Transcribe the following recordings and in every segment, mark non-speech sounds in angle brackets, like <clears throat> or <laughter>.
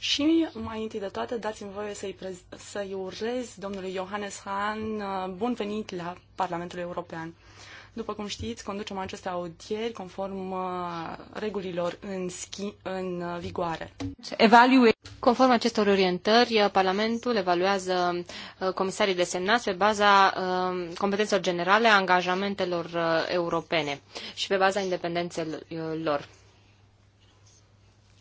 Și mai întâi de toate, dați-mi voie să-i, prez- să-i urez domnului Johannes Hahn uh, bun venit la Parlamentul European. După cum știți, conducem aceste audieri conform uh, regulilor în, schi- în uh, vigoare. Evaluate. Conform acestor orientări, Parlamentul evaluează comisarii desemnați pe baza competențelor generale a angajamentelor europene și pe baza independenței lor.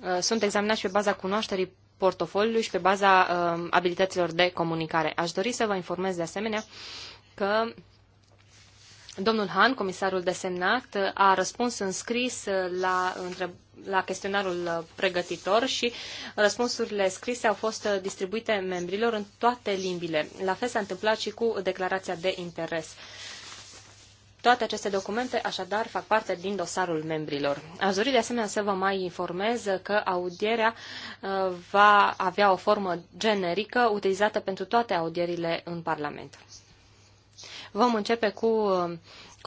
Uh, sunt examinați pe baza cunoașterii portofoliului și pe baza uh, abilităților de comunicare. Aș dori să vă informez de asemenea că Domnul Han, comisarul desemnat, a răspuns în scris la, între, la chestionarul pregătitor și răspunsurile scrise au fost distribuite membrilor în toate limbile. La fel s-a întâmplat și cu declarația de interes. Toate aceste documente, așadar, fac parte din dosarul membrilor. Aș dori de asemenea să vă mai informez că audierea uh, va avea o formă generică utilizată pentru toate audierile în Parlament. Vom începe cu uh,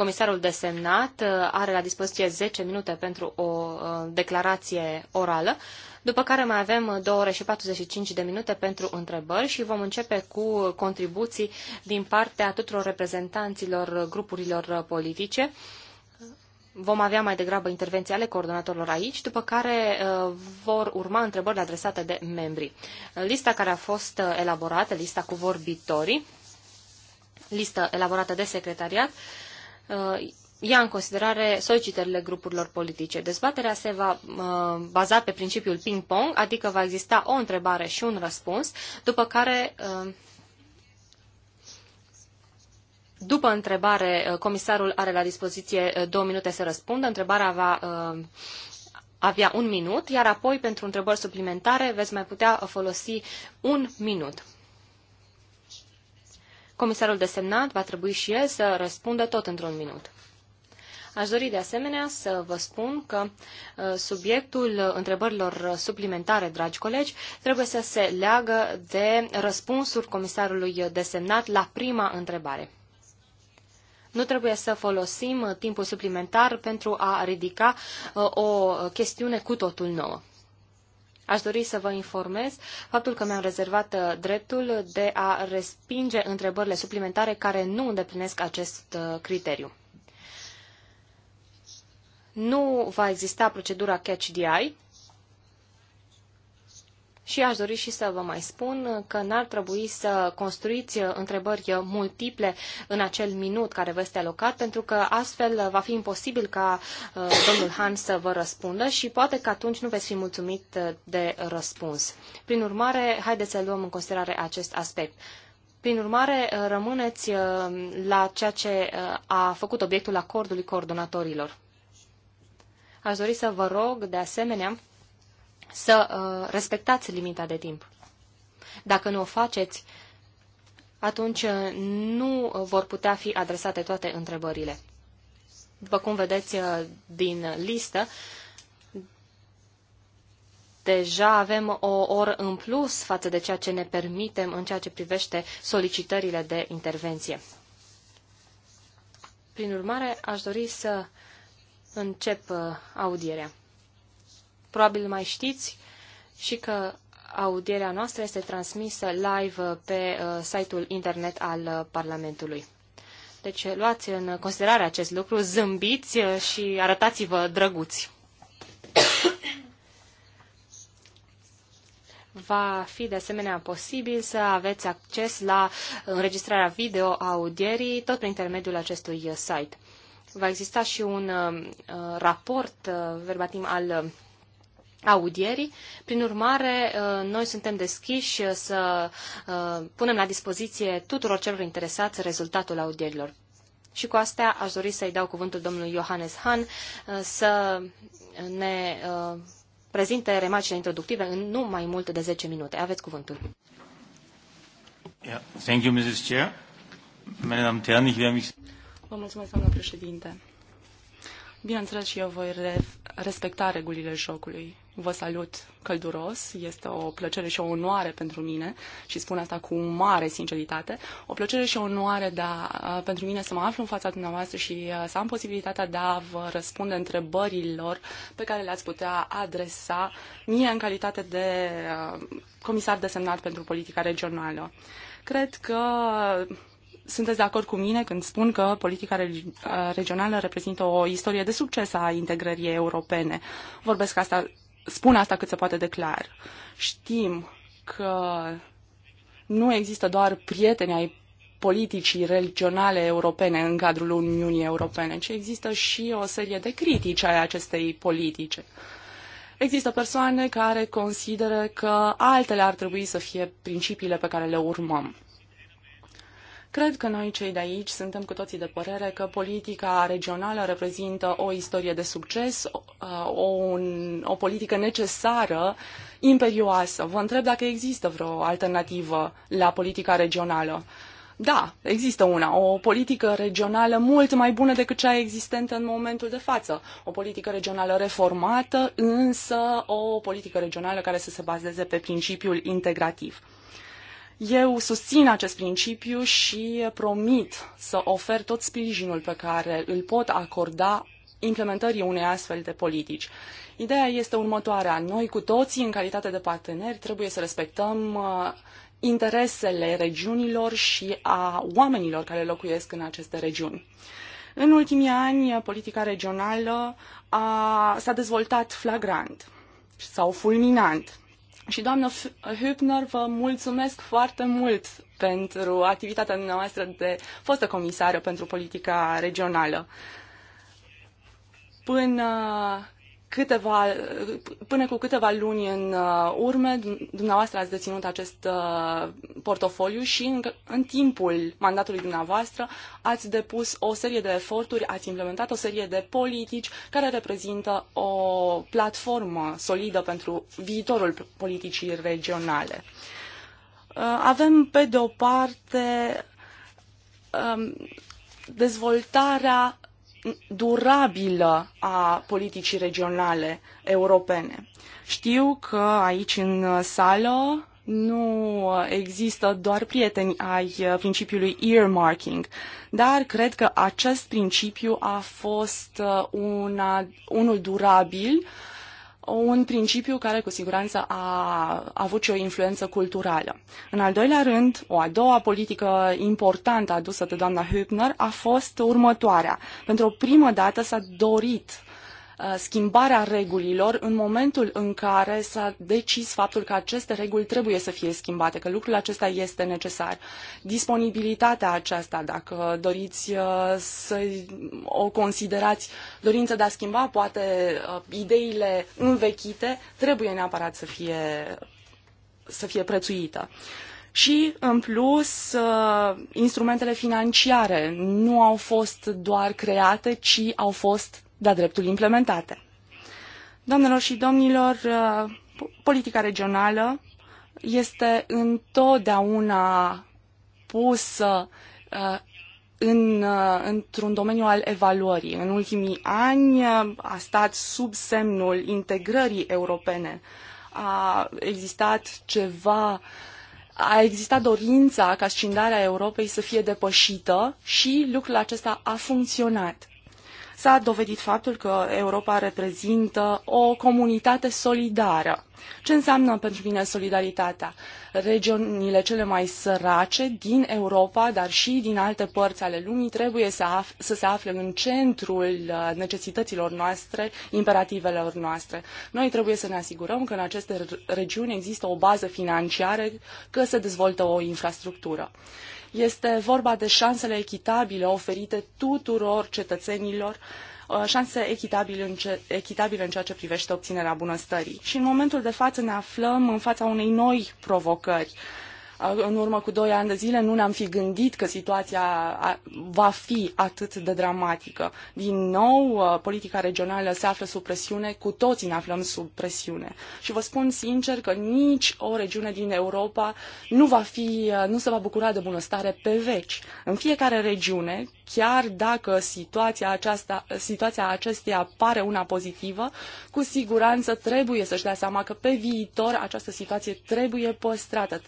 Comisarul desemnat uh, are la dispoziție 10 minute pentru o uh, declarație orală, după care mai avem 2 ore și 45 de minute pentru întrebări și vom începe cu contribuții din partea tuturor reprezentanților grupurilor politice. Vom avea mai degrabă intervenții ale coordonatorilor aici, după care uh, vor urma întrebările adresate de membri. Lista care a fost elaborată, lista cu vorbitorii, listă elaborată de secretariat, uh, Uh, ia în considerare solicitările grupurilor politice. Dezbaterea se va uh, baza pe principiul ping-pong, adică va exista o întrebare și un răspuns, după care uh, după întrebare, comisarul are la dispoziție două minute să răspundă. Întrebarea va uh, avea un minut, iar apoi pentru întrebări suplimentare veți mai putea folosi un minut. Comisarul desemnat va trebui și el să răspundă tot într-un minut. Aș dori de asemenea să vă spun că uh, subiectul întrebărilor suplimentare, dragi colegi, trebuie să se leagă de răspunsul comisarului desemnat la prima întrebare. Nu trebuie să folosim timpul suplimentar pentru a ridica uh, o chestiune cu totul nouă. Aș dori să vă informez faptul că mi-am rezervat uh, dreptul de a respinge întrebările suplimentare care nu îndeplinesc acest uh, criteriu. Nu va exista procedura catch the eye, și aș dori și să vă mai spun că n-ar trebui să construiți întrebări multiple în acel minut care vă este alocat, pentru că astfel va fi imposibil ca uh, domnul Han să vă răspundă și poate că atunci nu veți fi mulțumit de răspuns. Prin urmare, haideți să luăm în considerare acest aspect. Prin urmare, uh, rămâneți uh, la ceea ce a făcut obiectul acordului coordonatorilor. Aș dori să vă rog, de asemenea, să uh, respectați limita de timp. Dacă nu o faceți, atunci uh, nu vor putea fi adresate toate întrebările. După cum vedeți uh, din listă, deja avem o oră în plus față de ceea ce ne permitem în ceea ce privește solicitările de intervenție. Prin urmare, aș dori să încep audierea. Probabil mai știți și că audierea noastră este transmisă live pe uh, site-ul internet al uh, Parlamentului. Deci uh, luați în considerare acest lucru, zâmbiți și arătați-vă drăguți. <coughs> Va fi de asemenea posibil să aveți acces la înregistrarea video a audierii tot prin intermediul acestui site. Va exista și un uh, raport uh, verbatim al audierii. Prin urmare, uh, noi suntem deschiși să uh, punem la dispoziție tuturor celor interesați rezultatul audierilor. Și cu asta aș dori să-i dau cuvântul domnului Johannes Han uh, să ne prezinte remarcile introductive în nu mai mult de 10 minute. Aveți cuvântul. Yeah. Thank you, Mrs. Chair. Herren, ich mich... Vă mulțumesc, doamnă președinte. Bineînțeles și eu voi respecta regulile jocului vă salut călduros. Este o plăcere și o onoare pentru mine și spun asta cu mare sinceritate. O plăcere și o onoare de a, pentru mine să mă aflu în fața dumneavoastră și uh, să am posibilitatea de a vă răspunde întrebărilor pe care le-ați putea adresa mie în calitate de uh, comisar desemnat pentru politica regională. Cred că sunteți de acord cu mine când spun că politica uh, regională reprezintă o istorie de succes a integrării europene. Vorbesc asta spun asta cât se poate de clar. Știm că nu există doar prieteni ai politicii regionale europene în cadrul Uniunii Europene, ci există și o serie de critici ale acestei politice. Există persoane care consideră că altele ar trebui să fie principiile pe care le urmăm. Cred că noi cei de aici suntem cu toții de părere că politica regională reprezintă o istorie de succes, o, uh, o politică necesară, imperioasă. Vă întreb dacă există vreo alternativă la politica regională. Da, există una, o politică regională mult mai bună decât cea existentă în momentul de față. O politică regională reformată, însă o politică regională care să se bazeze pe principiul integrativ. Eu susțin acest principiu și promit să ofer tot sprijinul pe care îl pot acorda implementării unei astfel de politici. Ideea este următoarea. Noi cu toții, în calitate de parteneri, trebuie să respectăm uh, interesele regiunilor și a oamenilor care locuiesc în aceste regiuni. În ultimii ani, politica regională a, s-a dezvoltat flagrant sau fulminant. Și doamnă Hübner, vă mulțumesc foarte mult pentru activitatea noastră de fostă comisară pentru politica regională. Până câteva, până cu câteva luni în uh, urmă, dumneavoastră ați deținut acest uh, portofoliu și în, în timpul mandatului dumneavoastră ați depus o serie de eforturi, ați implementat o serie de politici care reprezintă o platformă solidă pentru viitorul politicii regionale. Uh, avem, pe de o parte, um, dezvoltarea durabilă a politicii regionale europene. Știu că aici în sală nu există doar prieteni ai principiului earmarking, dar cred că acest principiu a fost uh, una, unul durabil uh, un principiu care cu siguranță a avut și o influență culturală. În al doilea rând, o a doua politică importantă adusă de doamna Hübner a fost următoarea. Pentru o primă dată s-a dorit Uh, schimbarea regulilor în momentul în care s-a decis faptul că aceste reguli trebuie să fie schimbate, că lucrul acesta este necesar. Disponibilitatea aceasta, dacă doriți uh, să o considerați dorință de a schimba, poate uh, ideile învechite trebuie neapărat să fie, să fie prețuită și, în plus, instrumentele financiare nu au fost doar create, ci au fost de-a dreptul implementate. Doamnelor și domnilor, uh, politica regională este întotdeauna pusă uh, în, uh, într-un domeniu al evaluării. În ultimii ani a stat sub semnul integrării europene. A existat ceva a existat dorința ca scindarea Europei să fie depășită și lucrul acesta a funcționat s-a dovedit faptul că Europa reprezintă o comunitate solidară. Ce înseamnă pentru mine solidaritatea? Regiunile cele mai sărace din Europa, dar și din alte părți ale lumii, trebuie să, af- să se afle în centrul uh, necesităților noastre, imperativelor noastre. Noi trebuie să ne asigurăm că în aceste regiuni există o bază financiară, că se dezvoltă o infrastructură. Este vorba de șansele echitabile oferite tuturor cetățenilor uh, șanse echitabile în, ce, echitabile în ceea ce privește obținerea bunăstării. Și în momentul de față ne aflăm în fața unei noi provocări în urmă cu doi ani de zile nu ne-am fi gândit că situația va fi atât de dramatică. Din nou, uh, politica regională se află sub presiune, cu toții ne aflăm sub presiune. Și vă spun sincer că nici o regiune din Europa nu va fi, uh, nu se va bucura de bunăstare pe veci. În fiecare regiune, chiar dacă situația, aceasta, situația acesteia pare una pozitivă, cu siguranță trebuie să-și dea seama că pe viitor această situație trebuie păstrată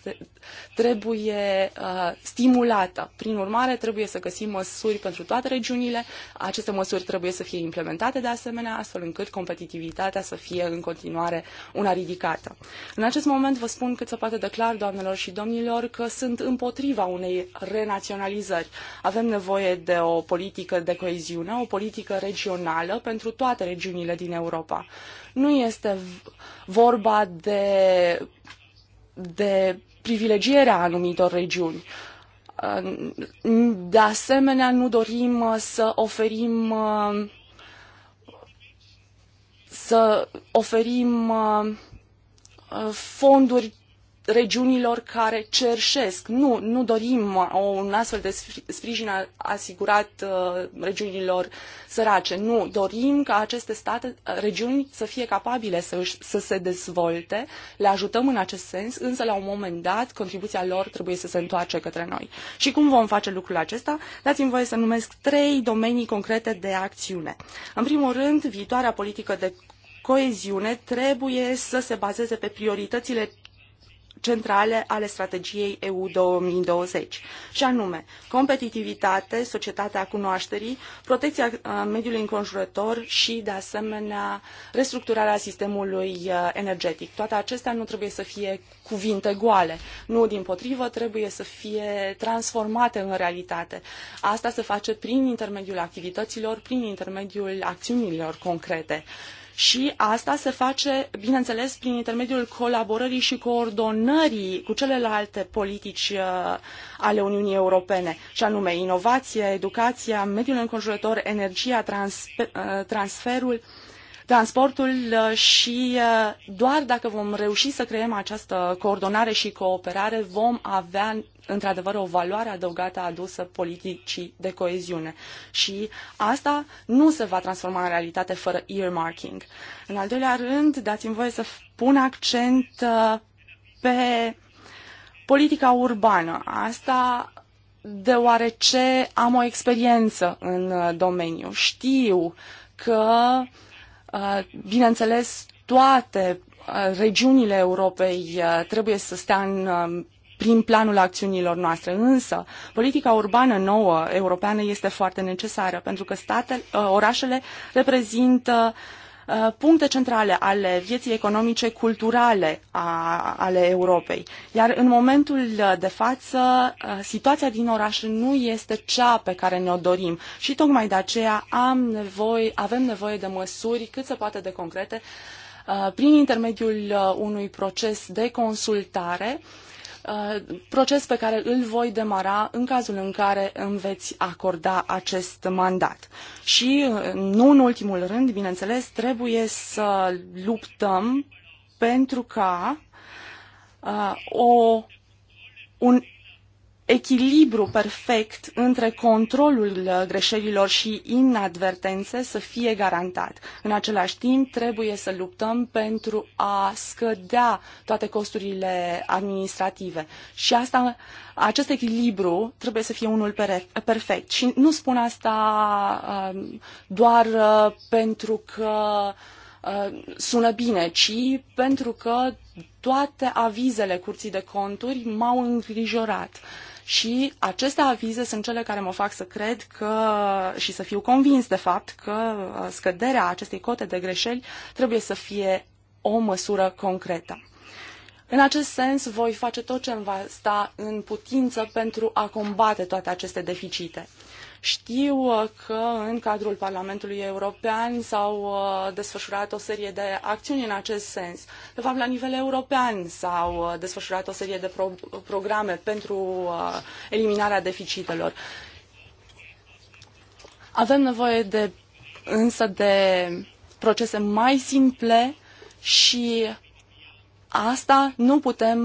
trebuie uh, stimulată. Prin urmare, trebuie să găsim măsuri pentru toate regiunile. Aceste măsuri trebuie să fie implementate de asemenea, astfel încât competitivitatea să fie în continuare una ridicată. În acest moment vă spun cât se poate de clar, doamnelor și domnilor, că sunt împotriva unei renaționalizări. Avem nevoie de o politică de coeziune, o politică regională pentru toate regiunile din Europa. Nu este vorba de de privilegierea anumitor regiuni. De asemenea, nu dorim uh, să oferim uh, să oferim uh, fonduri regiunilor care cerșesc. Nu, nu dorim un astfel de sprijin asigurat uh, regiunilor sărace. Nu, dorim ca aceste state, uh, regiuni să fie capabile să, să se dezvolte. Le ajutăm în acest sens, însă la un moment dat contribuția lor trebuie să se întoarce către noi. Și cum vom face lucrul acesta? Dați-mi voie să numesc trei domenii concrete de acțiune. În primul rând, viitoarea politică de coeziune trebuie să se bazeze pe prioritățile centrale ale strategiei EU 2020, și anume competitivitate, societatea cunoașterii, protecția uh, mediului înconjurător și, de asemenea, restructurarea sistemului uh, energetic. Toate acestea nu trebuie să fie cuvinte goale. Nu, din potrivă, trebuie să fie transformate în realitate. Asta se face prin intermediul activităților, prin intermediul acțiunilor concrete. Și asta se face, bineînțeles, prin intermediul colaborării și coordonării cu celelalte politici uh, ale Uniunii Europene, și anume inovație, educația, mediul înconjurător, energia, uh, transferul, transportul uh, și doar dacă vom reuși să creăm această coordonare și cooperare vom avea într-adevăr o valoare adăugată adusă politicii de coeziune. Și asta nu se va transforma în realitate fără earmarking. În al doilea rând, dați-mi voie să pun accent uh, pe politica urbană. Asta deoarece am o experiență în uh, domeniu. Știu că, uh, bineînțeles, toate regiunile Europei trebuie să stea în prin planul acțiunilor noastre. Însă, politica urbană nouă europeană este foarte necesară, pentru că statele, uh, orașele reprezintă uh, puncte centrale ale vieții economice culturale a, ale Europei. Iar în momentul de față, uh, situația din oraș nu este cea pe care ne-o dorim și tocmai de aceea am nevoie, avem nevoie de măsuri cât se poate de concrete prin intermediul unui proces de consultare uh, Uh, proces pe care îl voi demara în cazul în care îmi veți acorda acest mandat. Și, uh, nu în ultimul rând, bineînțeles, trebuie să luptăm pentru ca uh, o, un echilibru perfect între controlul uh, greșelilor și inadvertențe să fie garantat. În același timp, trebuie să luptăm pentru a scădea toate costurile administrative. Și asta, acest echilibru trebuie să fie unul perfect. Și nu spun asta um, doar uh, pentru că uh, sună bine, ci pentru că toate avizele curții de conturi m-au îngrijorat. Și aceste avize sunt cele care mă fac să cred că și să fiu convins de fapt că uh, scăderea acestei cote de greșeli trebuie să fie o măsură concretă. În acest sens, voi face tot ce îmi va sta în putință pentru a combate toate aceste deficite. Știu uh, că în cadrul Parlamentului European s-au uh, desfășurat o serie de acțiuni în acest sens. De fapt, la nivel european s-au uh, desfășurat o serie de pro programe pentru eliminarea deficitelor. Avem nevoie de, însă de procese mai simple și asta nu putem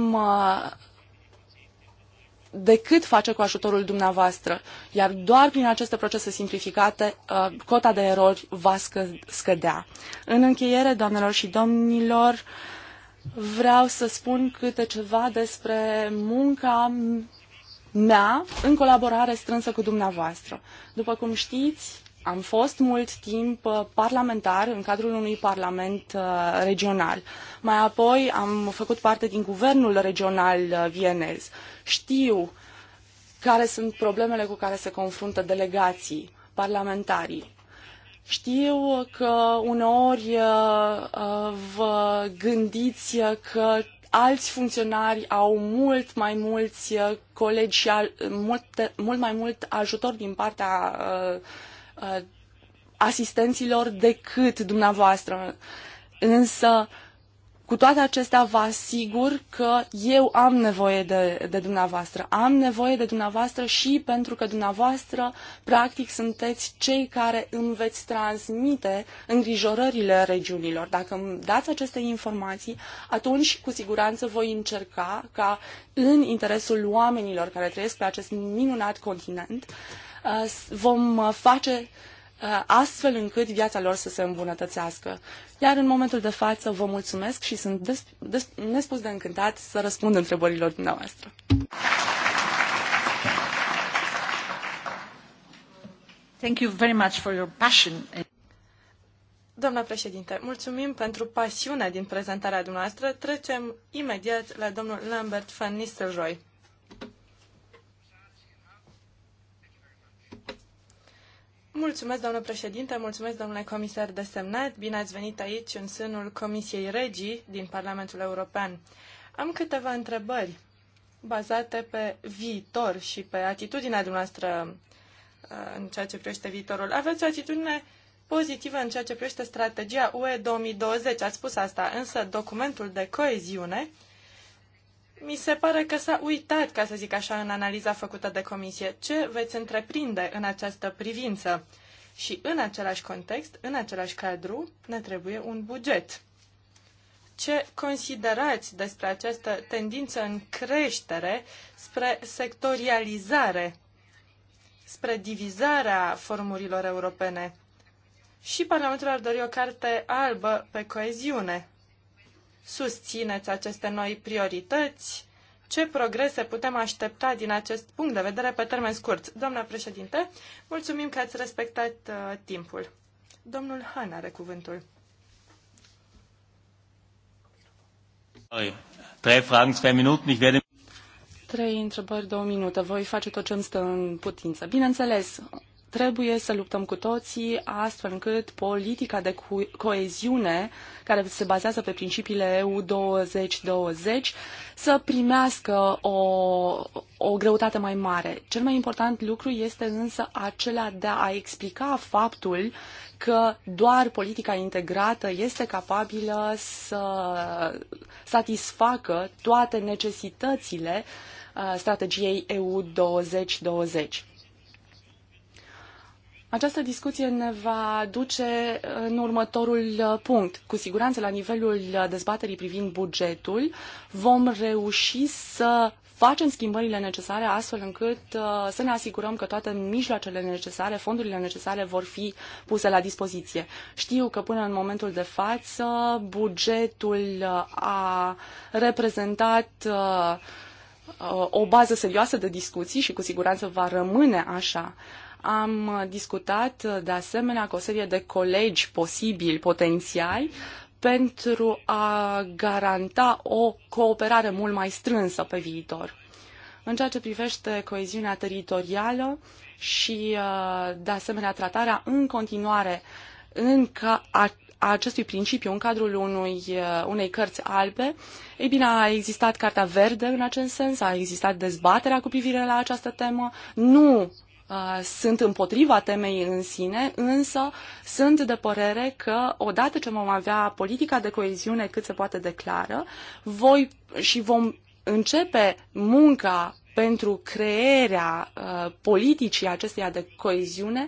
decât face cu ajutorul dumneavoastră. Iar doar prin aceste procese simplificate, uh, cota de erori va scădea. În încheiere, doamnelor și domnilor, vreau să spun câte ceva despre munca mea în colaborare strânsă cu dumneavoastră. După cum știți, am fost mult timp uh, parlamentar în cadrul unui parlament uh, regional. Mai apoi am făcut parte din guvernul regional uh, vienez. Știu care sunt problemele cu care se confruntă delegații, parlamentarii. Știu că uneori vă gândiți că alți funcționari au mult mai mulți colegi și mult, mai mult ajutor din partea uh, Uh, asistenților decât dumneavoastră. Însă, cu toate acestea, vă asigur că eu am nevoie de, de dumneavoastră. Am nevoie de dumneavoastră și pentru că dumneavoastră, practic, sunteți cei care îmi veți transmite îngrijorările regiunilor. Dacă îmi dați aceste informații, atunci, cu siguranță, voi încerca ca, în interesul oamenilor care trăiesc pe acest minunat continent, uh, Uh, vom uh, face uh, astfel încât viața lor să se îmbunătățească. Iar în momentul de față vă mulțumesc și sunt des, nespus de încântat să răspund întrebărilor dumneavoastră. Thank you very much for your passion. Doamna președinte, mulțumim pentru pasiunea din prezentarea dumneavoastră. Trecem imediat la domnul Lambert van Nistelrooy. Mulțumesc, domnule președinte, mulțumesc, domnule comisar de semnat, Bine ați venit aici, în sânul Comisiei Regii din Parlamentul European. Am câteva întrebări bazate pe viitor și pe atitudinea dumneavoastră uh, în ceea ce privește viitorul. Aveți o atitudine pozitivă în ceea ce privește strategia UE 2020, ați spus asta, însă documentul de coeziune mi se pare că s-a uitat, ca să zic așa, în analiza făcută de comisie. Ce veți întreprinde în această privință? Și în același context, în același cadru, ne trebuie un buget. Ce considerați despre această tendință în creștere spre sectorializare, spre divizarea formurilor europene? Și Parlamentul ar dori o carte albă pe coeziune susțineți aceste noi priorități? Ce progrese putem aștepta din acest punct de vedere pe termen scurt? Doamna președinte, mulțumim că ați respectat uh, timpul. Domnul Han are cuvântul. Trei Trei întrebări, două minute. Voi face tot ce îmi stă în putință. Bineînțeles, Trebuie să luptăm cu toții astfel încât politica de coeziune, care se bazează pe principiile EU 2020, să primească o, o greutate mai mare. Cel mai important lucru este însă acela de a explica faptul că doar politica integrată este capabilă să satisfacă toate necesitățile uh, strategiei EU 2020. Această discuție ne va duce în următorul uh, punct. Cu siguranță, la nivelul uh, dezbaterii privind bugetul, vom reuși să facem schimbările necesare astfel încât uh, să ne asigurăm că toate mijloacele necesare, fondurile necesare vor fi puse la dispoziție. Știu că până în momentul de față bugetul a reprezentat o bază serioasă de discuții și cu siguranță va rămâne așa. Am discutat de asemenea cu o serie de colegi posibili, potențiali, pentru a garanta o cooperare mult mai strânsă pe viitor. În ceea ce privește coeziunea teritorială și, uh, de asemenea, tratarea în continuare în ca a, acestui principiu în cadrul unui, uh, unei cărți albe, ei bine, a existat Cartea Verde în acest sens, a existat dezbaterea cu privire la această temă. Nu Uh, sunt împotriva temei în sine, însă sunt de părere că odată ce vom avea politica de coeziune cât se poate declară, voi și vom începe munca pentru crearea uh, politicii acesteia de coeziune,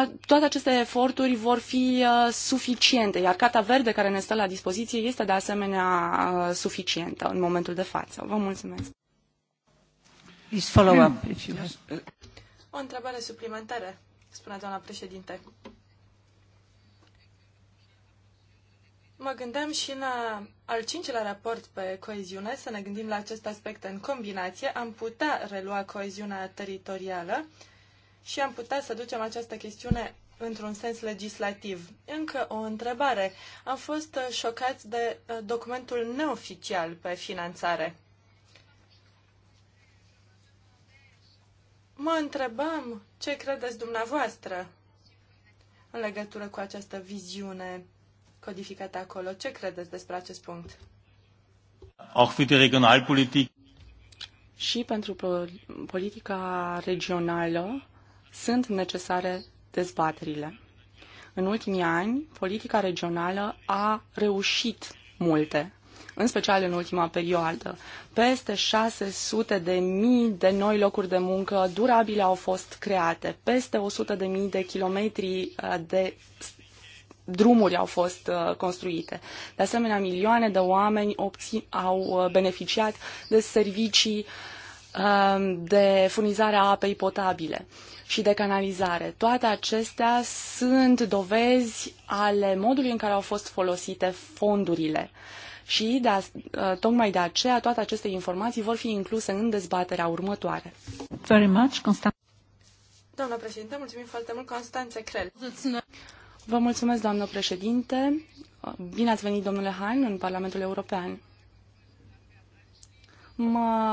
uh, toate aceste eforturi vor fi uh, suficiente, iar Carta Verde care ne stă la dispoziție este de asemenea uh, suficientă în momentul de față. Vă mulțumesc! Hmm. O întrebare suplimentară, spunea doamna președinte. Mă gândeam și în al cincilea raport pe coeziune, să ne gândim la acest aspect în combinație, am putea relua coeziunea teritorială și am putea să ducem această chestiune într-un sens legislativ. Încă o întrebare. Am fost șocați de uh, documentul neoficial pe finanțare. Mă întrebam ce credeți dumneavoastră în legătură cu această viziune codificată acolo. Ce credeți despre acest punct? Auch für die Regionalpolitik. Și pentru politica regională sunt necesare dezbaterile. În ultimii ani, politica regională a reușit multe în special în ultima perioadă. Peste 600 de mii de noi locuri de muncă durabile au fost create, peste 100 de mii de kilometri uh, de drumuri au fost uh, construite. De asemenea, milioane de oameni obțin, au uh, beneficiat de servicii um, de a apei potabile și de canalizare. Toate acestea sunt dovezi ale modului în care au fost folosite fondurile. Uh, și de a, ă, tocmai de aceea toate aceste informații vor fi incluse în dezbaterea următoare. Very much, Constan- Doamna președinte, mulțumim foarte mult, Constanțe Crel. Vă mulțumesc, doamnă președinte. Bine ați venit, domnule Han, în Parlamentul European. Mă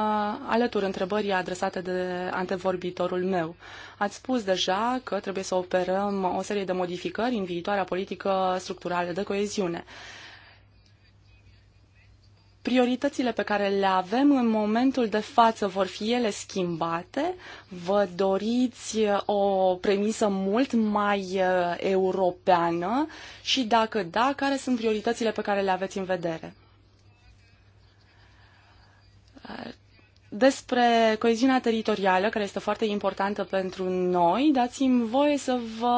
alătur întrebării adresate de antevorbitorul meu. Ați spus deja că trebuie să operăm o serie de modificări în viitoarea politică structurală de coeziune prioritățile pe care le avem în momentul de față vor fi ele schimbate? Vă doriți uh, o premisă mult mai uh, europeană? Și dacă da, care sunt prioritățile pe care le aveți în vedere? Uh, despre coeziunea teritorială, care este foarte importantă pentru noi, dați-mi voie să vă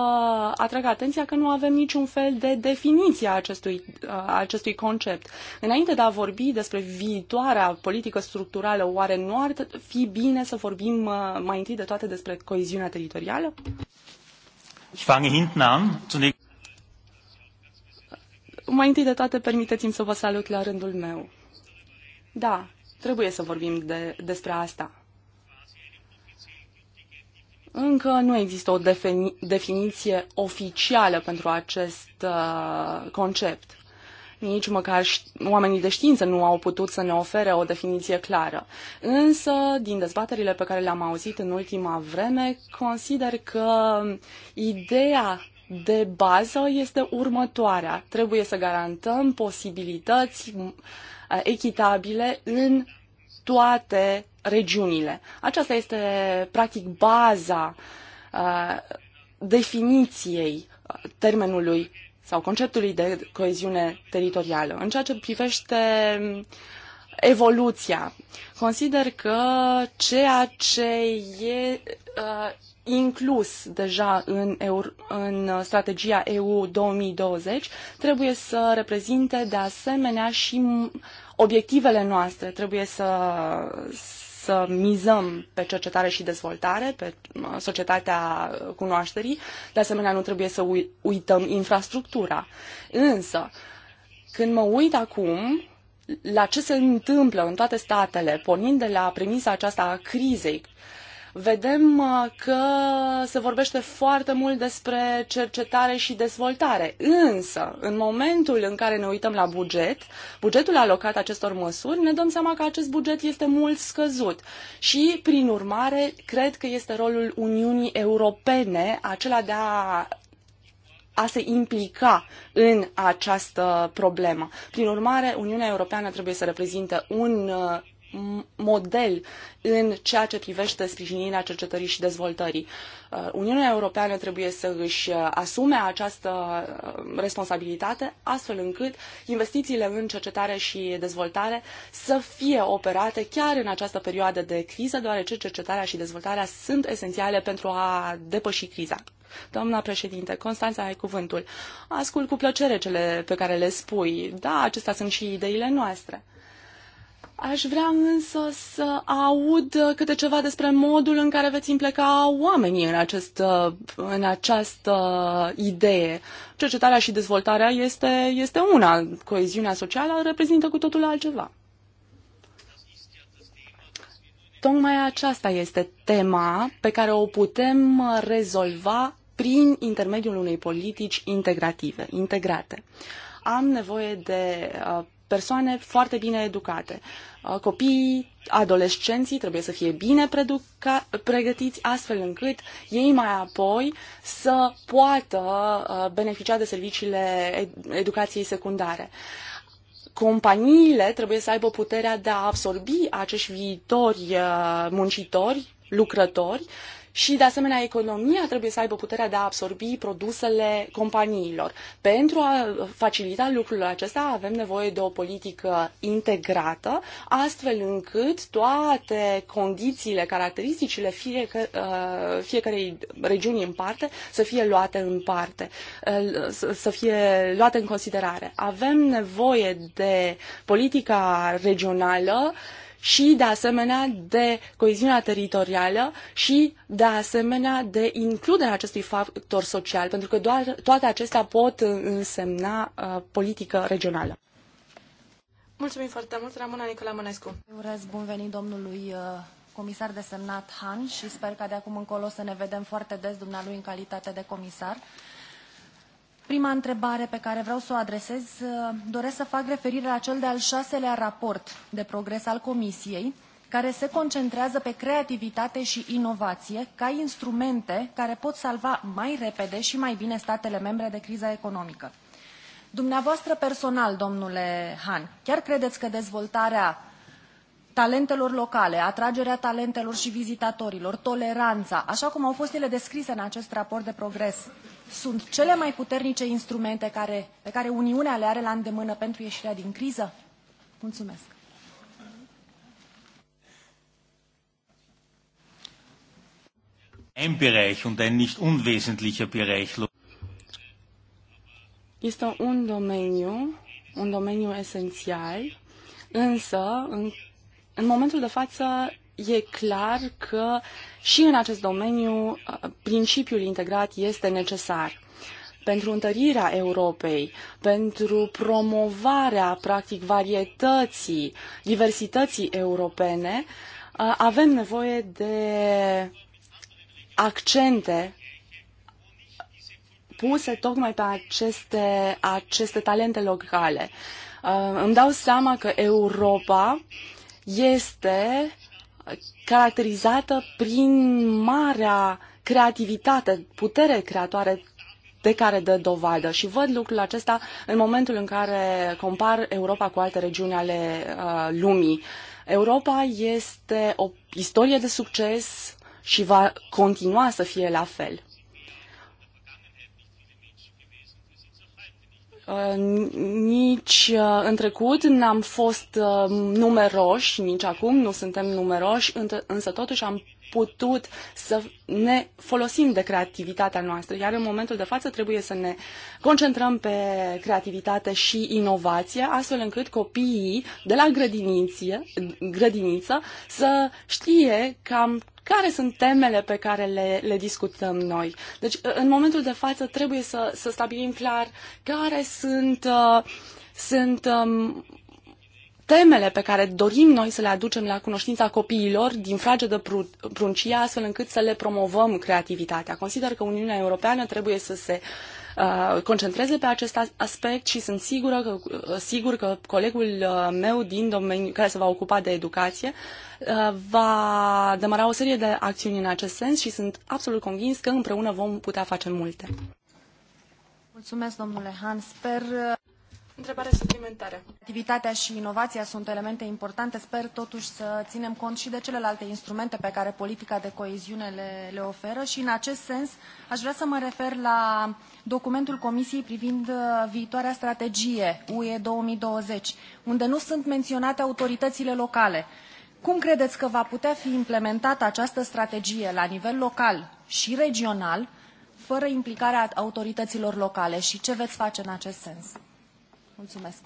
atrag atenția că nu avem niciun fel de definiție a acestui, a acestui concept. Înainte de a vorbi despre viitoarea politică structurală, oare nu ar fi bine să vorbim uh, mai întâi de toate despre coeziunea teritorială? Ich fange hinten an. mai întâi de toate, permiteți-mi să vă salut la rândul meu. Da, Trebuie să vorbim de, despre asta. Încă nu există o defini- definiție oficială pentru acest uh, concept. Nici măcar oamenii de știință nu au putut să ne ofere o definiție clară. Însă, din dezbaterile pe care le-am auzit în ultima vreme, consider că ideea de bază este următoarea. Trebuie să garantăm posibilități echitabile în toate regiunile. Aceasta este, practic, baza uh, definiției termenului sau conceptului de coeziune teritorială. În ceea ce privește evoluția, consider că ceea ce e, uh, inclus deja în, EUR, în strategia EU 2020 trebuie să reprezinte de asemenea și obiectivele noastre. Trebuie să, să mizăm pe cercetare și dezvoltare, pe societatea cunoașterii. De asemenea, nu trebuie să uităm infrastructura. Însă, când mă uit acum la ce se întâmplă în toate statele, pornind de la premisa aceasta a crizei, uh, vedem uh, că se vorbește foarte mult despre cercetare și dezvoltare. Însă, în momentul în care ne uităm la buget, bugetul alocat acestor măsuri, ne dăm seama că acest buget este mult scăzut. Și, prin urmare, cred că este rolul Uniunii Europene acela de a a se implica în această problemă. Prin urmare, Uniunea Europeană trebuie să reprezinte un uh, model în ceea ce privește sprijinirea cercetării și dezvoltării. Uh, Uniunea Europeană trebuie să își uh, asume această uh, responsabilitate astfel încât investițiile în cercetare și dezvoltare să fie operate chiar în această perioadă de criză, deoarece cercetarea și dezvoltarea sunt esențiale pentru a depăși criza. Doamna președinte, Constanța, ai cuvântul. Ascult cu plăcere cele pe care le spui. Da, acestea sunt și ideile noastre. Aș vrea însă să aud câte ceva despre modul în care veți impleca oamenii în, acest, în această idee. Cercetarea și dezvoltarea este, este una, coeziunea socială reprezintă cu totul altceva. Tocmai aceasta este tema pe care o putem rezolva prin intermediul unei politici integrative, integrate. Am nevoie de uh, persoane foarte bine educate. Uh, copiii, adolescenții trebuie să fie bine pregătiți astfel încât ei mai apoi să poată uh, beneficia de serviciile educației secundare companiile trebuie să aibă puterea de a absorbi acești viitori uh, muncitori, lucrători și, de asemenea, economia trebuie să aibă puterea de a absorbi produsele companiilor. Pentru a facilita lucrul acesta avem nevoie de o politică integrată, astfel încât toate condițiile, caracteristicile fiecă, uh, fiecarei regiuni în parte să fie luate în parte, uh, să fie luate în considerare. Avem nevoie de politica regională și de asemenea de coeziunea teritorială și de asemenea de includerea acestui factor social, pentru că doar toate acestea pot însemna uh, politică regională. Mulțumim foarte mult, Ramona Nicola Mănescu. Urez bun venit domnului uh, comisar desemnat Han și sper ca de acum încolo să ne vedem foarte des dumnealui în calitate de comisar. Prima întrebare pe care vreau să o adresez, uh, doresc să fac referire la cel de-al șaselea raport de progres al Comisiei, care se concentrează pe creativitate și inovație ca instrumente care pot salva mai repede și mai bine statele membre de criza economică. Dumneavoastră personal, domnule Han, chiar credeți că dezvoltarea talentelor locale, atragerea talentelor și vizitatorilor, toleranța, așa cum au fost ele descrise în acest raport de progres, sunt cele mai puternice instrumente care, pe care Uniunea le are la îndemână pentru ieșirea din criză? Mulțumesc! Este un domeniu, un domeniu esențial, însă în, în momentul de față e clar că și în acest domeniu principiul integrat este necesar pentru întărirea Europei, pentru promovarea, practic, varietății, diversității europene, avem nevoie de accente puse tocmai pe aceste, aceste talente locale. Îmi dau seama că Europa este caracterizată prin marea creativitate, putere creatoare de care dă dovadă și văd lucrul acesta în momentul în care compar Europa cu alte regiuni ale uh, lumii. Europa este o istorie de succes și va continua să fie la fel. nici uh, în trecut n-am fost uh, numeroși, nici acum nu suntem numeroși, însă totuși am putut să ne folosim de creativitatea noastră, iar în momentul de față trebuie să ne concentrăm pe creativitate și inovație, astfel încât copiii de la grădiniță să știe cam care sunt temele pe care le, le discutăm noi. Deci, ă, în momentul de față, trebuie să, să stabilim clar care sunt, uh, sunt um, temele pe care dorim noi să le aducem la cunoștința copiilor din frage de pruncie, astfel încât să le promovăm creativitatea. Consider că Uniunea Europeană trebuie să se uh, Uh, concentreze pe acest aspect și sunt sigură că, uh, sigur că colegul uh, meu din domeniu, care se va ocupa de educație va demara o serie de acțiuni în acest sens și sunt absolut convins că împreună vom putea face multe. Mulțumesc, domnule Han. Sper Întrebare suplimentară. Activitatea și inovația sunt elemente importante. Sper totuși să ținem cont și de celelalte instrumente pe care politica de coeziune le, le oferă și în acest sens aș vrea să mă refer la documentul Comisiei privind uh, viitoarea strategie UE 2020, unde nu sunt menționate autoritățile locale. Cum credeți că va putea fi implementată această strategie la nivel local și regional, fără implicarea autorităților locale și ce veți face în acest sens? Mulțumesc!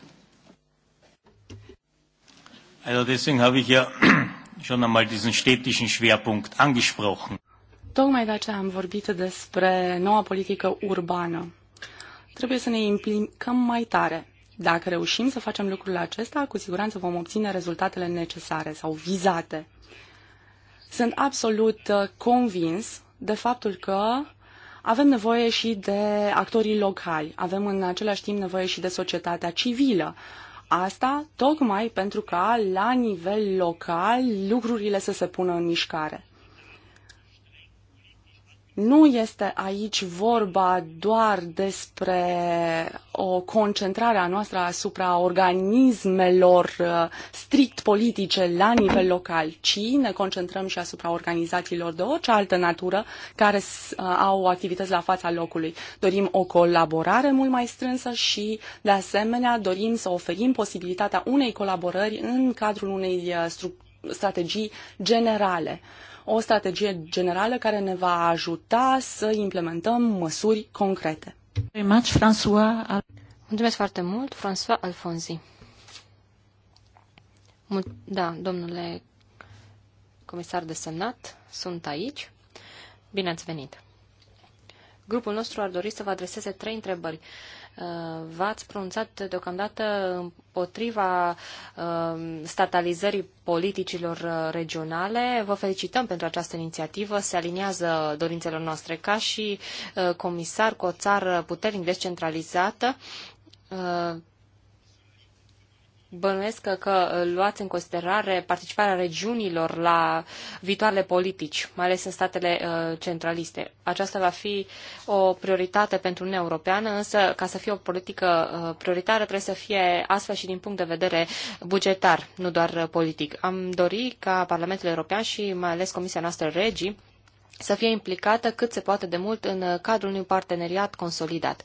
Also deswegen habe ich ja <clears throat> schon einmal diesen städtischen Schwerpunkt angesprochen. Tocmai de aceea am vorbit despre noua politică urbană. Trebuie să ne implicăm mai tare. Dacă reușim să facem lucrurile acesta, cu siguranță vom obține rezultatele necesare sau vizate. Sunt absolut uh, convins de faptul că avem nevoie și de actorii locali, avem în același timp nevoie și de societatea civilă. Asta tocmai pentru ca la nivel local lucrurile să se pună în mișcare. Nu este aici vorba doar despre o concentrare a noastră asupra organismelor uh, strict politice la nivel local, ci ne concentrăm și asupra organizațiilor de orice altă natură care uh, au activități la fața locului. Dorim o colaborare mult mai strânsă și, de asemenea, dorim să oferim posibilitatea unei colaborări în cadrul unei uh, strategii generale o strategie generală care ne va ajuta să implementăm măsuri concrete. Mulțumesc foarte mult, François Alfonzi. da, domnule comisar desemnat, sunt aici. Bine ați venit! Grupul nostru ar dori să vă adreseze trei întrebări. Uh, Uh, v-ați pronunțat deocamdată împotriva uh, statalizării politicilor uh, regionale. Vă felicităm pentru această inițiativă. Se aliniază dorințelor noastre ca și comisar cu o țară puternic descentralizată bănuiesc că, luați în considerare participarea regiunilor la viitoarele politici, mai ales în statele uh, centraliste. Aceasta va fi o prioritate pentru Uniunea Europeană, însă ca să fie o politică uh, prioritară trebuie să fie astfel și din punct de vedere bugetar, nu doar uh, politic. Am dori ca Parlamentul European și mai ales Comisia noastră Regii să fie implicată cât se poate de mult în cadrul unui parteneriat consolidat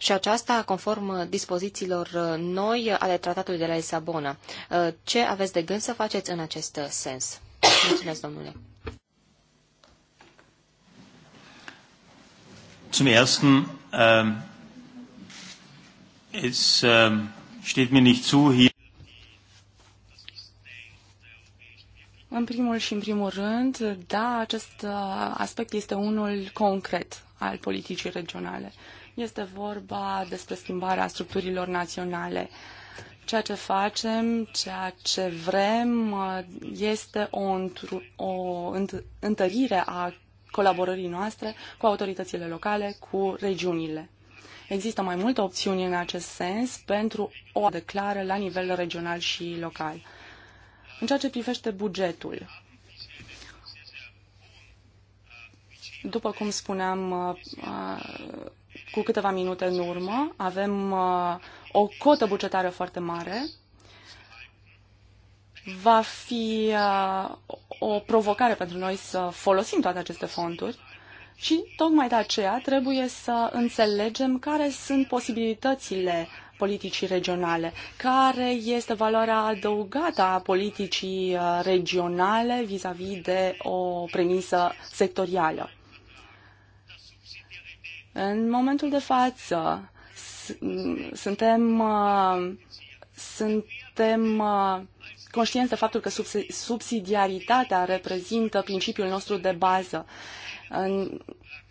și aceasta conform dispozițiilor uh, noi ale tratatului de la Lisabona. Uh, ce aveți de gând să faceți în acest uh, sens? Mulțumesc, domnule. Zum ersten, ähm, es ähm, steht mir nicht zu, hier În primul și în primul rând, da, acest aspect este unul concret al politicii regionale. Este vorba despre schimbarea structurilor naționale. Ceea ce facem, ceea ce vrem, este o, o întărire a colaborării noastre cu autoritățile locale, cu regiunile. Există mai multe opțiuni în acest sens pentru o declară la nivel regional și local. În ceea ce privește bugetul, după cum spuneam, uh, cu câteva minute în urmă. Avem uh, o cotă bugetară foarte mare. Va fi uh, o provocare pentru noi să folosim toate aceste fonduri. Și tocmai de aceea trebuie să înțelegem care sunt posibilitățile politicii regionale, care este valoarea adăugată a politicii uh, regionale vis-a-vis -vis de o premisă sectorială. În momentul de față, suntem, uh, suntem uh, conștienți de faptul că subsidiaritatea reprezintă principiul nostru de bază. În,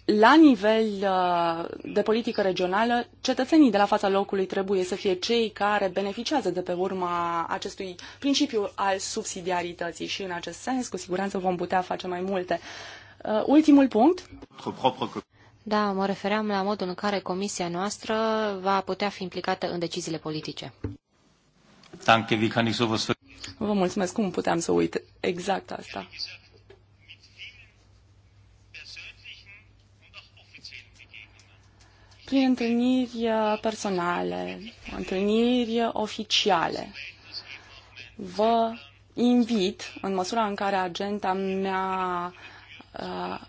la nivel uh, de politică regională, cetățenii de la fața locului trebuie să fie cei care beneficiază de pe urma acestui principiu al subsidiarității și în acest sens, cu siguranță vom putea face mai multe. Ultimul punct. Da, mă refeream la modul în care comisia noastră va putea fi implicată în deciziile politice. Vă mulțumesc. Cum puteam să uit exact asta? Prin întâlniri uh, personale, întâlniri oficiale, vă invit, în măsura în care agenda mea uh,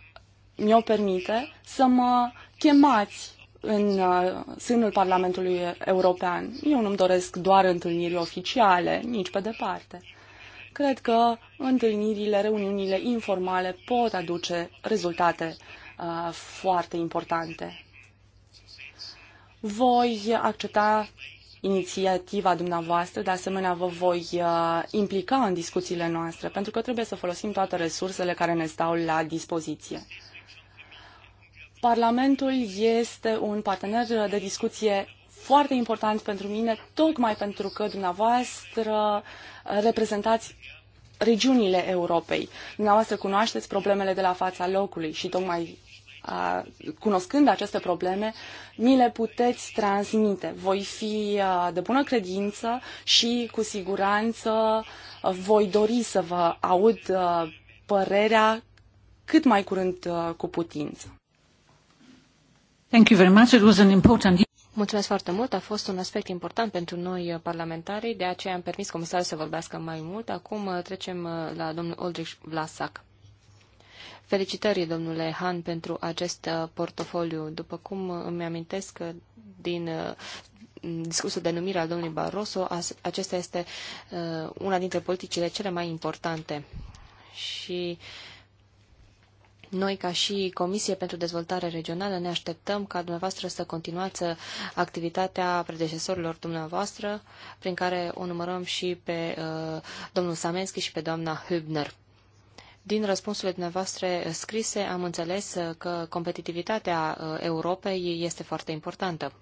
mi-o permite, să mă chemați în uh, sânul Parlamentului European. Eu nu-mi doresc doar întâlniri oficiale, nici pe departe. Cred că întâlnirile, reuniunile informale pot aduce rezultate uh, foarte importante. Voi accepta inițiativa dumneavoastră, de asemenea vă voi uh, implica în discuțiile noastre, pentru că trebuie să folosim toate resursele care ne stau la dispoziție. Parlamentul este un partener de discuție foarte important pentru mine, tocmai pentru că dumneavoastră reprezentați regiunile Europei. Dumneavoastră cunoașteți problemele de la fața locului și tocmai a, cunoscând aceste probleme, mi le puteți transmite. Voi fi a, de bună credință și cu siguranță a, voi dori să vă aud a, părerea cât mai curând a, cu putință. Thank you very much. It was an important... Mulțumesc foarte mult. A fost un aspect important pentru noi parlamentarii, de aceea am permis comisarul să vorbească mai mult. Acum uh, trecem uh, la domnul Oldrich Vlasac. Felicitări, domnule Han, pentru acest uh, portofoliu. După cum îmi amintesc din discursul de numire al domnului Barroso, acesta este una dintre politicile cele mai importante. Și uh, noi, ca și Comisie pentru Dezvoltare Regională, ne așteptăm ca dumneavoastră să continuați activitatea predecesorilor dumneavoastră, prin care o numărăm și pe uh, domnul Samenski și pe doamna Hübner. Din răspunsurile dumneavoastră scrise am înțeles că competitivitatea uh, Europei este foarte importantă.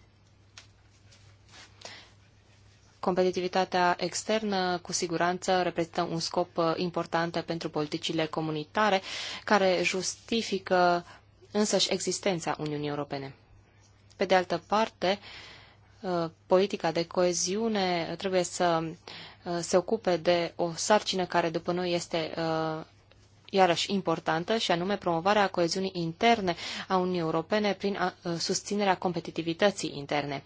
Competitivitatea externă, cu siguranță, reprezintă un scop uh, important pentru politicile comunitare, care justifică însăși existența Uniunii Europene. Pe de altă parte, uh, politica de coeziune trebuie să uh, se ocupe de o sarcină care după noi este iarăși importantă și anume promovarea coeziunii interne a Uniunii Europene prin susținerea competitivității interne.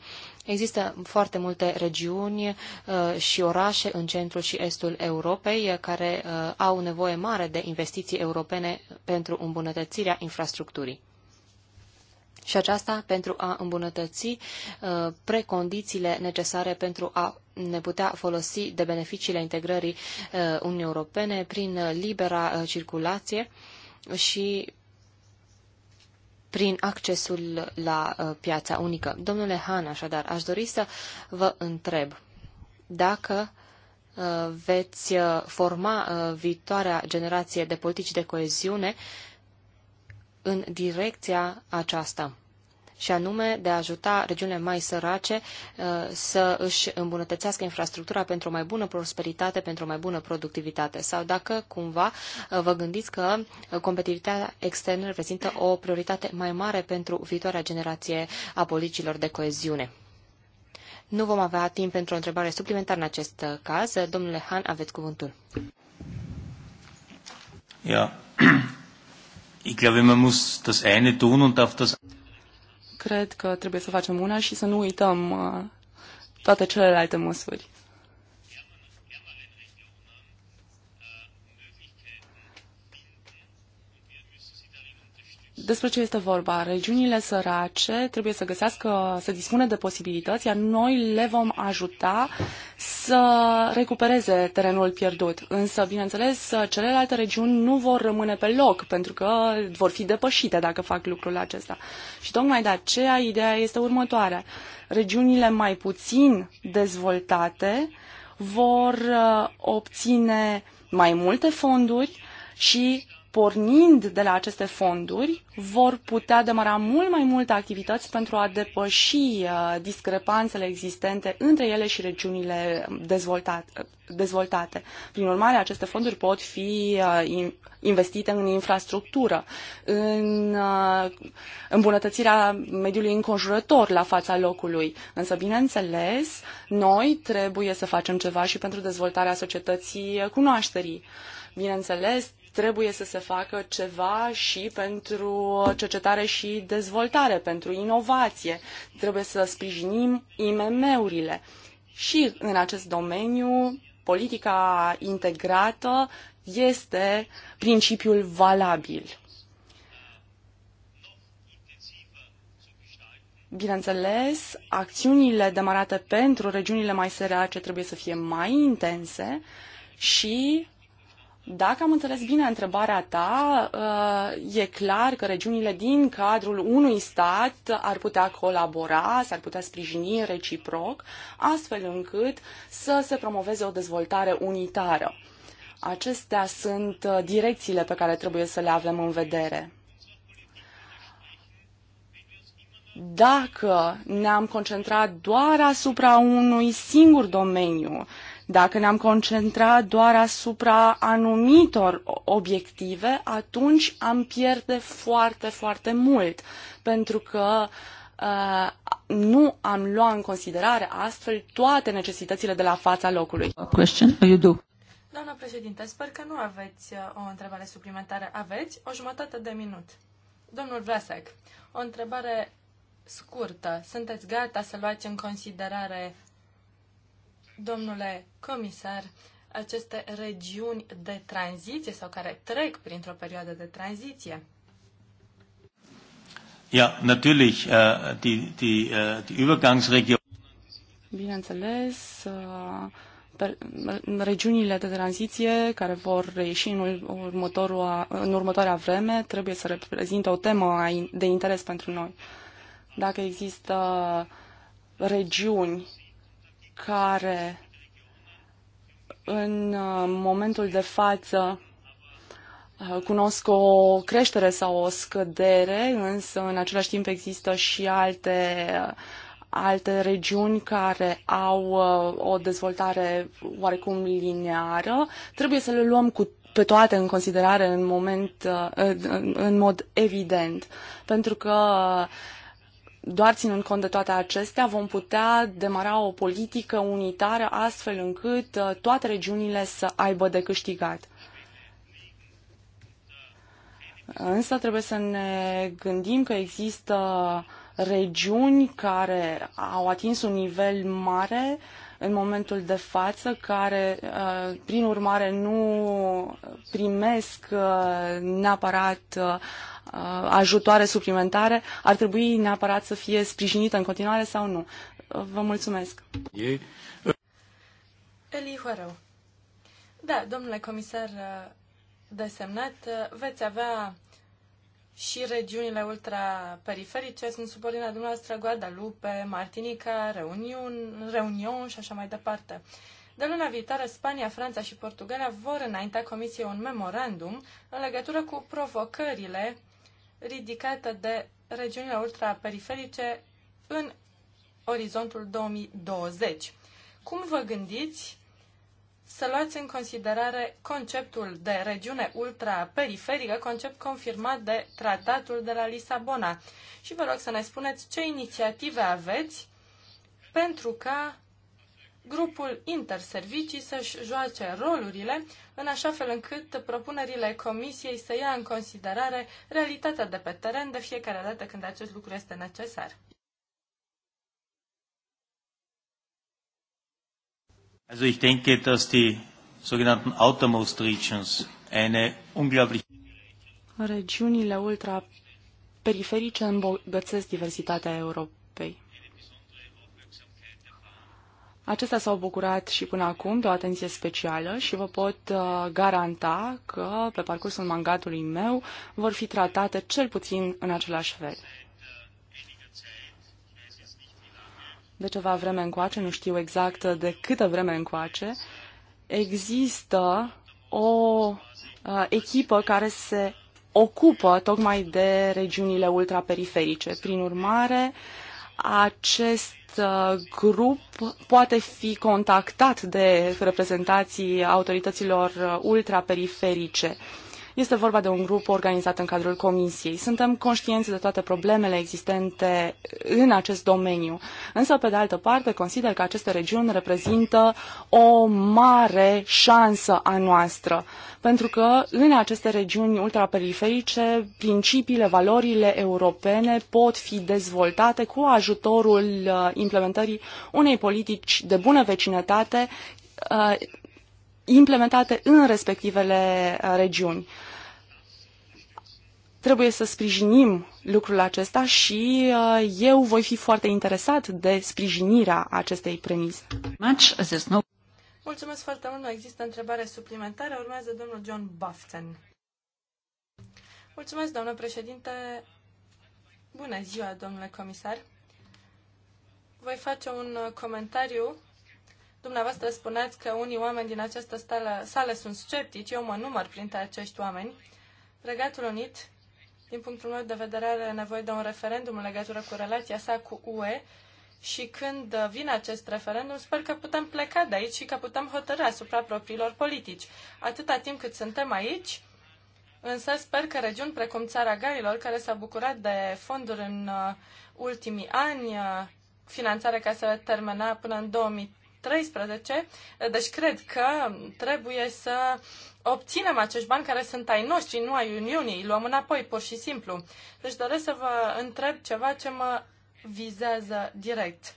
Există foarte multe regiuni uh, și orașe în centrul și estul Europei uh, care uh, au nevoie mare de investiții europene pentru îmbunătățirea infrastructurii. Și aceasta pentru a îmbunătăți precondițiile necesare pentru a ne putea folosi de beneficiile integrării Uniunii Europene prin libera circulație și prin accesul la uh, piața unică. Domnule Han, așadar, aș dori să vă întreb dacă uh, veți uh, forma viitoarea generație de politici de coeziune în direcția aceasta și anume de a ajuta regiunile mai sărace uh, să își îmbunătățească infrastructura pentru o mai bună prosperitate, pentru o mai bună productivitate. Sau dacă cumva uh, vă gândiți că competitivitatea externă reprezintă o prioritate mai mare pentru viitoarea generație a politicilor de coeziune. Nu vom avea timp pentru o întrebare suplimentară în acest uh, caz. Domnule Han, aveți cuvântul. Ja, ich glaube, man muss das eine tun und auf das cred că trebuie să facem una și să nu uităm uh, toate celelalte măsuri. despre ce este vorba. Regiunile sărace trebuie să găsească, să dispună de posibilități, iar noi le vom ajuta să recupereze terenul pierdut. Însă, bineînțeles, celelalte regiuni nu vor rămâne pe loc, pentru că vor fi depășite dacă fac lucrul acesta. Și tocmai de aceea ideea este următoarea. Regiunile mai puțin dezvoltate vor uh, obține mai multe fonduri și pornind de la aceste fonduri, vor putea demara mult mai multe activități pentru a depăși uh, discrepanțele existente între ele și regiunile dezvoltate. Prin urmare, aceste fonduri pot fi uh, investite în infrastructură, în uh, îmbunătățirea mediului înconjurător la fața locului. Însă, bineînțeles, noi trebuie să facem ceva și pentru dezvoltarea societății cunoașterii. Bineînțeles, Trebuie să se facă ceva și pentru cercetare și dezvoltare, pentru inovație. Trebuie să sprijinim IMM-urile. Și în acest domeniu, politica integrată este principiul valabil. Bineînțeles, acțiunile demarate pentru regiunile mai sărace trebuie să fie mai intense și dacă am înțeles bine întrebarea ta, uh, e clar că regiunile din cadrul unui stat ar putea colabora, s-ar putea sprijini reciproc, astfel încât să se promoveze o dezvoltare unitară. Acestea sunt uh, direcțiile pe care trebuie să le avem în vedere. Dacă ne-am concentrat doar asupra unui singur domeniu, uh, dacă ne-am concentrat doar asupra anumitor obiective, atunci am pierde foarte, foarte mult, pentru că uh, nu am luat în considerare astfel toate necesitățile de la fața locului. question? Oh, you do. Doamna președinte, sper că nu aveți uh, o întrebare suplimentară. Aveți o jumătate de minut. Domnul Vlasek, o întrebare scurtă. Sunteți gata să luați în considerare Domnule comisar, aceste regiuni de tranziție sau care trec printr-o perioadă de tranziție? Ja, natürlich, äh, die, die, äh, die Übergangsregion. Bineînțeles, äh, regiunile de tranziție care vor ieși în, următorul, în următoarea vreme trebuie să reprezintă o temă de interes pentru noi. Dacă există regiuni care în uh, momentul de față uh, cunosc o creștere sau o scădere, însă în același timp există și alte, alte regiuni care au uh, o dezvoltare oarecum lineară. Trebuie să le luăm cu pe toate în considerare în moment, în mod evident, pentru că doar ținând cont de toate acestea, vom putea demara o politică unitară astfel încât uh, toate regiunile să aibă de câștigat. Însă trebuie să ne gândim că există regiuni care au atins un nivel mare în momentul de față, care, uh, prin urmare, nu primesc uh, neapărat Uh, ajutoare suplimentare ar trebui neapărat să fie sprijinită în continuare sau nu. Uh, vă mulțumesc. Uh, Eli Hoarău. Da, domnule comisar desemnat, veți avea și regiunile ultraperiferice sunt subordinea dumneavoastră Guadalupe, Martinica, Reunion, Reunion și așa mai departe. De luna viitoare, Spania, Franța și Portugalia vor înainta Comisiei un memorandum în legătură cu provocările ridicată de regiunile ultraperiferice în orizontul 2020. Cum vă gândiți să luați în considerare conceptul de regiune ultraperiferică, concept confirmat de tratatul de la Lisabona? Și vă rog să ne spuneți ce inițiative aveți pentru ca grupul interservicii să-și joace rolurile în așa fel încât propunerile comisiei să ia în considerare realitatea de pe teren de fiecare dată când acest lucru este necesar. Also ich denke, dass die sogenannten outermost regions eine unglaublich Regiunile ultraperiferice îmbogățesc diversitatea Europei. Acestea s-au bucurat și până acum de o atenție specială și vă pot uh, garanta că pe parcursul mandatului meu vor fi tratate cel puțin în același fel. De ceva vreme încoace, nu știu exact de câtă vreme încoace, există o uh, echipă care se ocupă tocmai de regiunile ultraperiferice. Prin urmare, uh, acest uh, grup poate fi contactat de reprezentanții autorităților uh, ultraperiferice. Este vorba de un grup organizat în cadrul Comisiei. Suntem conștienți de toate problemele existente în acest domeniu, însă, pe de altă parte, consider că aceste regiuni reprezintă o mare șansă a noastră, pentru că în aceste regiuni ultraperiferice, principiile, valorile europene pot fi dezvoltate cu ajutorul uh, implementării unei politici de bună vecinătate uh, implementate în respectivele uh, regiuni. Trebuie să sprijinim lucrul acesta și uh, eu voi fi foarte interesat de sprijinirea acestei premise. Mulțumesc foarte mult. Nu există întrebare suplimentară. Urmează domnul John Bafton. Mulțumesc, doamnă președinte. Bună ziua, domnule comisar. Voi face un uh, comentariu Dumneavoastră spuneți că unii oameni din această sală, sală sunt sceptici, eu mă număr printre acești oameni. Regatul Unit, din punctul meu de vedere, are nevoie de un referendum în legătură cu relația sa cu UE și când vine acest referendum, sper că putem pleca de aici și că putem hotărâ asupra propriilor politici. Atâta timp cât suntem aici, Însă sper că regiuni precum Țara Galilor, care s-a bucurat de fonduri în uh, ultimii ani, uh, finanțare care se termina până în 2000, 13, Deci cred că trebuie să obținem acești bani care sunt ai noștri, nu ai Uniunii, îi luăm înapoi, pur și simplu. Deci doresc să vă întreb ceva ce mă vizează direct.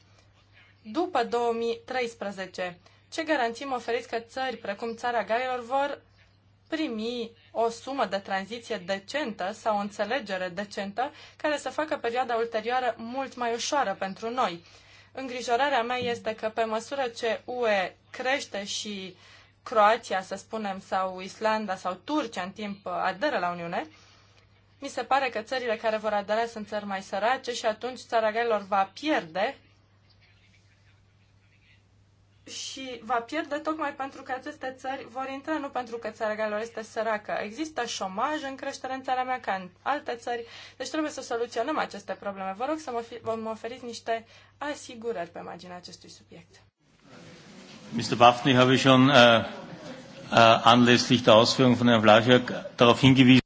După 2013, ce garanții mă oferiți că țări precum țara Galilor vor primi o sumă de tranziție decentă sau o înțelegere decentă care să facă perioada ulterioară mult mai ușoară pentru noi? Îngrijorarea mea este că pe măsură ce UE crește și Croația, să spunem, sau Islanda sau Turcia în timp aderă la Uniune, mi se pare că țările care vor adera sunt țări mai sărace și atunci țara Galilor va pierde și va pierde tocmai pentru că aceste țări vor intra, nu pentru că țara lor este săracă. Există șomaj în creștere în țara mea ca în alte țări, deci trebuie să soluționăm aceste probleme. Vă rog să mă, fi, vă mă oferiți niște asigurări pe marginea acestui subiect. Mr. Waffney, habe ich schon uh, anlässlich der Ausführung von Herrn Vlaschek darauf hingewiesen.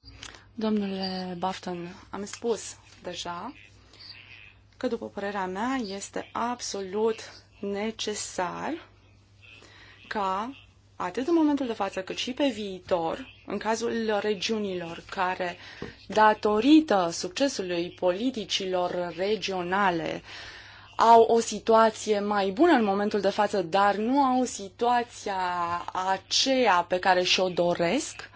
Domnule Bafton, am spus deja că, după părerea mea, este absolut necesar ca atât în momentul de față cât și pe viitor, în cazul regiunilor care, datorită succesului politicilor regionale, au o situație mai bună în momentul de față, dar nu au situația aceea pe care și-o doresc,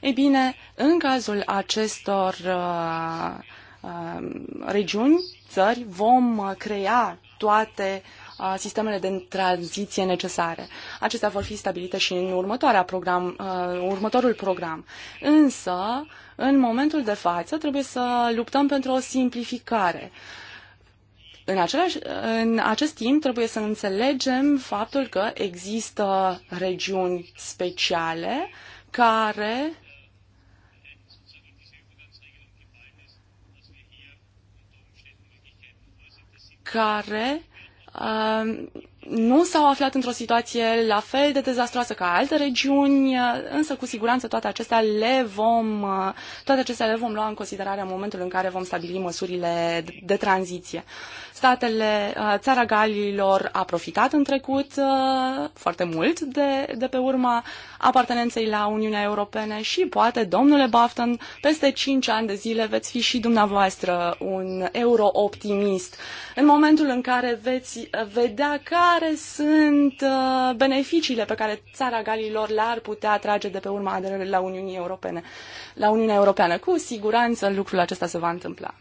e bine, în cazul acestor uh, uh, regiuni, țări, vom crea toate uh, sistemele de tranziție necesare. Acestea vor fi stabilite și în următoarea program, uh, următorul program. Însă, în momentul de față, trebuie să luptăm pentru o simplificare. În, același, în acest timp trebuie să înțelegem faptul că există regiuni speciale care care nu s-au aflat într-o situație la fel de dezastroasă ca alte regiuni, însă cu siguranță toate acestea le vom, toate acestea le vom lua în considerare în momentul în care vom stabili măsurile de tranziție. Statele, uh, țara Galilor a profitat în trecut uh, foarte mult de, de pe urma apartenenței la Uniunea Europene și poate, domnule Bafton, peste 5 ani de zile veți fi și dumneavoastră un eurooptimist. În momentul în care veți uh, vedea care sunt beneficiile pe care țara Galilor le-ar putea trage de pe urma aderării la Uniunea Europene, la Uniunea Europeană, cu siguranță lucrul acesta se va întâmpla.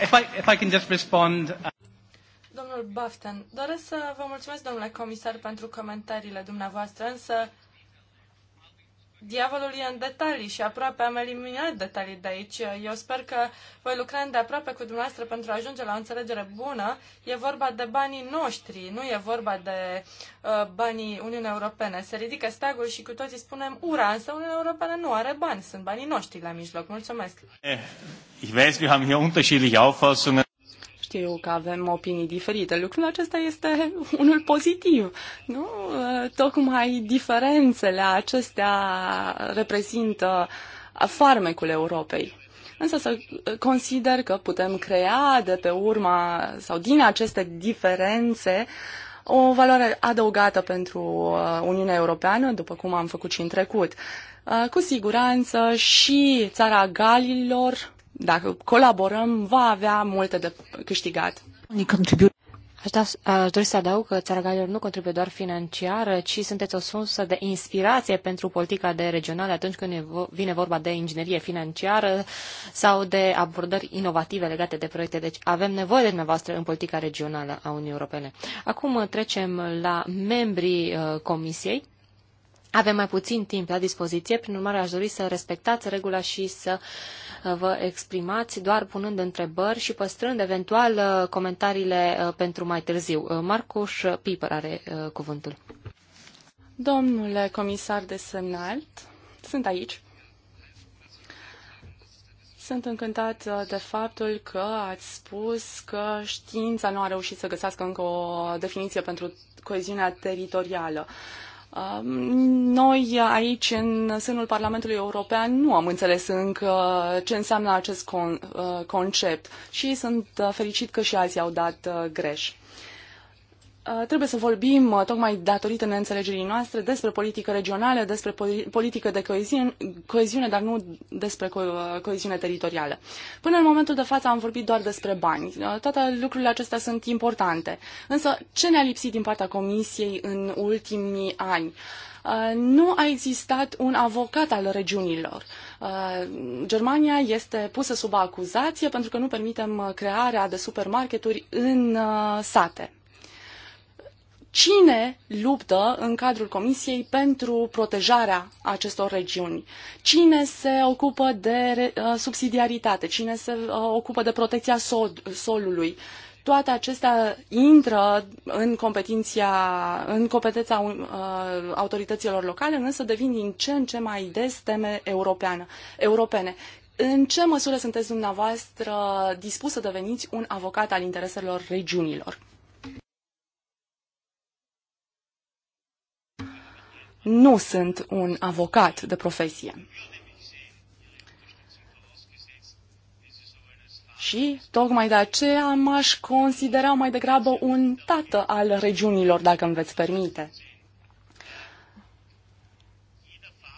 If I, if I can just respond... Uh, Domnul Baftan, doresc să vă mulțumesc, domnule comisar, pentru comentariile dumneavoastră, însă diavolul e în detalii și aproape am eliminat detalii de aici. Eu sper că voi lucra aproape cu dumneavoastră pentru a ajunge la o înțelegere bună. E vorba de banii noștri, nu e vorba de uh, banii Uniunii Europene. Se ridică steagul și cu toții spunem ura, însă Uniunea Europeană nu are bani, sunt banii noștri la mijloc. Mulțumesc! Eh, ich weiß, wir haben hier unterschiedliche Auffassungen. Știu că avem opinii diferite. Lucrul acesta este <laughs> unul pozitiv. Nu? Tocmai diferențele acestea reprezintă farmecul Europei. Însă să consider că putem crea de pe urma sau din aceste diferențe o valoare adăugată pentru uh, Uniunea Europeană, după cum am făcut și în trecut. Uh, cu siguranță și țara Galilor dacă colaborăm, va avea multe de câștigat. Aș, da, aș dori să adaug că Țara Galilor nu contribuie doar financiar, ci sunteți o sursă de inspirație pentru politica de regională atunci când vine vorba de inginerie financiară sau de abordări inovative legate de proiecte. Deci avem nevoie de dumneavoastră în politica regională a Uniunii Europene. Acum trecem la membrii uh, Comisiei. Avem mai puțin timp la dispoziție, prin urmare aș dori să respectați regula și să uh, vă exprimați doar punând întrebări și păstrând eventual uh, comentariile uh, pentru mai târziu. Marcuș Piper are cuvântul. Domnule comisar de semnalt, sunt aici. Sunt încântat de faptul că ați spus că știința nu a reușit să găsească încă o definiție pentru coeziunea teritorială. Uh, Um, noi aici, în sânul Parlamentului European, nu am înțeles încă ce înseamnă acest uh, concept și sunt uh, fericit că și alții au dat uh, greș. Uh, trebuie să vorbim, uh, tocmai datorită neînțelegerii noastre, despre politică regională, despre politică de coeziune, coeziune dar nu despre co- uh, coeziune teritorială. Până în momentul de față am vorbit doar despre bani. Toate lucrurile acestea sunt importante. Însă, ce ne-a lipsit din partea Comisiei în ultimii ani? nu a existat un avocat al regiunilor. Germania este pusă sub acuzație pentru că nu permitem crearea de supermarketuri în sate. Cine luptă în cadrul Comisiei pentru protejarea acestor regiuni? Cine se ocupă de uh, subsidiaritate? Cine se uh, ocupă de protecția solului? Toate acestea intră în, în competența uh, autorităților locale, însă devin din ce în ce mai des teme europeană, europene. În ce măsură sunteți dumneavoastră dispusă să deveniți un avocat al intereselor regiunilor? nu sunt un avocat de profesie. Și tocmai de aceea m-aș considera mai degrabă un tată al regiunilor, dacă îmi veți permite.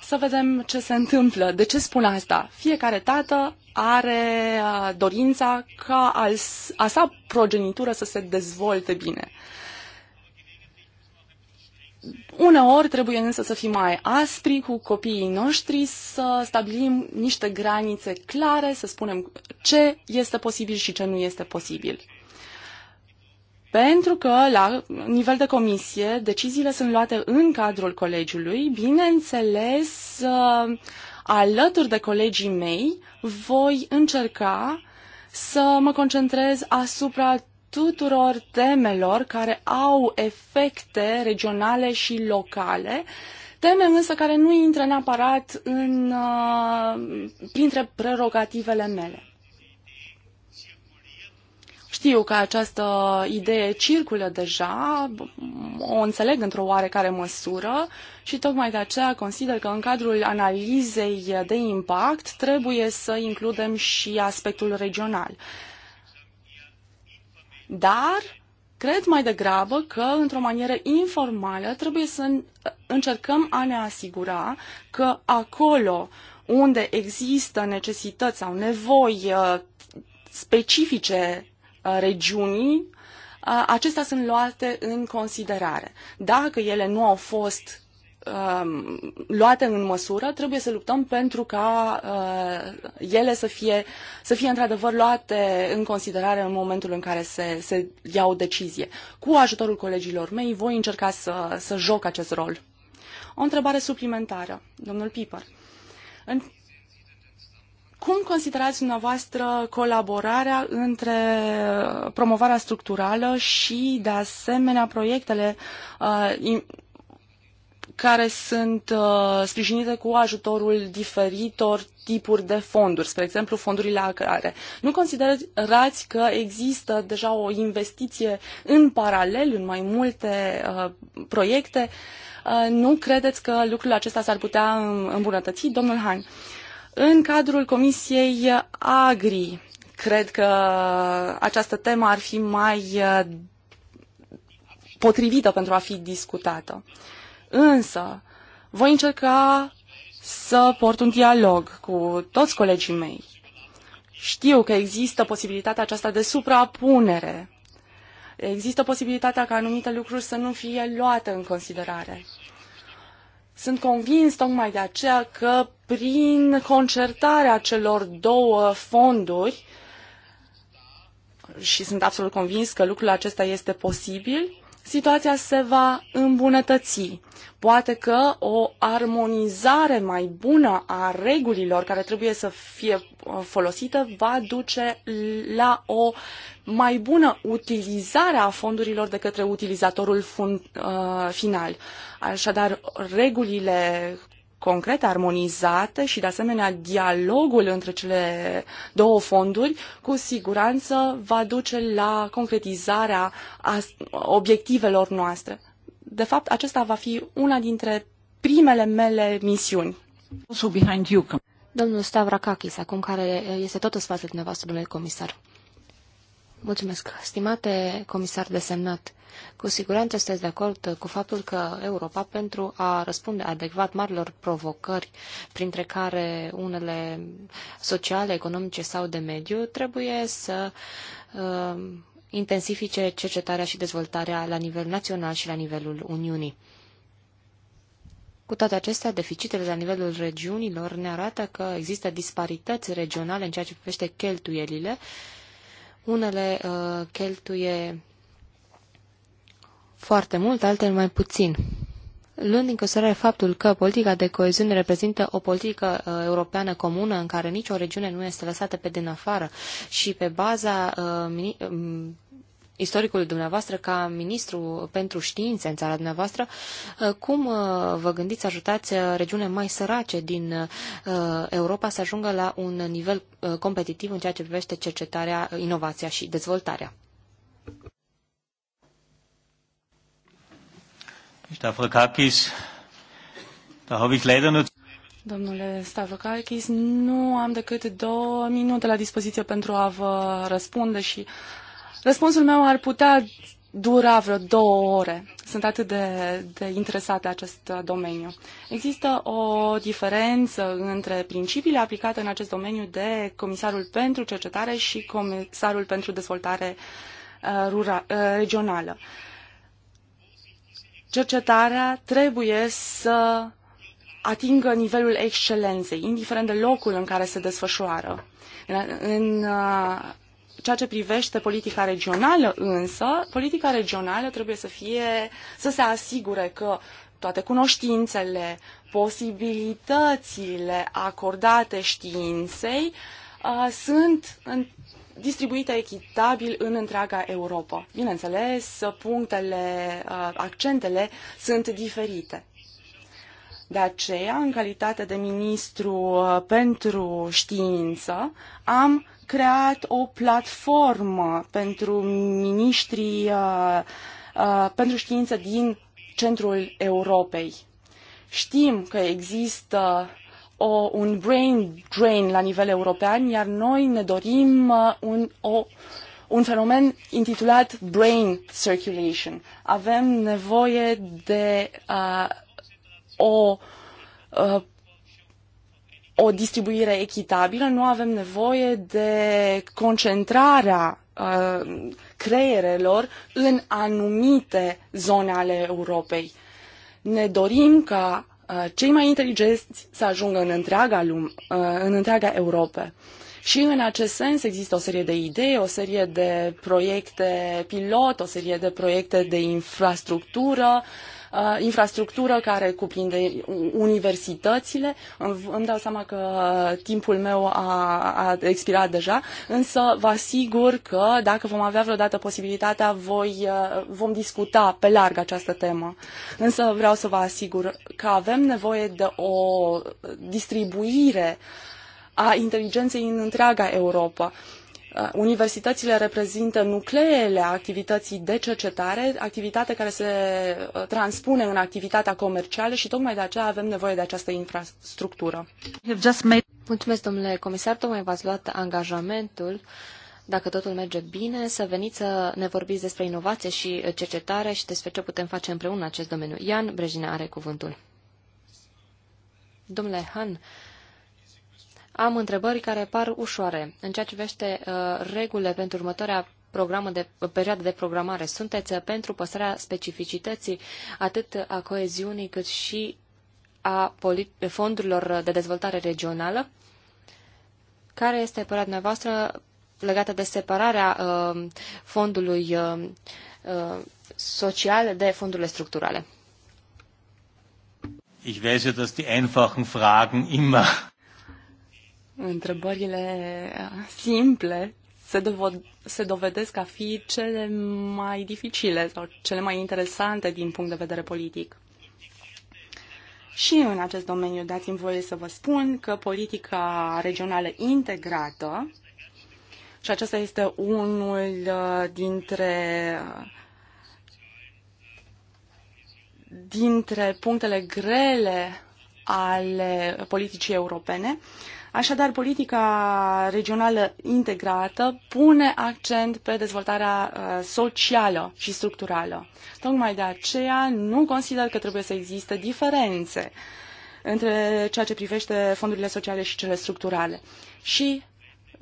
Să vedem ce se întâmplă. De ce spun asta? Fiecare tată are uh, dorința ca a sa progenitură să se dezvolte bine. Uneori trebuie însă să fim mai aspri cu copiii noștri, să stabilim niște granițe clare, să spunem ce este posibil și ce nu este posibil. Pentru că la nivel de comisie deciziile sunt luate în cadrul colegiului, bineînțeles, uh, alături de colegii mei, voi încerca să mă concentrez asupra tuturor temelor care au efecte regionale și locale, teme însă care nu intră neapărat în, uh, printre prerogativele mele. Știu că această idee circulă deja, o înțeleg într-o oarecare măsură și tocmai de aceea consider că în cadrul analizei de impact trebuie să includem și aspectul regional dar cred mai degrabă că, într-o manieră informală, trebuie să încercăm a ne asigura că acolo unde există necesități sau nevoi uh, specifice uh, regiunii, uh, acestea sunt luate în considerare. Dacă ele nu au fost Um, luate în măsură, trebuie să luptăm pentru ca uh, ele să fie, să fie într-adevăr luate în considerare în momentul în care se, se ia o decizie. Cu ajutorul colegilor mei voi încerca să, să joc acest rol. O întrebare suplimentară, domnul Piper. În cum considerați dumneavoastră colaborarea între promovarea structurală și, de asemenea, proiectele uh, care sunt uh, sprijinite cu ajutorul diferitor tipuri de fonduri, spre exemplu fondurile agrare. Nu considerați că există deja o investiție în paralel în mai multe uh, proiecte? Uh, nu credeți că lucrul acesta s-ar putea um, îmbunătăți, domnul Han? În cadrul Comisiei Agri, cred că această temă ar fi mai uh, potrivită pentru a fi discutată. Uh, Însă, voi încerca să port un dialog cu toți colegii mei. Știu că există posibilitatea aceasta de suprapunere. Există posibilitatea ca anumite lucruri să nu fie luate în considerare. Sunt convins tocmai de aceea că prin concertarea celor două fonduri, și sunt absolut convins că lucrul acesta este posibil, situația se va îmbunătăți. Poate că o armonizare mai bună a regulilor care trebuie să fie uh, folosită va duce la o mai bună utilizare a fondurilor de către utilizatorul fun, uh, final. Așadar, regulile concrete, armonizate și, de asemenea, dialogul între cele două fonduri, cu siguranță va duce la concretizarea obiectivelor noastre. De fapt, acesta va fi una dintre primele mele misiuni. Domnul Stavrakakis, acum care este tot în spatele dumneavoastră, domnule comisar. Mulțumesc. Stimate comisar desemnat, cu siguranță sunteți de acord cu faptul că Europa, pentru a răspunde adecvat marilor provocări, printre care unele sociale, economice sau de mediu, trebuie să uh, intensifice cercetarea și dezvoltarea la nivel național și la nivelul Uniunii. Cu toate acestea, deficitele la nivelul regiunilor ne arată că există disparități regionale în ceea ce privește cheltuielile uh, unele uh, cheltuie foarte mult, altele mai puțin. Luând în considerare faptul că politica de coeziune reprezintă o politică uh, europeană comună în care nicio regiune nu este lăsată pe din afară și pe baza uh, um, istoricul dumneavoastră ca ministru pentru știință în țara dumneavoastră, uh, cum uh, vă gândiți să ajutați uh, regiune mai sărace din Europa să ajungă la un nivel competitiv în ceea ce privește cercetarea, inovația și dezvoltarea? da Domnule Stavrakakis, nu am decât două minute la dispoziție pentru a vă răspunde și Răspunsul meu ar putea dura vreo două ore. Sunt atât de, de interesat de acest uh, domeniu. Există o diferență între principiile aplicate în acest domeniu de Comisarul pentru Cercetare și Comisarul pentru Dezvoltare uh, rura, uh, regională. Cercetarea trebuie să atingă nivelul excelenței, indiferent de locul în care se desfășoară. În, în ceea ce privește politica regională însă, politica regională trebuie să fie, să se asigure că toate cunoștințele, posibilitățile acordate științei uh, sunt în, distribuite echitabil în întreaga Europa. Bineînțeles, punctele, uh, accentele sunt diferite. De aceea, în calitate de ministru uh, pentru știință, am creat o platformă pentru miniștrii uh, uh, pentru știință din centrul Europei. Știm că există o, un brain drain la nivel european, iar noi ne dorim uh, un, o, un fenomen intitulat brain circulation. Avem nevoie de uh, o uh, o distribuire echitabilă, nu avem nevoie de concentrarea uh, creierelor în anumite zone ale Europei. Ne dorim ca uh, cei mai inteligenți să ajungă în întreaga, lume, uh, în întreaga Europa. Și în acest sens există o serie de idei, o serie de proiecte pilot, o serie de proiecte de infrastructură uh, Uh, infrastructură care cuprinde universitățile. Îmi, îmi dau seama că timpul meu a, a expirat deja, însă vă asigur că dacă vom avea vreodată posibilitatea, voi, uh, vom discuta pe larg această temă. Însă vreau să vă asigur că avem nevoie de o distribuire a inteligenței în întreaga Europa. Uh, universitățile reprezintă nucleele activității de cercetare, activitate care se uh, transpune în activitatea comercială și tocmai de aceea avem nevoie de această infrastructură. Mulțumesc, domnule comisar, tocmai v-ați luat angajamentul dacă totul merge bine, să veniți să ne vorbiți despre inovație și uh, cercetare și despre ce putem face împreună în acest domeniu. Ian Brejina are cuvântul. Domnule Han, am întrebări care par ușoare. În ceea ce privește uh, regulile pentru următoarea programă de, uh, perioadă de programare, sunteți uh, pentru păstrarea specificității atât a coeziunii cât și a fondurilor de dezvoltare regională? Care este părerea dumneavoastră legată de separarea uh, fondului uh, uh, social de fondurile structurale? Ich weiß ja, dass die einfachen Fragen immer întrebările simple se, dovo- se dovedesc a fi cele mai dificile sau cele mai interesante din punct de vedere politic. Și în acest domeniu dați-mi voie să vă spun că politica regională integrată, și acesta este unul dintre dintre punctele grele ale politicii europene, uh, Așadar, politica regională integrată pune accent pe dezvoltarea uh, socială și structurală. Tocmai de aceea nu consider că trebuie să existe diferențe între ceea ce privește fondurile sociale și cele structurale. Și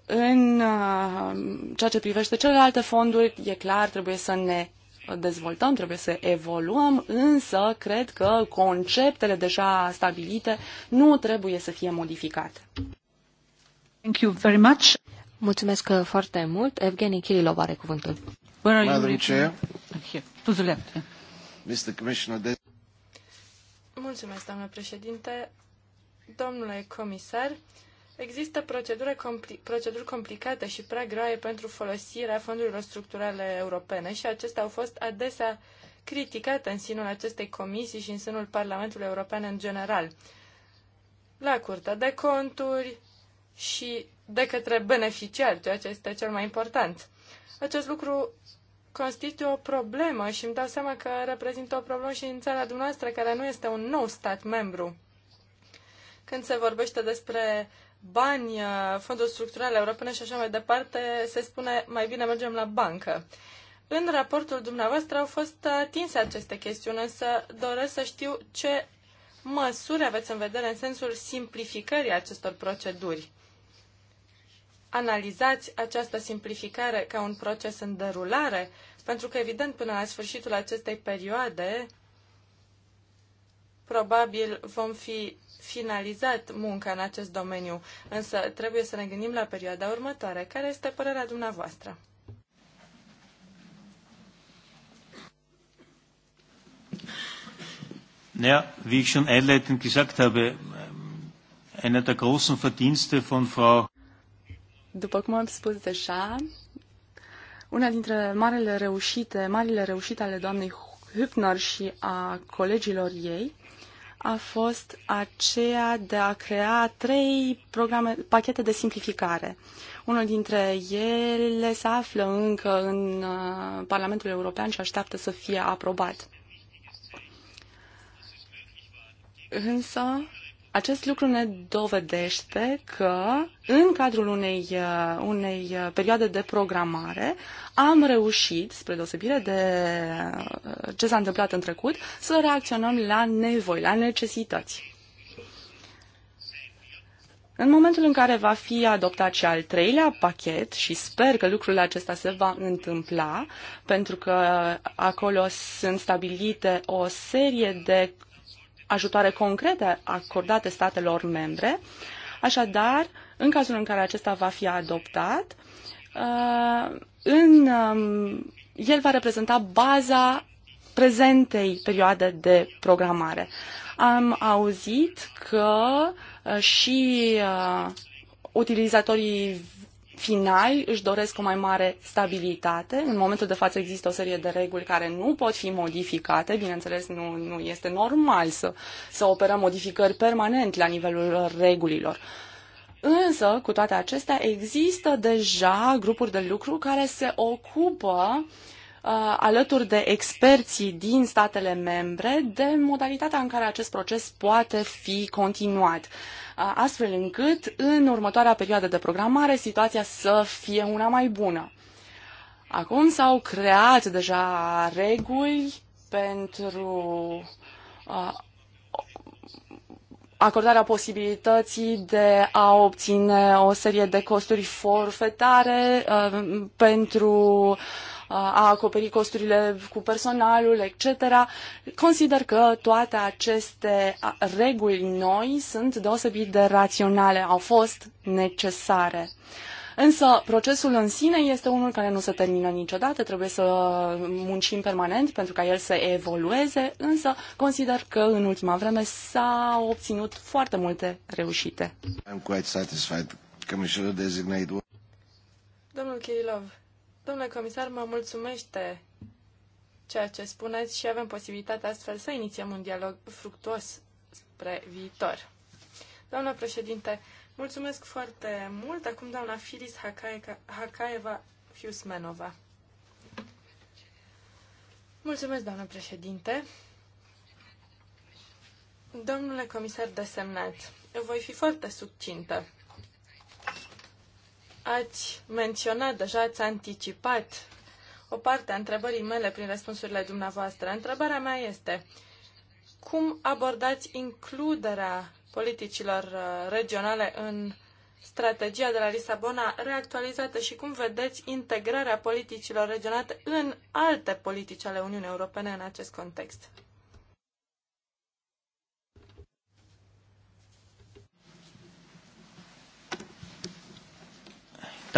în uh, ceea ce privește celelalte fonduri, e clar, trebuie să ne dezvoltăm, trebuie să evoluăm, însă cred că conceptele deja stabilite nu trebuie să fie modificate. Thank you very much. Mulțumesc foarte mult. Evgeni Kirilov are cuvântul. Where are Madam you? Chair. Here, to the left. Mr. Commissioner. De- Mulțumesc, doamnă președinte. Domnule comisar, Există proceduri, compli- proceduri complicate și prea grae pentru folosirea fondurilor structurale europene și acestea au fost adesea criticate în sinul acestei comisii și în sânul Parlamentului European în general. La Curtea de Conturi și de către beneficiari, ceea ce este cel mai important. Acest lucru constituie o problemă și îmi dau seama că reprezintă o problemă și în țara dumneavoastră, care nu este un nou stat membru. Când se vorbește despre bani, uh, fonduri structurale europene și așa mai departe, se spune mai bine mergem la bancă. În raportul dumneavoastră au fost uh, atinse aceste chestiuni, însă doresc să știu ce măsuri aveți în vedere în sensul simplificării acestor proceduri. Analizați această simplificare ca un proces în derulare, pentru că, evident, până la sfârșitul acestei perioade, probabil vom fi finalizat munca în acest domeniu, însă trebuie să ne gândim la perioada următoare. Care este părerea dumneavoastră? Ja, wie ich schon einleitend gesagt habe, einer der großen Verdienste von Frau După cum am spus deja, una dintre marele reușite, marile reușite ale doamnei Hübner și a colegilor ei a fost aceea de a crea trei programe, pachete de simplificare. Unul dintre ele se află încă în uh, Parlamentul European și așteaptă să fie aprobat. Însă, acest lucru ne dovedește că în cadrul unei, uh, unei uh, perioade de programare am reușit, spre deosebire de uh, ce s-a întâmplat în trecut, să reacționăm la nevoi, la necesități. În momentul în care va fi adoptat și al treilea pachet, și sper că lucrul acesta se va întâmpla, pentru că acolo sunt stabilite o serie de ajutoare concrete acordate statelor membre. Așadar, în cazul în care acesta va fi adoptat, uh, în, um, el va reprezenta baza prezentei perioade de programare. Am auzit că uh, și uh, utilizatorii finali își doresc o mai mare stabilitate. În momentul de față există o serie de reguli care nu pot fi modificate. Bineînțeles, nu, nu este normal să, să operăm modificări permanent la nivelul regulilor. Însă, cu toate acestea, există deja grupuri de lucru care se ocupă uh, Uh, alături de experții din statele membre de modalitatea în care acest proces poate fi continuat, uh, astfel încât în următoarea perioadă de programare situația să fie una mai bună. Acum s-au creat deja reguli pentru uh, acordarea posibilității de a obține o serie de costuri forfetare pentru a acoperi costurile cu personalul, etc. Consider că toate aceste reguli noi sunt deosebit de raționale, au fost necesare. Însă procesul în sine este unul care nu se termină niciodată, trebuie să muncim permanent pentru ca el să evolueze, însă consider că în ultima vreme s-a obținut foarte multe reușite. I'm quite satisfied. Commissioner designate. Domnul Kirilov, Domnule comisar, mă mulțumește ceea ce spuneți și avem posibilitatea astfel să inițiem un dialog fructuos spre viitor. Doamna președinte, mulțumesc foarte mult. Acum doamna Filis Hakaeva Fiusmenova. Mulțumesc, doamna președinte. Domnule comisar desemnat, voi fi foarte subțintă ați menționat deja, ați anticipat o parte a întrebării mele prin răspunsurile dumneavoastră. Întrebarea mea este, cum abordați includerea politicilor uh, regionale în strategia de la Lisabona reactualizată și cum vedeți integrarea politicilor regionale în alte politici ale Uniunii Europene în acest context?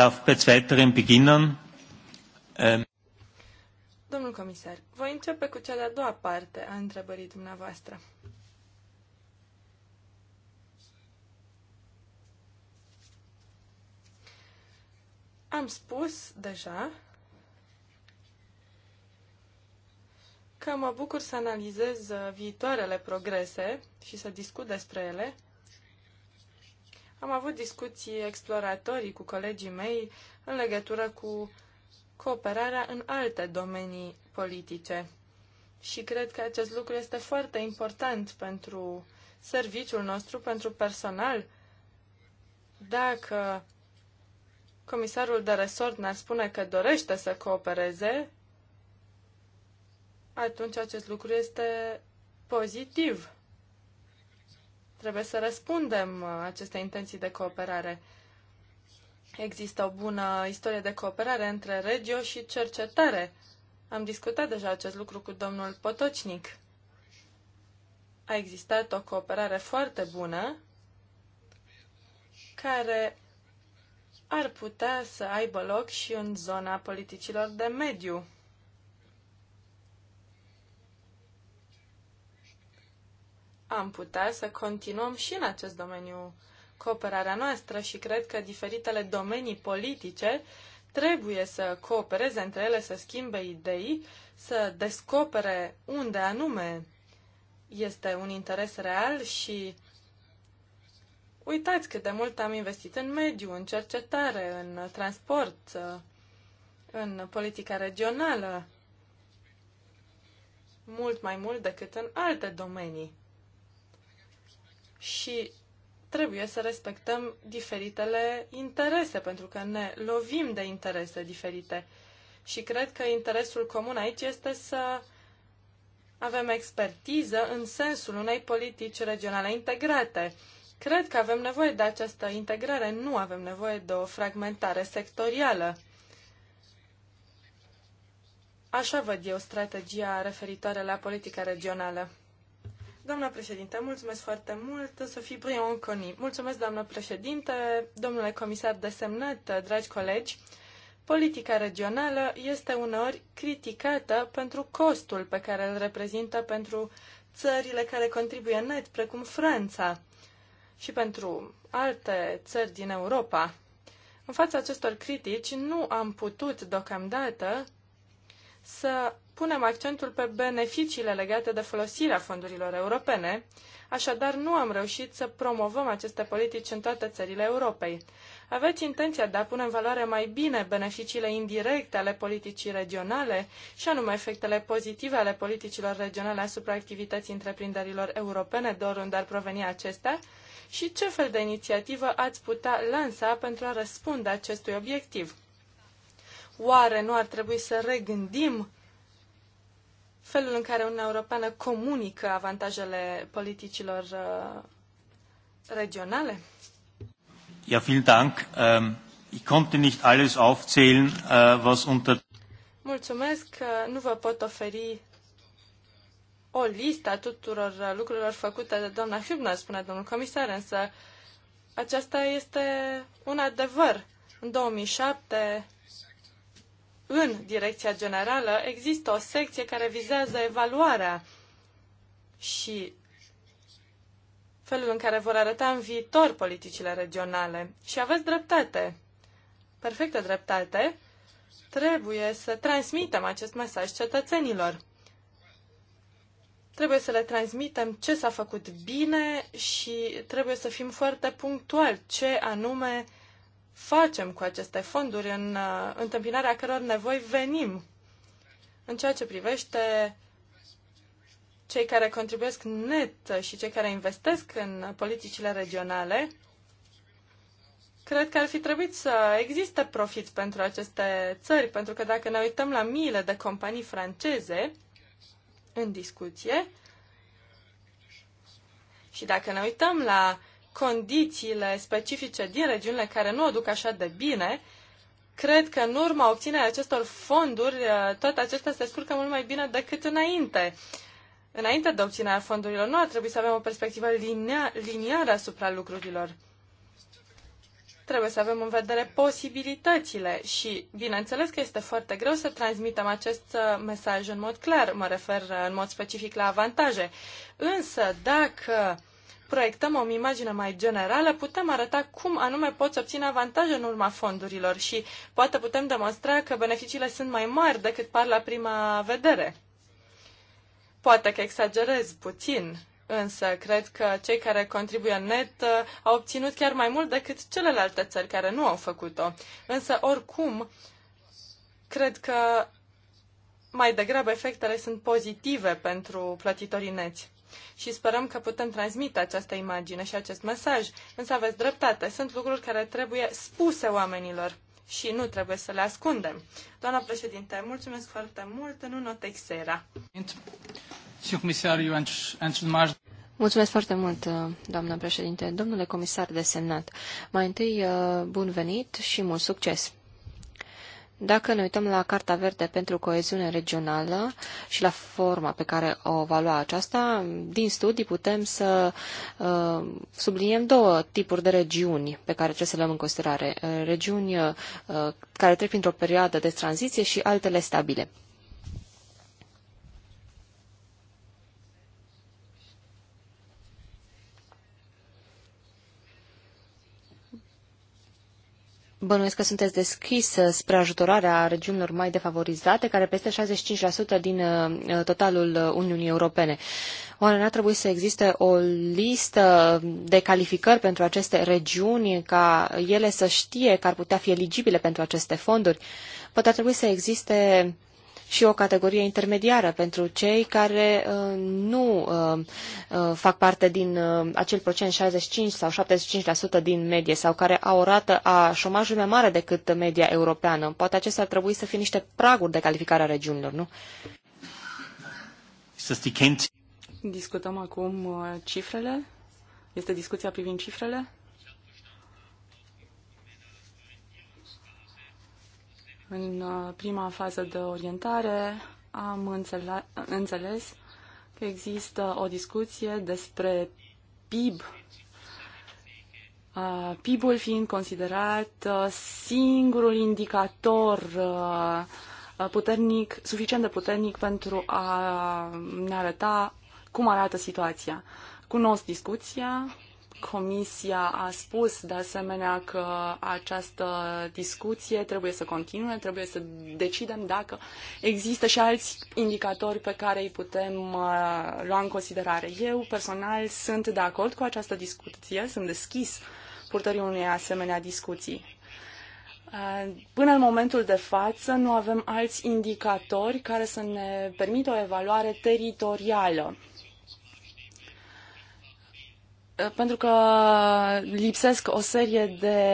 darf ähm, Domnul comisar, voi începe cu cea de-a doua parte a întrebării dumneavoastră. Am spus deja că mă bucur să analizez viitoarele progrese și să discut despre ele am avut discuții exploratorii cu colegii mei în legătură cu cooperarea în alte domenii politice. Și cred că acest lucru este foarte important pentru serviciul nostru, pentru personal. Dacă comisarul de resort ne-ar spune că dorește să coopereze, atunci acest lucru este pozitiv. Trebuie să răspundem uh, aceste intenții de cooperare. Există o bună istorie de cooperare între regio și cercetare. Am discutat deja acest lucru cu domnul Potocnic. A existat o cooperare foarte bună care ar putea să aibă loc și în zona politicilor de mediu. am putea să continuăm și în acest domeniu cooperarea noastră și cred că diferitele domenii politice trebuie să coopereze între ele, să schimbe idei, să descopere unde anume este un interes real și uitați cât de mult am investit în mediu, în cercetare, în transport, în politica regională, mult mai mult decât în alte domenii și trebuie să respectăm diferitele interese, pentru că ne lovim de interese diferite. Și cred că interesul comun aici este să avem expertiză în sensul unei politici regionale integrate. Cred că avem nevoie de această integrare, nu avem nevoie de o fragmentare sectorială. Așa văd eu strategia referitoare la politica regională. Doamna președinte, mulțumesc foarte mult, Sofie Brion Coni. Mulțumesc, doamna președinte, domnule comisar de semnăt, dragi colegi. Politica regională este uneori criticată pentru costul pe care îl reprezintă pentru țările care contribuie net, precum Franța, și pentru alte țări din Europa. În fața acestor critici, nu am putut deocamdată să punem accentul pe beneficiile legate de folosirea fondurilor europene, așadar nu am reușit să promovăm aceste politici în toate țările Europei. Aveți intenția de a pune în valoare mai bine beneficiile indirecte ale politicii regionale și anume efectele pozitive ale politicilor regionale asupra activității întreprinderilor europene de oriunde ar proveni acestea? Și ce fel de inițiativă ați putea lansa pentru a răspunde acestui obiectiv? Oare nu ar trebui să regândim felul în care Uniunea Europeană comunică avantajele politicilor uh, regionale? Ja, vielen Dank. Ähm, ich konnte nicht alles aufzählen, äh, was unter Mulțumesc, nu vă pot oferi o listă a tuturor uh, lucrurilor făcute de doamna Hübner, spune domnul comisar, însă aceasta este un adevăr. În 2007 în direcția generală există o secție care vizează evaluarea și felul în care vor arăta în viitor politicile regionale. Și aveți dreptate, perfectă dreptate, trebuie să transmitem acest mesaj cetățenilor. Trebuie să le transmitem ce s-a făcut bine și trebuie să fim foarte punctuali ce anume uh, facem cu aceste fonduri, în uh, întâmpinarea căror nevoi venim. În ceea ce privește cei care contribuiesc net și cei care investesc în politicile regionale, cred că ar fi trebuit să existe profit pentru aceste țări, pentru că dacă ne uităm la miile de companii franceze în discuție și dacă ne uităm la condițiile specifice din regiunile care nu o duc așa de bine, cred că în urma obținerea acestor fonduri, uh, toate acestea se scurcă mult mai bine decât înainte. Înainte de obținerea fondurilor, nu ar trebui să avem o perspectivă liniară asupra lucrurilor. Trebuie să avem în vedere posibilitățile și, bineînțeles că este foarte greu să transmitem acest uh, mesaj în mod clar, mă refer uh, în mod specific la avantaje. Însă, dacă proiectăm o imagine mai generală, putem arăta cum anume poți obține avantaje în urma fondurilor și poate putem demonstra că beneficiile sunt mai mari decât par la prima vedere. Poate că exagerez puțin, însă cred că cei care contribuie net uh, au obținut chiar mai mult decât celelalte țări care nu au făcut-o. Însă, oricum, cred că mai degrabă efectele sunt pozitive pentru plătitorii neți și sperăm că putem transmite această imagine și acest mesaj. Însă aveți dreptate, sunt lucruri care trebuie spuse oamenilor și nu trebuie să le ascundem. Doamna președinte, mulțumesc foarte mult, nu not exera. Mulțumesc foarte mult, doamna președinte. Domnule comisar desemnat, mai întâi bun venit și mult succes! Dacă ne uităm la Carta Verde pentru Coeziune Regională și la forma pe care o va lua aceasta, din studii putem să uh, subliniem două tipuri de regiuni pe care trebuie să le luăm în considerare. Regiuni uh, care trec printr-o perioadă de tranziție și altele stabile. Bănuiesc că sunteți deschis spre ajutorarea regiunilor mai defavorizate, care peste 65% din uh, uh, totalul uh, Uniunii Europene. Oare n-ar trebui să existe o listă de calificări pentru aceste regiuni, ca ele să știe că ar putea fi eligibile pentru aceste fonduri? Poate ar trebui să existe și o categorie intermediară pentru cei care uh, nu uh, uh, fac parte din acel procent 65 sau 75% din medie sau care au o rată a șomajului mai mare decât media europeană. Poate acestea ar trebui să fie niște praguri de calificare a regiunilor, nu? Discutăm acum cifrele. Este discuția privind cifrele? În uh, prima fază de orientare am înțeles că există o discuție despre PIB, uh, PIB-ul fiind considerat uh, singurul indicator puternic, suficient de puternic pentru a ne arăta cum arată situația. Cunosc discuția, Comisia a spus de asemenea că această discuție trebuie să continue, trebuie să decidem dacă există și alți indicatori pe care îi putem uh, lua în considerare. Eu personal sunt de acord cu această discuție, sunt deschis purtării unei asemenea discuții. Uh, până în momentul de față nu avem alți indicatori care să ne permită o evaluare teritorială pentru că lipsesc o serie de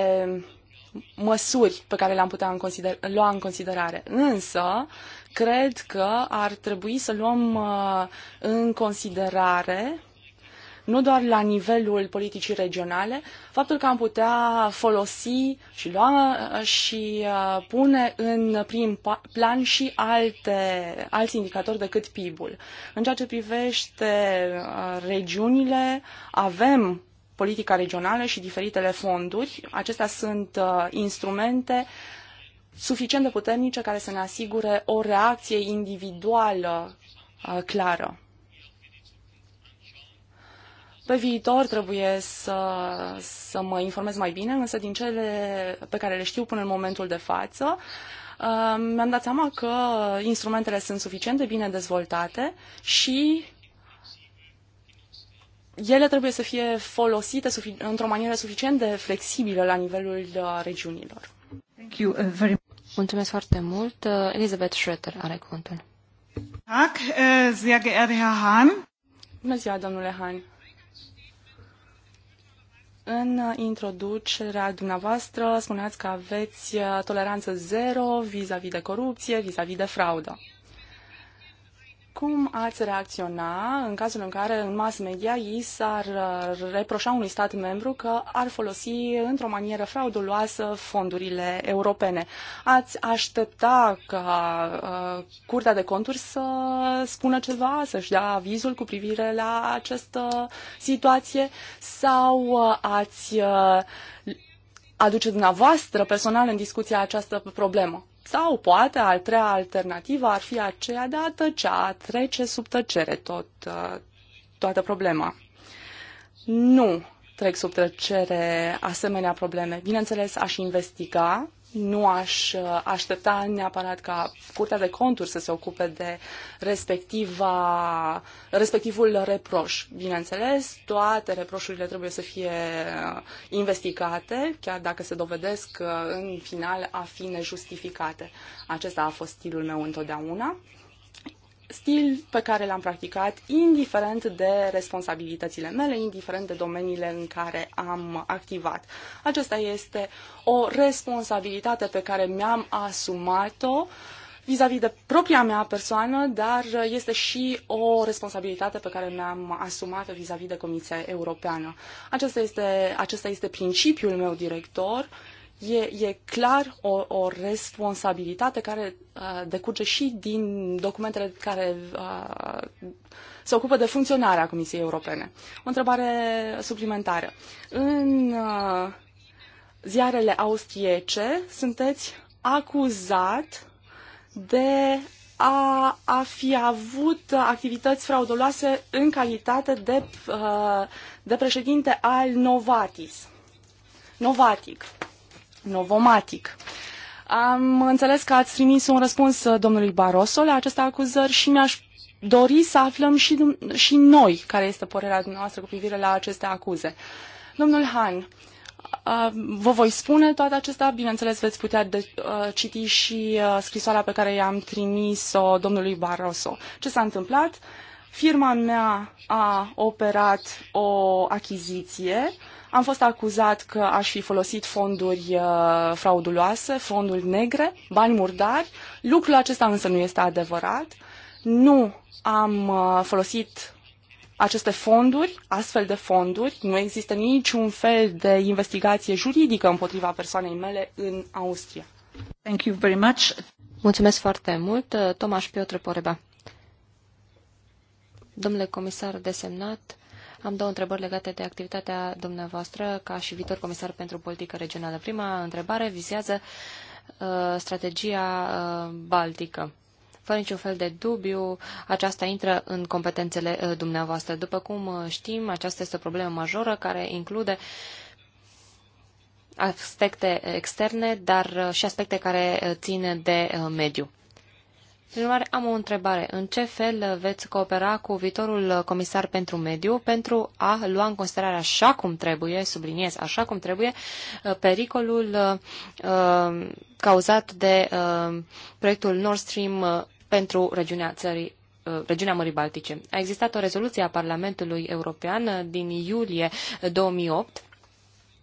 măsuri pe care le-am putea în consider- lua în considerare. Însă, cred că ar trebui să luăm uh, în considerare nu doar la nivelul politicii regionale, faptul că am putea folosi și lua uh, și uh, pune în prim plan și alte, alți indicatori decât PIB-ul. În ceea ce privește uh, regiunile, avem politica regională și diferitele fonduri. Acestea sunt instrumente suficient de puternice care să ne asigure o reacție individuală clară. Pe viitor trebuie să, să mă informez mai bine, însă din cele pe care le știu până în momentul de față, uh, mi-am dat seama că instrumentele sunt suficient de bine dezvoltate și ele trebuie să fie folosite într-o manieră suficient de flexibilă la nivelul uh, regiunilor. Thank you uh, very much. Mulțumesc foarte mult. Elizabeth Schroeder are cuvântul. Bună ziua, domnule Hahn. În introducerea dumneavoastră spuneați că aveți uh, toleranță zero vis-a-vis de corupție, vis a -vis de fraudă. Cum ați reacționa în cazul în care în mass media i s-ar uh, reproșa unui stat membru că ar folosi într-o manieră frauduloasă fondurile europene? Ați aștepta ca uh, Curtea de Conturi să spună ceva, să-și dea avizul cu privire la această situație sau uh, ați uh, aduce dumneavoastră personal în discuția această problemă? Sau poate al treia alternativă ar fi aceea de a tăcea, a trece sub tăcere tot, uh, toată problema. Nu trec sub tăcere asemenea probleme. Bineînțeles, aș investiga nu aș uh, aștepta neapărat ca Curtea de Conturi să se ocupe de respectiva, respectivul reproș. Bineînțeles, toate reproșurile trebuie să fie uh, investigate, chiar dacă se dovedesc uh, în final a fi nejustificate. Acesta a fost stilul meu întotdeauna stil pe care l-am practicat, indiferent de responsabilitățile mele, indiferent de domeniile în care am activat. Aceasta este o responsabilitate pe care mi-am asumat-o vis-a-vis -vis de propria mea persoană, dar este și o responsabilitate pe care mi-am asumat-o vis vis-a-vis de Comisia Europeană. Acesta este, acesta este principiul meu director E, e clar o, o responsabilitate care uh, decurge și din documentele care uh, se ocupă de funcționarea Comisiei Europene. O întrebare suplimentară. În uh, ziarele austriece sunteți acuzat de a, a fi avut activități frauduloase în calitate de, uh, de președinte al Novatis. Novatic. Novomatic. Am înțeles că ați trimis un răspuns uh, domnului Barroso la aceste acuzări și mi-aș dori să aflăm și, și noi care este părerea noastră cu privire la aceste acuze. Domnul Han, uh, vă voi spune toate acestea, bineînțeles veți putea de, uh, citi și uh, scrisoarea pe care i-am trimis-o domnului Barroso. Ce s-a întâmplat? Firma mea a operat o achiziție uh, am fost acuzat că aș fi folosit fonduri uh, frauduloase, fonduri negre, bani murdari. Lucrul acesta însă nu este adevărat. Nu am uh, folosit aceste fonduri, astfel de fonduri, nu există niciun fel de investigație juridică împotriva persoanei mele în Austria. Thank you very much. Mulțumesc foarte mult, uh, Tomaș Piotr Poreba. Domnule comisar desemnat, am două întrebări legate de activitatea dumneavoastră ca și viitor comisar pentru politică regională. Prima întrebare vizează uh, strategia uh, baltică. Fără niciun fel de dubiu, aceasta intră în competențele uh, dumneavoastră. După cum uh, știm, aceasta este o problemă majoră care include aspecte externe, dar uh, și aspecte care uh, țin de mediu. Prin urmare, am o întrebare. În ce fel veți coopera cu viitorul comisar pentru mediu pentru a lua în considerare așa cum trebuie, subliniez, așa cum trebuie, pericolul uh, cauzat de uh, proiectul Nord Stream uh, pentru regiunea țării uh, regiunea Mării Baltice. A existat o rezoluție a Parlamentului European uh, din iulie 2008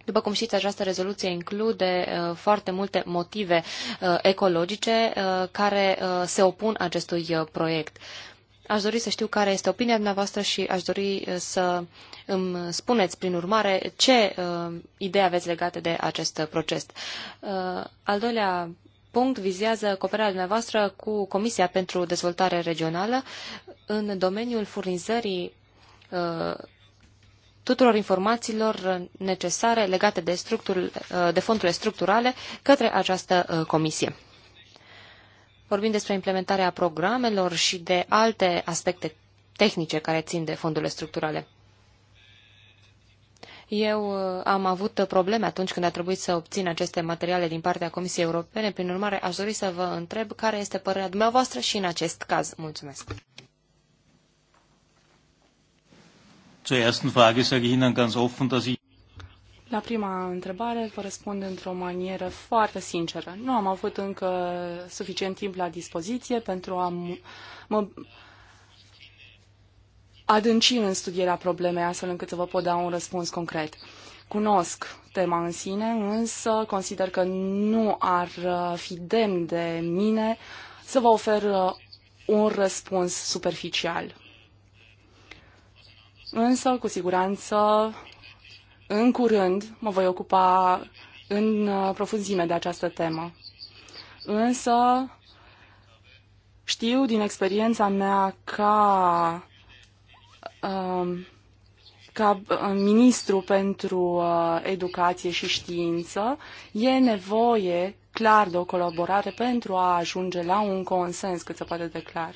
după cum știți, această rezoluție include uh, foarte multe motive uh, ecologice uh, care uh, se opun acestui uh, proiect. Aș dori să știu care este opinia dumneavoastră și aș dori uh, să îmi spuneți, prin urmare, ce uh, idei aveți legate de acest uh, proces. Uh, al doilea punct vizează cooperarea dumneavoastră cu Comisia pentru Dezvoltare Regională în domeniul furnizării uh, tuturor informațiilor necesare legate de, de fondurile structurale către această uh, comisie. Vorbim despre implementarea programelor și de alte aspecte tehnice care țin de fondurile structurale. Eu uh, am avut probleme atunci când a trebuit să obțin aceste materiale din partea Comisiei Europene, prin urmare aș dori să vă întreb care este părerea dumneavoastră și în acest caz. Mulțumesc! la prima întrebare vă răspund într-o manieră foarte sinceră. Nu am avut încă suficient timp la dispoziție pentru a mă adânci în studierea problemei astfel încât să vă pot da un răspuns concret. Cunosc tema în sine, însă consider că nu ar uh, fi demn de mine să vă ofer uh, un răspuns superficial. Însă, cu siguranță, în curând mă voi ocupa în uh, profunzime de această temă. Însă, știu din experiența mea ca, um, ca uh, ministru pentru uh, educație și știință, e nevoie clar de o colaborare pentru a ajunge la un consens cât se poate de clar.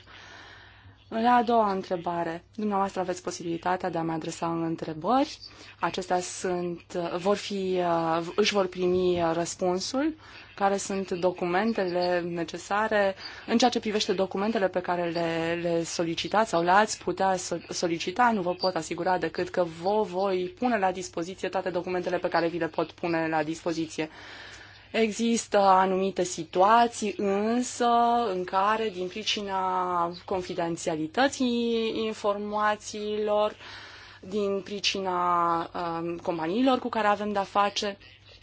La a doua întrebare, dumneavoastră aveți posibilitatea de a mă adresa în întrebări. Acestea sunt, uh, vor fi, uh, își vor primi uh, răspunsul, care sunt documentele necesare. În ceea ce privește documentele pe care le, le solicitați sau le-ați putea solicita, nu vă pot asigura decât că vă voi pune la dispoziție toate documentele pe care vi le pot pune la dispoziție. Există anumite situații însă în care, din pricina confidențialității informațiilor, din pricina um, companiilor cu care avem de-a face,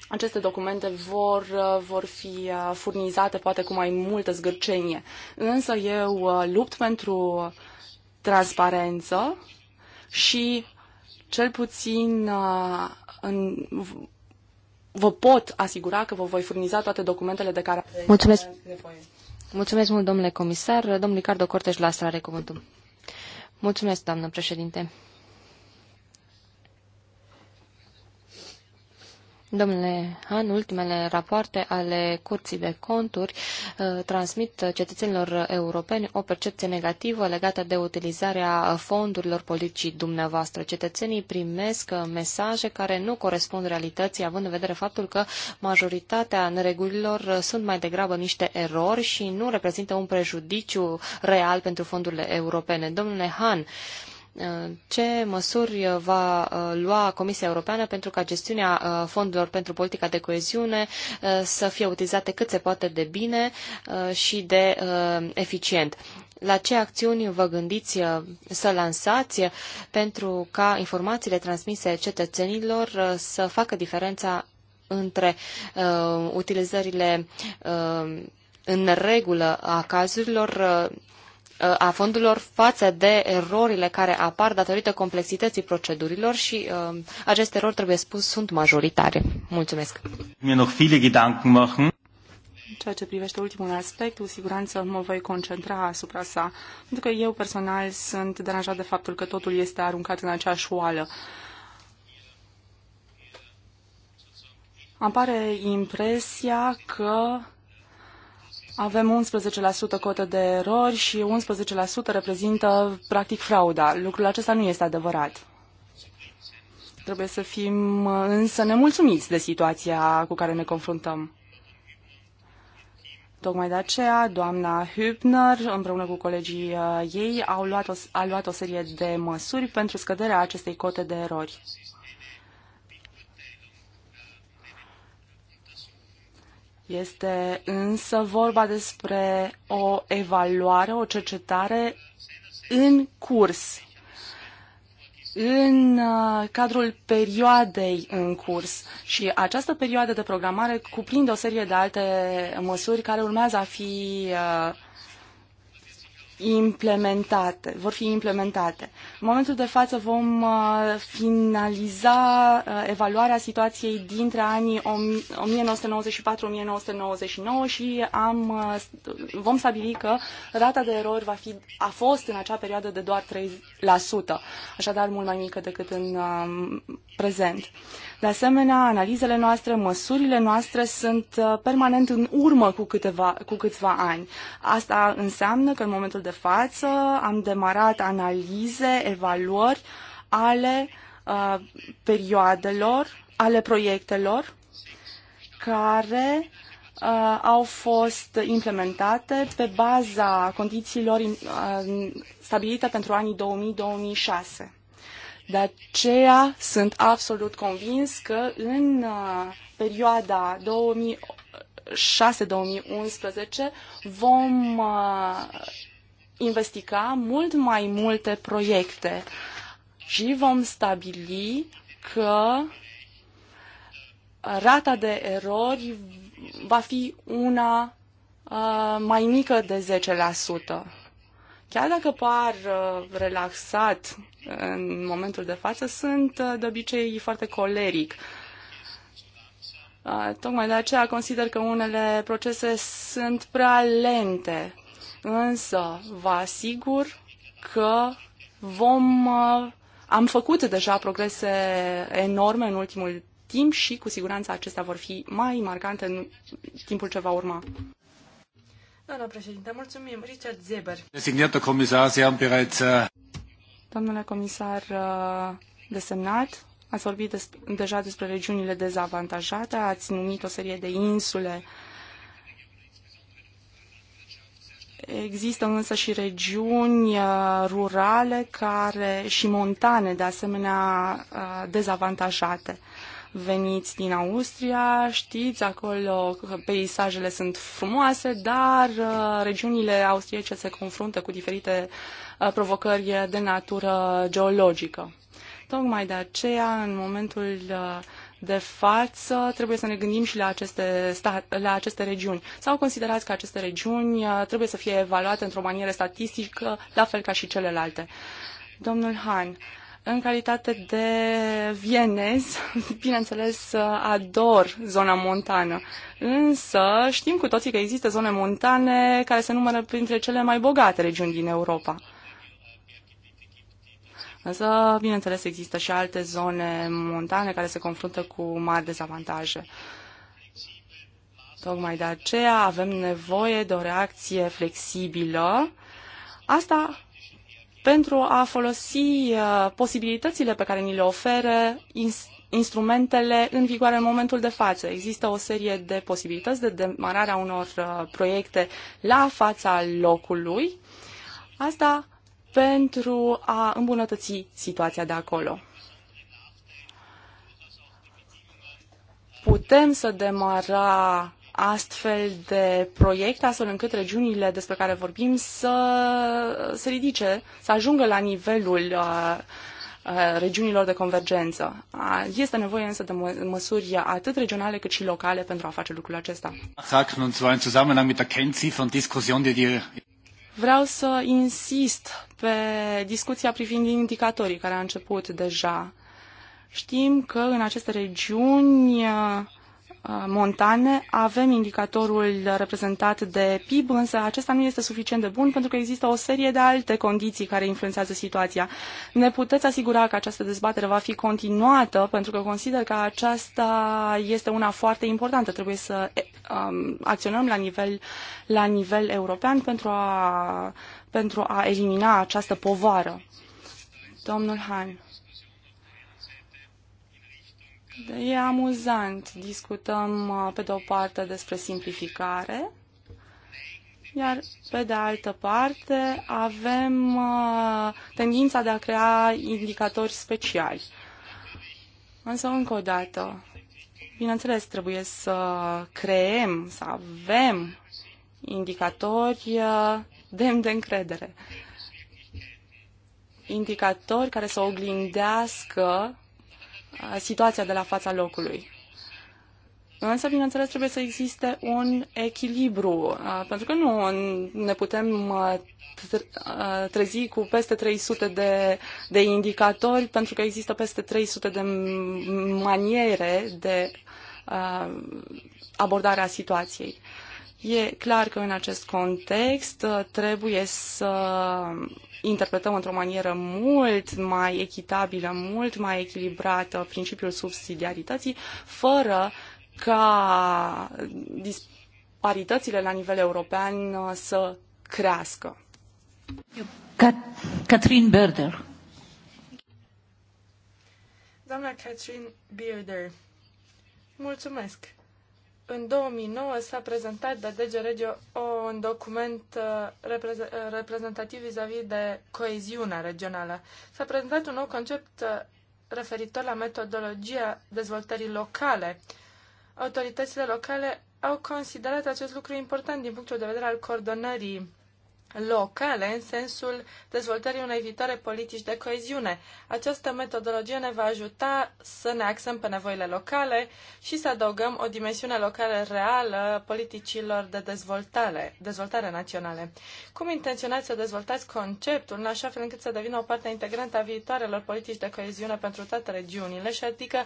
aceste documente vor, uh, vor fi uh, furnizate poate cu mai multă zgârcenie. Însă eu uh, lupt pentru transparență și cel puțin în, vă pot asigura că vă voi furniza toate documentele de care Mulțumesc. nevoie. Mulțumesc mult, domnule comisar. Domnul Ricardo Corteș asta are cuvântul. Mulțumesc, doamnă președinte. Domnule Han, ultimele rapoarte ale Curții de Conturi uh, transmit cetățenilor europeni o percepție negativă legată de utilizarea fondurilor politicii dumneavoastră. Cetățenii primesc mesaje care nu corespund realității, având în vedere faptul că majoritatea neregulilor sunt mai degrabă niște erori și nu reprezintă un prejudiciu real pentru fondurile europene. Domnule Han, ce măsuri uh, va uh, lua Comisia Europeană pentru ca gestiunea uh, fondurilor pentru politica de coeziune să fie utilizate cât se poate de bine și de eficient. La ce acțiuni vă gândiți să lansați pentru ca informațiile transmise cetățenilor să facă diferența între utilizările în regulă a cazurilor a fondurilor față de erorile care apar datorită complexității procedurilor și uh, aceste erori, trebuie spus, sunt majoritare. Mulțumesc! În ceea ce privește ultimul aspect, cu siguranță mă voi concentra asupra sa, pentru că eu personal sunt deranjat de faptul că totul este aruncat în aceeași oală. Am pare impresia că avem 11% cotă de erori și 11% reprezintă practic frauda. Lucrul acesta nu este adevărat. Trebuie să fim însă nemulțumiți de situația cu care ne confruntăm. Tocmai de aceea, doamna Hübner, împreună cu colegii uh, ei, au luat o, a luat o serie de măsuri pentru scăderea acestei cote de erori. Este însă vorba despre o evaluare, o cercetare în curs, în uh, cadrul perioadei în curs. Și această perioadă de programare cuprinde o serie de alte măsuri care urmează a fi uh, implementate, vor fi implementate. În momentul de față vom uh, finaliza uh, evaluarea situației dintre anii 1994-1999 și am, uh, vom stabili că rata de erori va fi, a fost în acea perioadă de doar 3%, așadar mult mai mică decât în um, prezent. De asemenea, analizele noastre, măsurile noastre sunt permanent în urmă cu, câteva, cu câțiva ani. Asta înseamnă că în momentul de față am demarat analize, evaluări ale uh, perioadelor, ale proiectelor care uh, au fost implementate pe baza condițiilor uh, stabilite pentru anii 2000-2006. De aceea sunt absolut convins că în uh, perioada 2006-2011 vom uh, investiga mult mai multe proiecte și vom stabili că rata de erori va fi una uh, mai mică de 10%. Chiar dacă par uh, relaxat în momentul de față, sunt uh, de obicei foarte coleric. Uh, tocmai de aceea consider că unele procese sunt prea lente Însă vă asigur că vom, uh, am făcut deja progrese enorme în ultimul timp și cu siguranță acestea vor fi mai marcante în timpul ce va urma. Doamna președinte, mulțumim. Richard Zeber. Designată comisar, se am bereits... Uh, Domnule comisar uh, desemnat, ați vorbit des- deja despre regiunile dezavantajate, ați numit o serie de insule uh, Există însă și regiuni uh, rurale care și montane, de asemenea, uh, dezavantajate. Veniți din Austria, știți, acolo peisajele sunt frumoase, dar uh, regiunile austriece se confruntă cu diferite provocări de natură geologică. Tocmai de aceea, în momentul uh, de față, trebuie să ne gândim și la aceste, stat, la aceste regiuni. Sau considerați că aceste regiuni uh, trebuie să fie evaluate într-o manieră statistică, la fel ca și celelalte? Domnul Han, în calitate de vienez, <laughs> bineînțeles, uh, ador zona montană. Însă știm cu toții că există zone montane care se numără printre cele mai bogate regiuni din Europa. Însă, bineînțeles, există și alte zone montane care se confruntă cu mari dezavantaje. Tocmai de aceea avem nevoie de o reacție flexibilă. Asta pentru a folosi uh, posibilitățile pe care ni le oferă instrumentele în vigoare în momentul de față. Există o serie de posibilități de demarare a unor uh, proiecte la fața locului. Asta pentru a îmbunătăți situația de acolo. Putem să demara astfel de proiecte, astfel încât regiunile despre care vorbim să se ridice, să ajungă la nivelul uh, uh regiunilor de convergență. Uh, este nevoie însă de mă măsuri atât regionale cât și locale pentru a face lucrul acesta. Vreau să insist pe discuția privind indicatorii care a început deja. Știm că în aceste regiuni Uh, montane avem indicatorul reprezentat de PIB, însă acesta nu este suficient de bun pentru că există o serie de alte condiții care influențează situația. Ne puteți asigura că această dezbatere va fi continuată pentru că consider că aceasta este una foarte importantă. Trebuie să um, acționăm la nivel, la nivel european pentru a, pentru a elimina această povară. Domnul Han. E amuzant. Discutăm, uh, pe de o parte, despre simplificare, iar pe de altă parte avem uh, tendința de a crea indicatori speciali. Însă, încă o dată, bineînțeles, trebuie să creem, să avem indicatori uh, demn de încredere. Indicatori care să oglindească situația de la fața locului. Însă, bineînțeles, trebuie să existe un echilibru, pentru că nu ne putem trezi cu peste 300 de, de indicatori, pentru că există peste 300 de maniere de abordare a situației. E clar că în acest context uh, trebuie să interpretăm într-o manieră mult mai echitabilă, mult mai echilibrată principiul subsidiarității, fără ca disparitățile la nivel european uh, să crească. Catherine Berder. Doamna Catherine Berder, mulțumesc în 2009 s-a prezentat de DG Regio un document uh, uh, reprezentativ vis-a-vis -vis de coeziunea regională. S-a prezentat un nou concept uh, referitor la metodologia dezvoltării locale. Autoritățile locale au considerat acest lucru important din punctul de vedere al coordonării locale în sensul dezvoltării unei viitoare politici de coeziune. Această metodologie ne va ajuta să ne axăm pe nevoile locale și să adăugăm o dimensiune locală reală politicilor de dezvoltare, dezvoltare naționale. Cum intenționați să dezvoltați conceptul în așa fel încât să devină o parte integrantă a viitoarelor politici de coeziune pentru toate regiunile și adică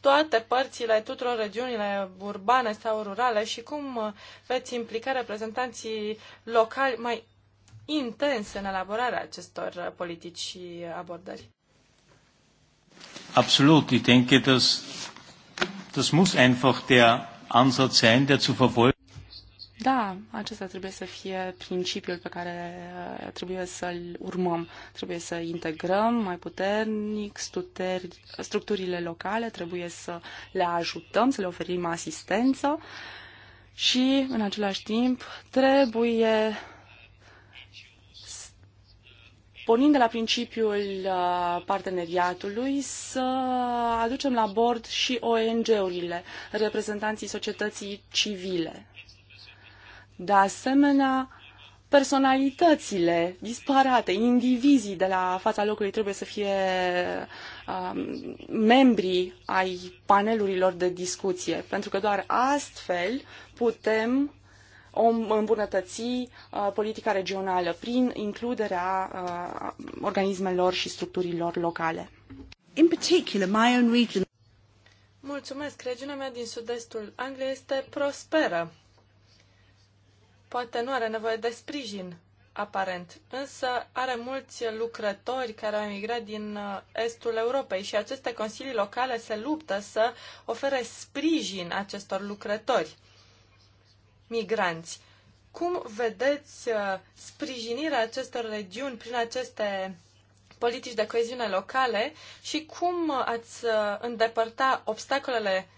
toate părțile, tuturor regiunile urbane sau rurale și cum veți implica reprezentanții locali mai intens în elaborarea acestor uh, politici și abordări. Absolut. Ich denke, dass das muss einfach der Ansatz sein, der zu verfolgen. Da, acesta trebuie să fie principiul pe care uh, trebuie să-l urmăm. Trebuie să integrăm mai puternic structurile locale, trebuie să le ajutăm, să le oferim asistență și, în același timp, trebuie pornind de la principiul uh, parteneriatului, să aducem la bord și ONG-urile, reprezentanții societății civile. De asemenea, personalitățile disparate, indivizii de la fața locului trebuie să fie um, membrii ai panelurilor de discuție, pentru că doar astfel putem o îmbunătăți uh, politica regională prin includerea uh, organismelor și structurilor locale. In particular, my own region... Mulțumesc! Regiunea mea din sud-estul Angliei este prosperă. Poate nu are nevoie de sprijin, aparent, însă are mulți lucrători care au emigrat din uh, estul Europei și aceste consilii locale se luptă să ofere sprijin acestor lucrători migranți. Cum vedeți uh, sprijinirea acestor regiuni prin aceste politici de coeziune locale și cum uh, ați uh, îndepărta obstacolele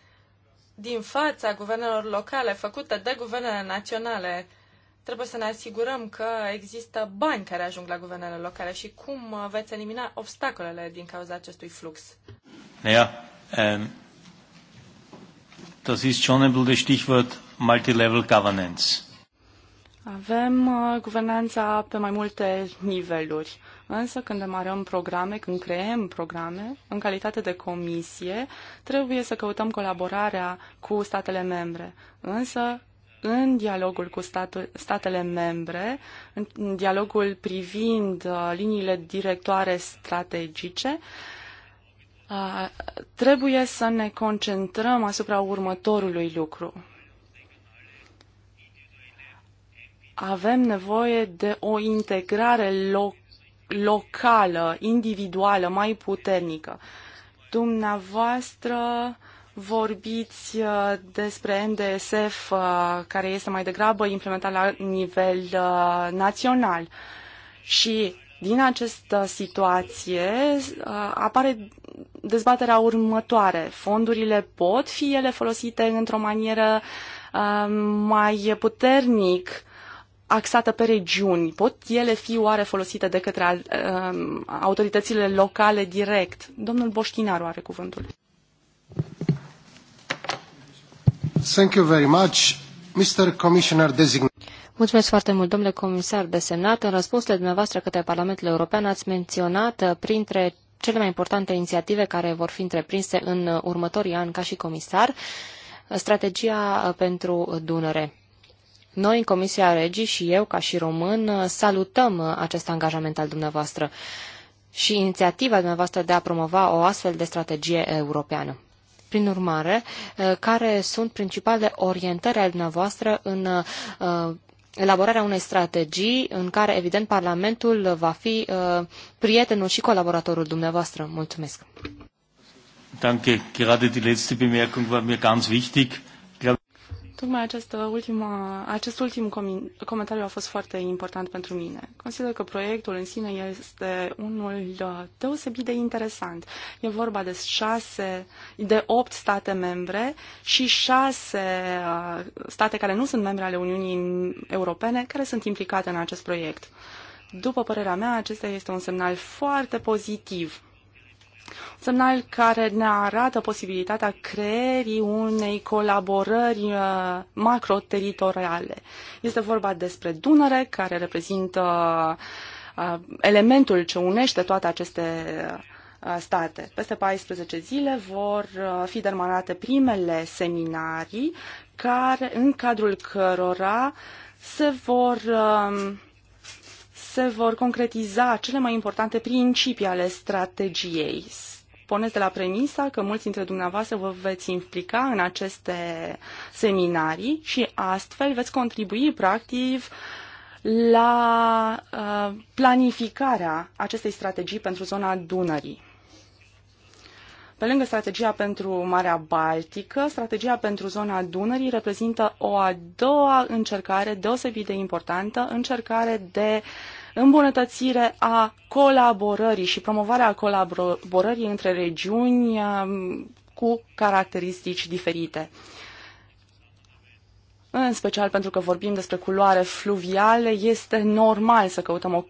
din fața guvernelor locale făcute de guvernele naționale? Trebuie să ne asigurăm că există bani care ajung la guvernele locale și cum veți elimina obstacolele din cauza acestui flux. Ja, ähm, das ist schon ein Stichwort multilevel governance. Avem uh, guvernanța pe mai multe niveluri, însă când demarăm programe, când creăm programe, în calitate de comisie, trebuie să căutăm colaborarea cu statele membre. Însă, în dialogul cu statul, statele membre, în dialogul privind uh, liniile directoare strategice, uh, trebuie să ne concentrăm asupra următorului lucru Avem nevoie de o integrare locală locală, individuală, mai puternică. Dumneavoastră vorbiți uh, despre NDSF, uh, care este mai degrabă implementat la nivel uh, național. Și din această situație apare dezbaterea următoare. Fondurile pot fi ele folosite într-o manieră mai puternic uh, axată pe regiuni, pot ele fi oare folosite de către uh, autoritățile locale direct? Domnul Boștinaru are cuvântul. Thank you very much. Mr. Commissioner Designate. Mulțumesc foarte mult, domnule comisar desemnat. În răspunsurile dumneavoastră către Parlamentul European ați menționat uh, printre cele mai importante inițiative care vor fi întreprinse în uh, următorii ani ca și comisar, uh, strategia pentru Dunăre. Noi, în Comisia Regi și eu, ca și român, salutăm acest angajament al dumneavoastră și inițiativa dumneavoastră de a promova o astfel de strategie europeană. Prin urmare, care sunt principalele orientări ale dumneavoastră în uh, elaborarea unei strategii în care, evident, Parlamentul va fi uh, prietenul și colaboratorul dumneavoastră. Mulțumesc! Danke. Gerade die letzte Bemerkung war mir ganz wichtig. Tocmai această ultima, acest ultim comentariu a fost foarte important pentru mine. Consider că proiectul în sine este unul uh, deosebit de interesant. E vorba de șase, de opt state membre și șase uh, state care nu sunt membre ale Uniunii Europene care sunt implicate în acest proiect. După părerea mea, acesta este un semnal foarte pozitiv semnal care ne arată posibilitatea creierii unei colaborări uh, macroteritoriale. Este vorba despre Dunăre, care reprezintă uh, elementul ce unește toate aceste uh, state. Peste 14 zile vor fi demarate primele seminarii care, în cadrul cărora se vor uh, se vor concretiza cele mai importante principii ale strategiei. Puneți de la premisa că mulți dintre dumneavoastră vă veți implica în aceste seminarii și astfel veți contribui practic la uh, planificarea acestei strategii pentru zona Dunării. Pe lângă strategia pentru Marea Baltică, strategia pentru zona Dunării reprezintă o a doua încercare deosebit de importantă, încercare de uh, îmbunătățire a colaborării și promovarea colaborării între regiuni um, cu caracteristici diferite. În special pentru că vorbim despre culoare fluviale, este normal să căutăm o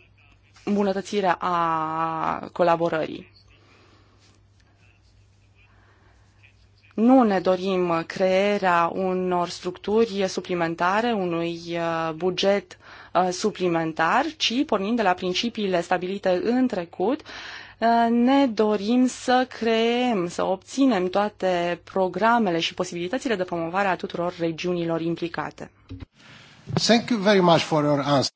îmbunătățire a colaborării. Nu ne dorim crearea unor structuri suplimentare, unui uh, buget Uh, suplimentar, ci pornind de la principiile stabilite în trecut, uh, ne dorim să creem, să obținem toate programele și posibilitățile de promovare a tuturor regiunilor implicate. Thank you very much for your answer.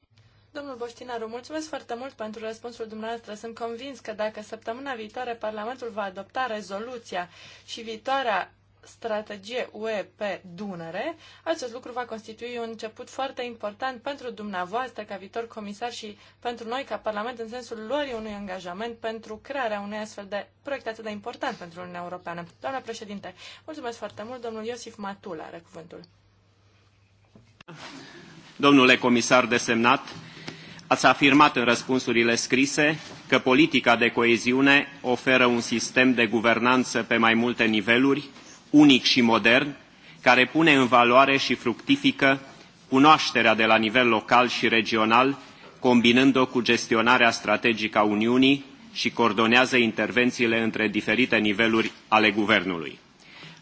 Domnul Boștinaru, mulțumesc foarte mult pentru răspunsul dumneavoastră. Sunt convins că dacă săptămâna viitoare Parlamentul va adopta rezoluția și viitoarea strategie UE pe Dunăre, acest lucru va constitui un început foarte important pentru dumneavoastră ca viitor comisar și pentru noi ca Parlament în sensul luării unui angajament pentru crearea unui astfel de proiect atât de important pentru Uniunea Europeană. Doamna președinte, mulțumesc foarte mult. Domnul Iosif Matula are cuvântul. Domnule comisar desemnat, Ați afirmat în răspunsurile scrise că politica de coeziune oferă un sistem de guvernanță pe mai multe niveluri unic și modern, care pune în valoare și fructifică cunoașterea de la nivel local și regional, combinând-o cu gestionarea strategică a Uniunii și coordonează intervențiile între diferite niveluri ale Guvernului.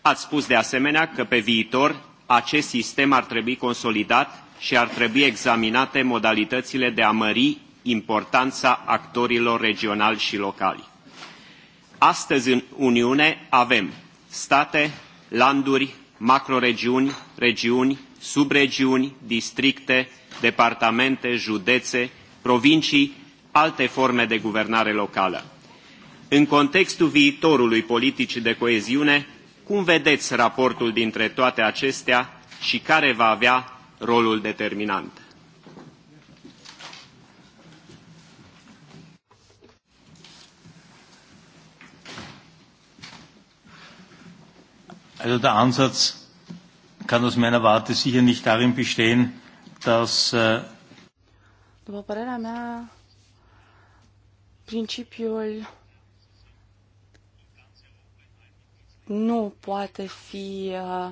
Ați spus de asemenea că pe viitor acest sistem ar trebui consolidat și ar trebui examinate modalitățile de a mări importanța actorilor regionali și locali. Astăzi în Uniune avem state, landuri, macroregiuni, regiuni, subregiuni, districte, departamente, județe, provincii, alte forme de guvernare locală. În contextul viitorului politicii de coeziune, cum vedeți raportul dintre toate acestea și care va avea rolul determinant? Also der Ansatz kann aus meiner Warte sicher nicht darin bestehen, dass äh, după părerea mea, principiul nu poate fi uh,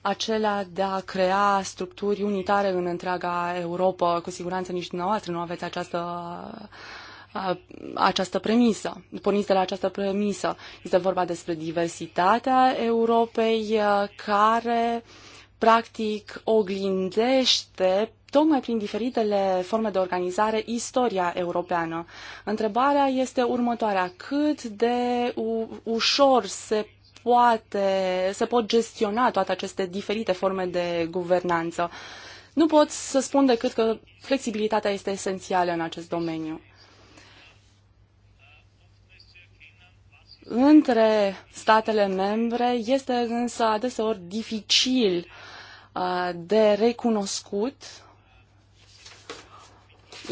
acela de a crea structuri unitare în întreaga Europa. Cu siguranță nici dumneavoastră nu aveți această această premisă. Porniți de la această premisă. Este vorba despre diversitatea Europei care practic oglindește tocmai prin diferitele forme de organizare istoria europeană. Întrebarea este următoarea. Cât de ușor se poate, se pot gestiona toate aceste diferite forme de guvernanță? Nu pot să spun decât că flexibilitatea este esențială în acest domeniu. între statele membre este însă adeseori dificil de recunoscut.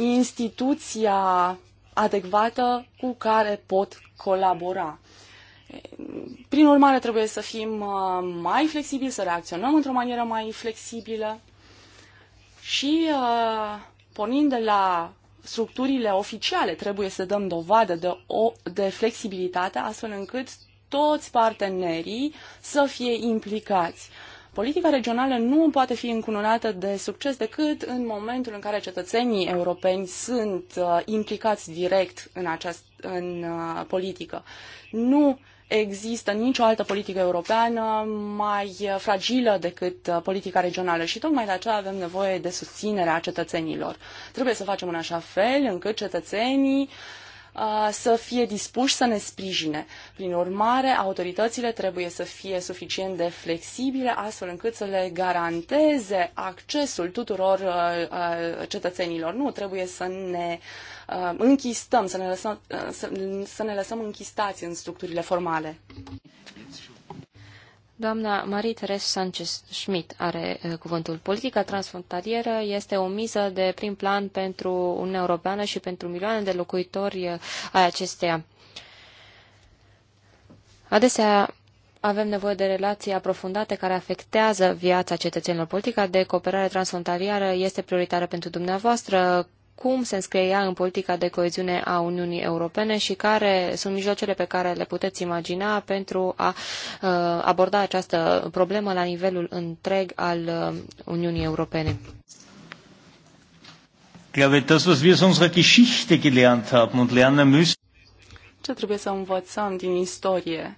Instituția adecvată cu care pot colabora. Prin urmare, trebuie să fim mai flexibili, să reacționăm într-o manieră mai flexibilă și pornind de la structurile oficiale trebuie să dăm dovadă de, o, de flexibilitate astfel încât toți partenerii să fie implicați. Politica regională nu poate fi încununată de succes decât în momentul în care cetățenii europeni sunt uh, implicați direct în, această în uh, politică. Nu există nicio altă politică europeană mai fragilă decât uh, politica regională și tocmai de aceea avem nevoie de susținerea cetățenilor. Trebuie să facem în așa fel încât cetățenii uh, să fie dispuși să ne sprijine. Prin urmare, autoritățile trebuie să fie suficient de flexibile, astfel încât să le garanteze accesul tuturor uh, cetățenilor. Nu trebuie să ne uh, Uh, închistăm, să ne, lăsăm, uh, să, să ne lăsăm închistați în structurile formale. Doamna marie Teres Sanchez-Schmidt are uh, cuvântul. Politica transfrontalieră este o miză de prim plan pentru Uniunea Europeană și pentru milioane de locuitori ai acesteia. Adesea avem nevoie de relații aprofundate care afectează viața cetățenilor. Politica de cooperare transfrontalieră este prioritară pentru dumneavoastră cum se înscrie ea în politica de coeziune a Uniunii Europene și care sunt mijloacele pe care le puteți imagina pentru a uh, aborda această problemă la nivelul întreg al uh, Uniunii Europene. Ce trebuie să învățăm din istorie?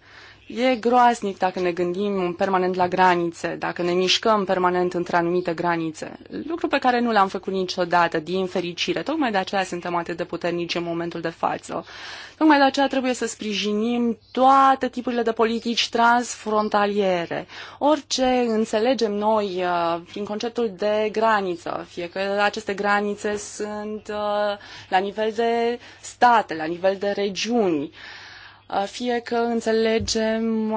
E groaznic dacă ne gândim permanent la granițe, dacă ne mișcăm permanent între anumite granițe, lucru pe care nu l-am făcut niciodată, din fericire. Tocmai de aceea suntem atât de puternici în momentul de față. Tocmai de aceea trebuie să sprijinim toate tipurile de politici transfrontaliere. Orice înțelegem noi uh, prin conceptul de graniță, fie că aceste granițe sunt uh, la nivel de state, la nivel de regiuni, uh, fie că înțelegem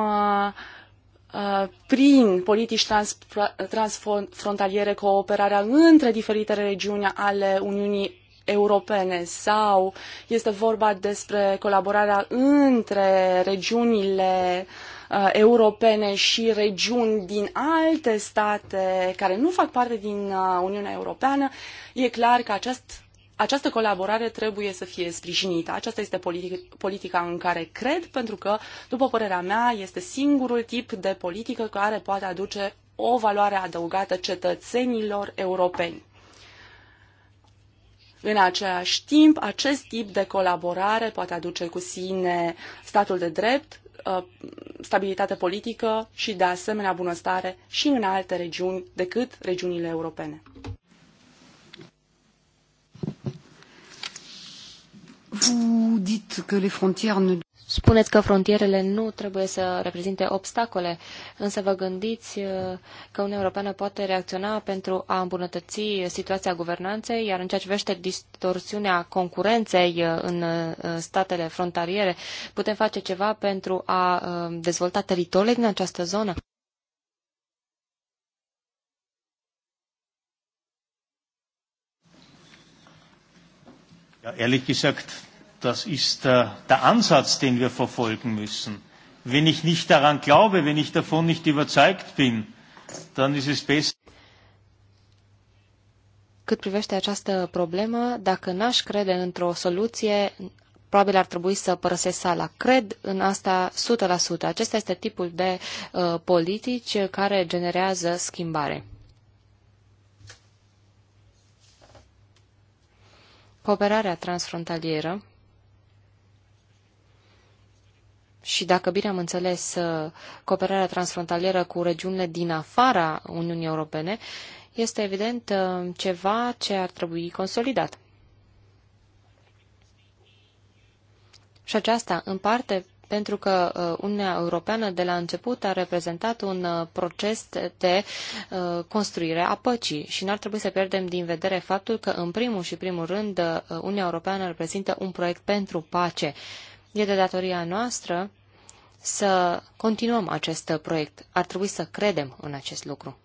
prin politici transfrontaliere cooperarea între diferitele regiuni ale Uniunii europene sau este vorba despre colaborarea între regiunile europene și regiuni din alte state care nu fac parte din Uniunea Europeană, e clar că acest această colaborare trebuie să fie sprijinită. Aceasta este politica în care cred, pentru că, după părerea mea, este singurul tip de politică care poate aduce o valoare adăugată cetățenilor europeni. În același timp, acest tip de colaborare poate aduce cu sine statul de drept, ă, stabilitate politică și, de asemenea, bunăstare și în alte regiuni decât regiunile europene. Spuneți că frontierele nu trebuie să reprezinte obstacole, însă vă gândiți uh, că Uniunea Europeană poate reacționa pentru a îmbunătăți situația guvernanței, iar în ceea ce vește distorsiunea concurenței uh, în uh, statele frontaliere, putem face ceva pentru a dezvolta teritoriile din această zonă? Ja, ehrlich gesagt, das ist äh, der Ansatz, den wir verfolgen müssen. Wenn ich nicht daran glaube, wenn ich davon nicht überzeugt bin, dann ist es besser. Cât privește această problemă, dacă n-aș crede într-o soluție, probabil ar trebui să părăsesc sala. Cred în asta 100%. Acesta este tipul de uh, politici care generează schimbare. Cooperarea transfrontalieră și dacă bine am înțeles uh, cooperarea transfrontalieră cu regiunile din afara Uniunii Europene, este evident uh, ceva ce ar trebui consolidat. Și aceasta, în parte, pentru că uh, Uniunea Europeană de la început a reprezentat un uh, proces de uh, construire a păcii și n-ar trebui să pierdem din vedere faptul că, în primul și primul rând, Uniunea Europeană reprezintă un proiect pentru pace. E de datoria noastră să continuăm acest proiect. Ar trebui să credem în acest lucru.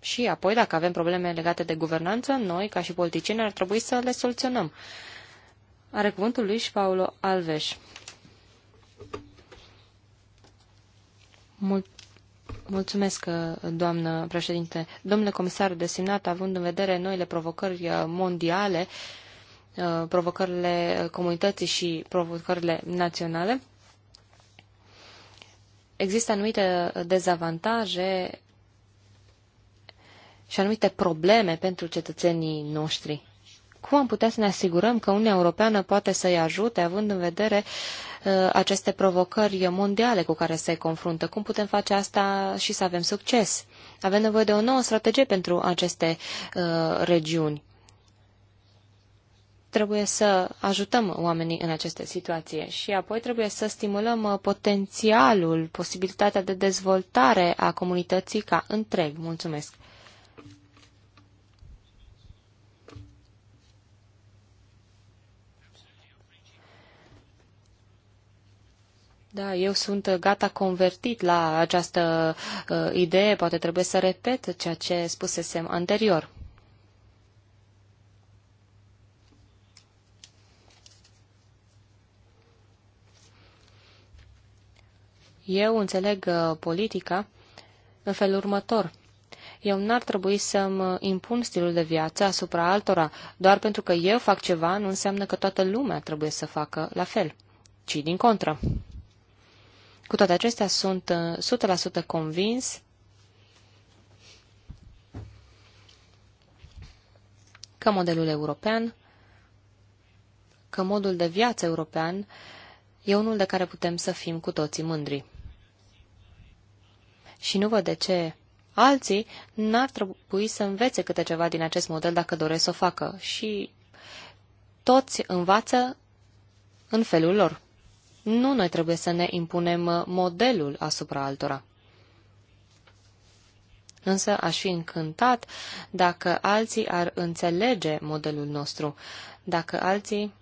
Și apoi, dacă avem probleme legate de guvernanță, noi, ca și politicieni, ar trebui să le soluționăm. Are cuvântul lui și Paulo Alves. Mul Mulțumesc, uh, doamnă președinte. Domnule comisar desemnat, având în vedere noile provocări uh, mondiale, uh, provocările comunității și provocările naționale, există anumite dezavantaje și anumite probleme pentru cetățenii noștri. Cum am putea să ne asigurăm că Uniunea Europeană poate să-i ajute, având în vedere uh, aceste provocări mondiale cu care se confruntă? Cum putem face asta și să avem succes? Avem nevoie de o nouă strategie pentru aceste uh, regiuni. Trebuie să ajutăm oamenii în aceste situații și apoi trebuie să stimulăm uh, potențialul, posibilitatea de dezvoltare a comunității ca întreg. Mulțumesc! Da, eu sunt gata convertit la această uh, idee, poate trebuie să repet ceea ce spusesem anterior. Eu înțeleg uh, politica în felul următor. Eu n-ar trebui să-mi impun stilul de viață asupra altora, doar pentru că eu fac ceva nu înseamnă că toată lumea trebuie să facă la fel, ci din contră. Cu toate acestea, sunt 100% uh, convins că modelul european, că modul de viață european e unul de care putem să fim cu toții mândri. Și nu văd de ce alții n-ar trebui să învețe câte ceva din acest model dacă doresc să o facă. Și toți învață în felul lor. Nu noi trebuie să ne impunem uh, modelul asupra altora. Însă aș fi încântat dacă alții ar înțelege modelul nostru, dacă alții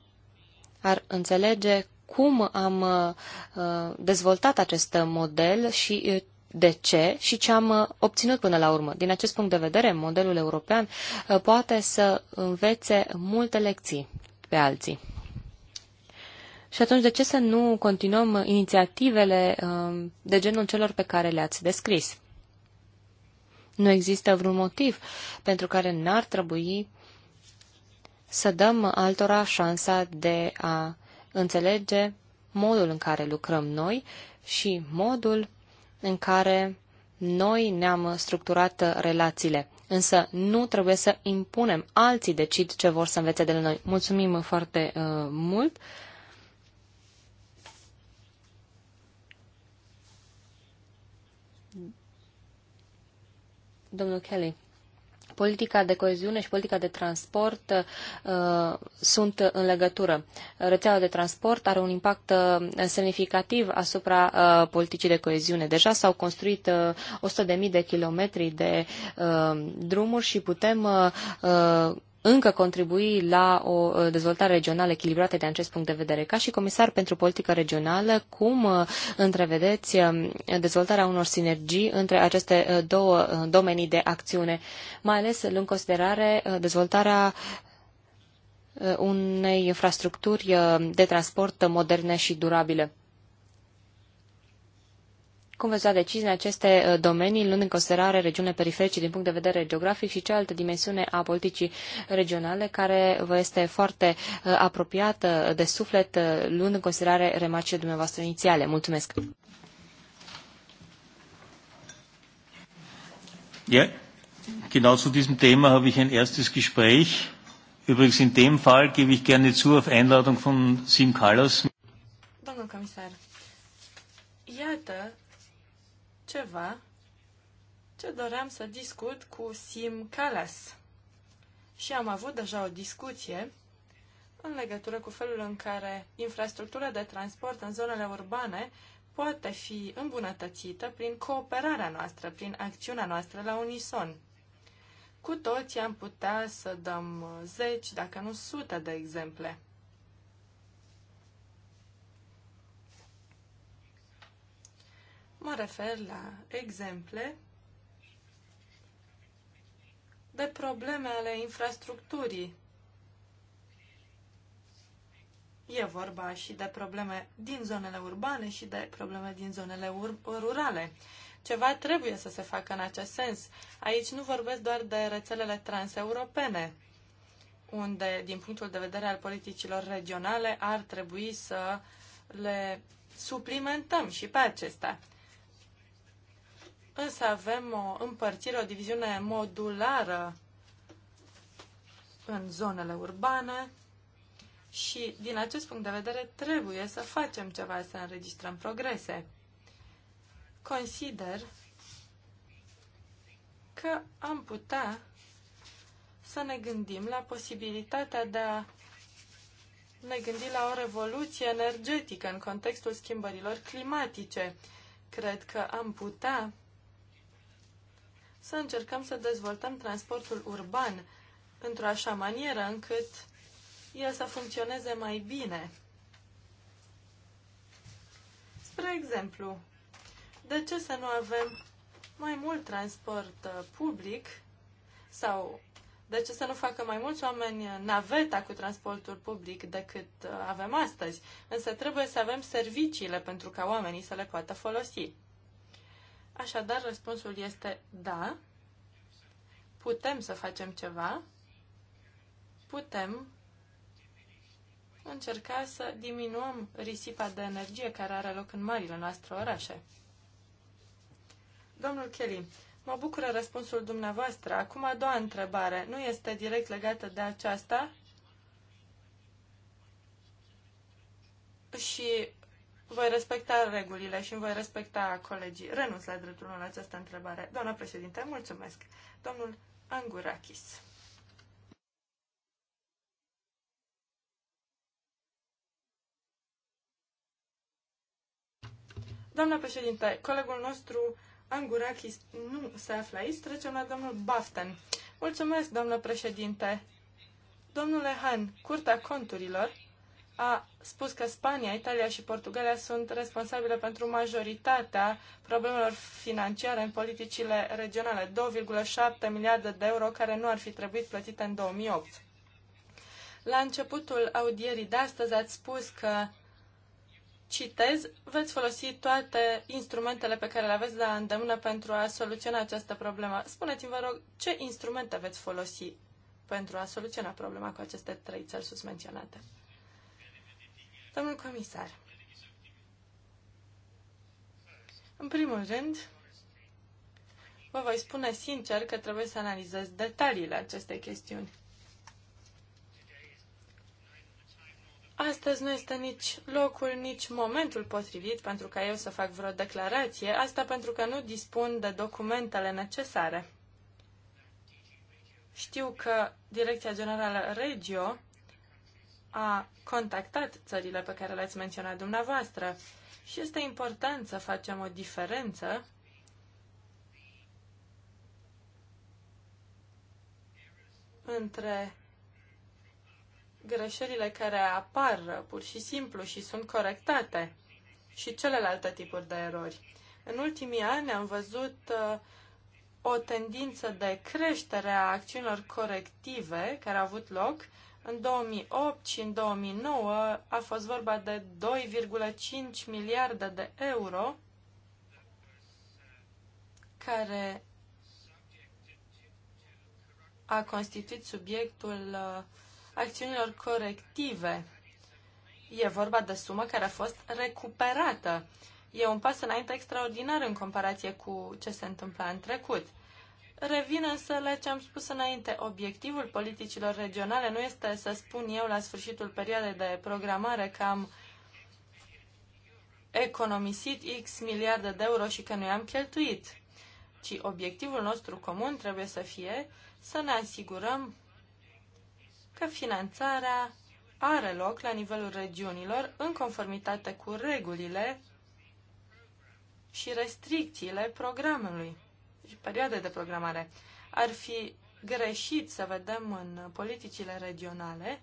ar înțelege cum am uh, dezvoltat acest model și uh, de ce și ce am obținut până la urmă. Din acest punct de vedere, modelul european poate să învețe multe lecții pe alții. Și atunci, de ce să nu continuăm inițiativele um, de genul celor pe care le-ați descris? Nu există vreun motiv pentru care n-ar trebui să dăm altora șansa de a înțelege modul în care lucrăm noi și modul în care noi ne-am structurat relațiile. Însă nu trebuie să impunem, alții decid ce vor să învețe de la noi. Mulțumim foarte uh, mult! Domnul Kelly. Politica de coeziune și politica de transport uh, sunt în legătură. Rețeaua de transport are un impact uh, semnificativ asupra uh, politicii de coeziune. Deja s-au construit uh, 100.000 de kilometri de uh, drumuri și putem uh, uh, încă contribui la o uh, dezvoltare regională echilibrată de acest punct de vedere. Ca și comisar pentru politică regională, cum uh, întrevedeți um, dezvoltarea unor sinergii între aceste uh, două domenii de acțiune, mai ales în considerare dezvoltarea unei infrastructuri de transport moderne și durabile. Cum veți lua decizii în aceste uh, domenii, luând în considerare regiunile periferice din punct de vedere geografic și cealaltă dimensiune a politicii regionale, care vă este foarte uh, apropiată de suflet, uh, luând în considerare remarcile dumneavoastră inițiale? Mulțumesc! Ja, genau zu diesem Thema habe ich ein erstes Gespräch. Übrigens in dem Fall gebe ich gerne zu auf Einladung von Sim Kallas. Domnul comisar, iată ceva ce doream să discut cu Sim Calas. Și am avut deja o discuție în legătură cu felul în care infrastructura de transport în zonele urbane poate fi îmbunătățită prin cooperarea noastră, prin acțiunea noastră la unison. Cu toții am putea să dăm zeci, dacă nu sute de exemple. Mă refer la exemple de probleme ale infrastructurii. E vorba și de probleme din zonele urbane și de probleme din zonele rurale. Ceva trebuie să se facă în acest sens. Aici nu vorbesc doar de rețelele transeuropene, unde, din punctul de vedere al politicilor regionale, ar trebui să le suplimentăm și pe acestea însă avem o împărțire, o diviziune modulară în zonele urbane și, din acest punct de vedere, trebuie să facem ceva, să înregistrăm progrese. Consider că am putea să ne gândim la posibilitatea de a ne gândi la o revoluție energetică în contextul schimbărilor climatice. Cred că am putea să încercăm să dezvoltăm transportul urban într-o așa manieră încât el să funcționeze mai bine. Spre exemplu, de ce să nu avem mai mult transport uh, public sau de ce să nu facă mai mulți oameni uh, naveta cu transportul public decât uh, avem astăzi? Însă trebuie să avem serviciile pentru ca oamenii să le poată folosi. Așadar, răspunsul este da, putem să facem ceva, putem încerca să diminuăm risipa de energie care are loc în marile noastre orașe. Domnul Kelly, mă bucură răspunsul dumneavoastră. Acum a doua întrebare. Nu este direct legată de aceasta? Și voi respecta regulile și voi respecta colegii. Renunț la dreptul meu la această întrebare. Doamna președinte, mulțumesc. Domnul Angurakis. Doamna președinte, colegul nostru Angurakis nu se află aici. Trecem la domnul Baften. Mulțumesc, doamnă președinte. Domnule Han, Curtea Conturilor a spus că Spania, Italia și Portugalia sunt responsabile pentru majoritatea problemelor financiare în politicile regionale, 2,7 miliarde de euro care nu ar fi trebuit plătite în 2008. La începutul audierii de astăzi ați spus că, citez, veți folosi toate instrumentele pe care le aveți la îndemână pentru a soluționa această problemă. Spuneți-mi, vă rog, ce instrumente veți folosi pentru a soluționa problema cu aceste trei țări susmenționate? Domnul comisar, în primul rând, vă voi spune sincer că trebuie să analizez detaliile acestei chestiuni. Astăzi nu este nici locul, nici momentul potrivit pentru ca eu să fac vreo declarație, asta pentru că nu dispun de documentele necesare. Știu că Direcția Generală Regio a contactat țările pe care le-ați menționat dumneavoastră și este important să facem o diferență între greșelile care apar pur și simplu și sunt corectate și celelalte tipuri de erori. În ultimii ani am văzut uh, o tendință de creștere a acțiunilor corective care au avut loc în 2008 și în 2009 a fost vorba de 2,5 miliarde de euro care a constituit subiectul uh, acțiunilor corective. E vorba de sumă care a fost recuperată. E un pas înainte extraordinar în comparație cu ce se întâmpla în trecut revine să le ce am spus înainte. Obiectivul politicilor regionale nu este să spun eu la sfârșitul perioadei de programare că am economisit X miliarde de euro și că i am cheltuit, ci obiectivul nostru comun trebuie să fie să ne asigurăm că finanțarea are loc la nivelul regiunilor în conformitate cu regulile și restricțiile programului și perioade de programare. Ar fi greșit să vedem în politicile regionale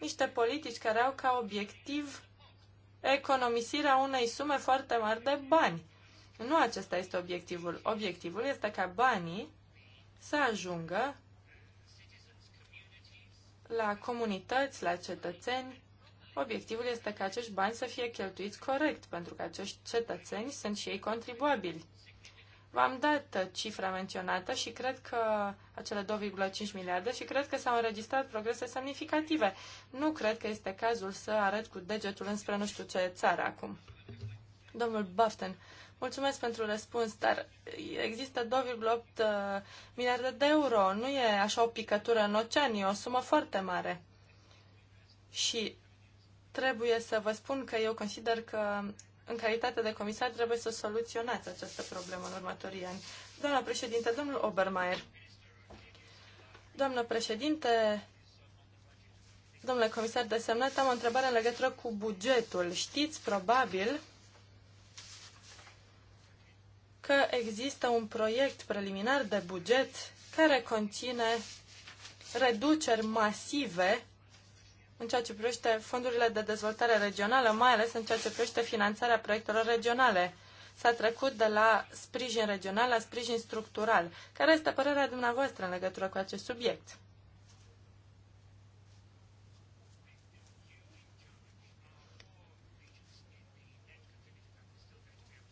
niște politici care au ca obiectiv economisirea unei sume foarte mari de bani. Nu acesta este obiectivul. Obiectivul este ca banii să ajungă la comunități, la cetățeni Obiectivul este ca acești bani să fie cheltuiți corect, pentru că acești cetățeni sunt și ei contribuabili. V-am dat cifra menționată și cred că acele 2,5 miliarde și cred că s-au înregistrat progrese semnificative. Nu cred că este cazul să arăt cu degetul înspre nu știu ce țară acum. Domnul Bafton, mulțumesc pentru răspuns, dar există 2,8 uh, miliarde de euro. Nu e așa o picătură în ocean, e o sumă foarte mare. Și trebuie să vă spun că eu consider că în calitate de comisar trebuie să soluționați această problemă în următorii ani. Doamna președinte, domnul Obermeier. Doamnă președinte, domnule comisar desemnat, am o întrebare în legătură cu bugetul. Știți probabil că există un proiect preliminar de buget care conține reduceri masive în ceea ce privește fondurile de dezvoltare regională, mai ales în ceea ce privește finanțarea proiectelor regionale. S-a trecut de la sprijin regional la sprijin structural. Care este părerea dumneavoastră în legătură cu acest subiect?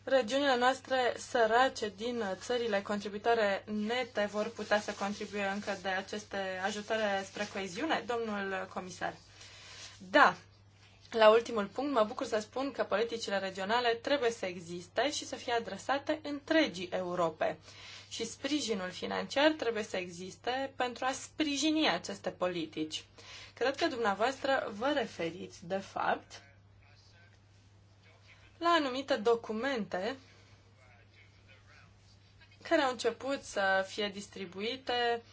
Regiunile noastre sărace din țările contributoare nete vor putea să contribuie încă de aceste ajutoare spre coeziune, domnul comisar. Da, la ultimul punct, mă bucur să spun că politicile regionale trebuie să existe și să fie adresate întregii Europe. Și sprijinul financiar trebuie să existe pentru a sprijini aceste politici. Cred că dumneavoastră vă referiți, de fapt, la anumite documente care au început să fie distribuite uh,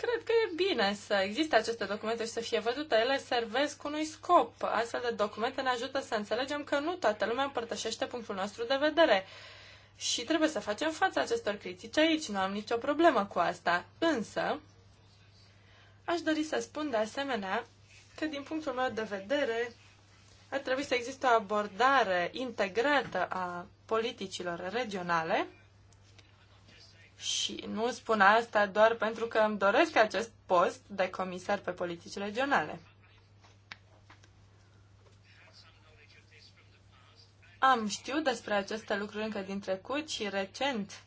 Cred că e bine să existe aceste documente și să fie văzute. Ele servesc unui scop. Astfel de documente ne ajută să înțelegem că nu toată lumea împărtășește punctul nostru de vedere. Și trebuie să facem față acestor critici aici, nu am nicio problemă cu asta. Însă, aș dori să spun de asemenea că din punctul meu de vedere ar trebui să existe o abordare integrată a politicilor regionale și nu spun asta doar pentru că îmi doresc acest post de comisar pe politici regionale. Am știut despre aceste lucruri încă din trecut și recent.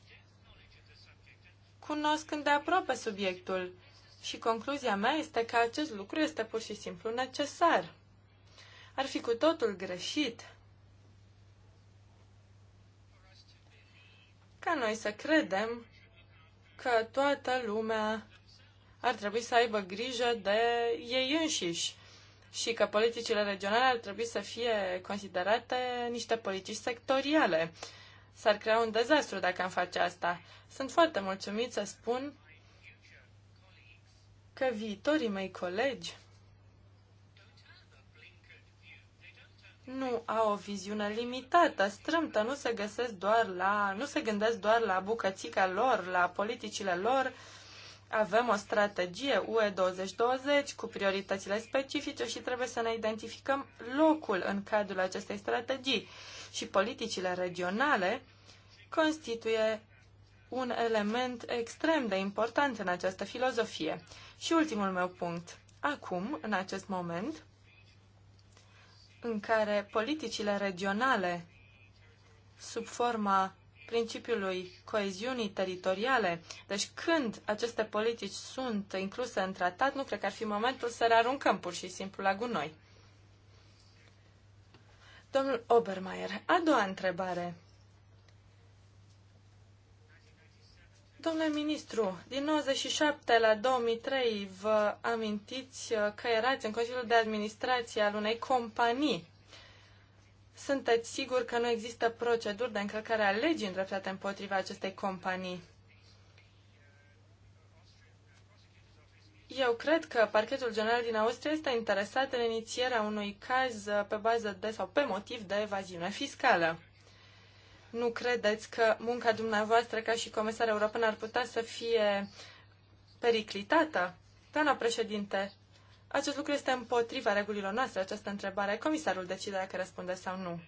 Cunosc îndeaproape subiectul și concluzia mea este că acest lucru este pur și simplu necesar. Ar fi cu totul greșit ca noi să credem că toată lumea ar trebui să aibă grijă de ei înșiși și că politicile regionale ar trebui să fie considerate niște politici sectoriale. S-ar crea un dezastru dacă am face asta. Sunt foarte mulțumit să spun că viitorii mei colegi nu au o viziune limitată, strâmtă, nu se găsesc doar la, nu se gândesc doar la bucățica lor, la politicile lor. Avem o strategie UE 2020 cu prioritățile specifice și trebuie să ne identificăm locul în cadrul acestei strategii. Și politicile regionale constituie un element extrem de important în această filozofie. Și ultimul meu punct. Acum, în acest moment, în care politicile regionale, sub forma principiului coeziunii teritoriale. Deci când aceste politici sunt incluse în tratat, nu cred că ar fi momentul să le aruncăm pur și simplu la gunoi. Domnul Obermeier, a doua întrebare. Domnule ministru, din 97 la 2003 vă amintiți uh, că erați în Consiliul de Administrație al unei companii. Sunteți sigur că nu există proceduri de încălcare a legii îndreptate împotriva acestei companii? Eu cred că parchetul general din Austria este interesat în inițierea unui caz uh, pe bază de sau pe motiv de evaziune fiscală nu credeți că munca dumneavoastră ca și comisar european ar putea să fie periclitată? Doamna președinte, acest lucru este împotriva regulilor noastre, această întrebare. Comisarul decide dacă răspunde sau nu.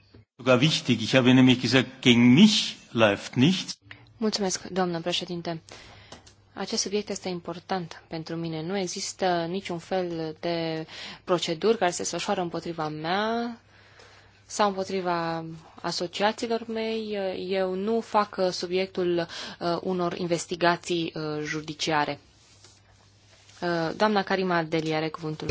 Mulțumesc, doamnă președinte. Acest subiect este important pentru mine. Nu există niciun fel de proceduri care se sfășoară împotriva mea sau împotriva asociațiilor mei. Eu nu fac uh, subiectul uh, unor investigații uh, judiciare. Doamna Karima Deli are cuvântul.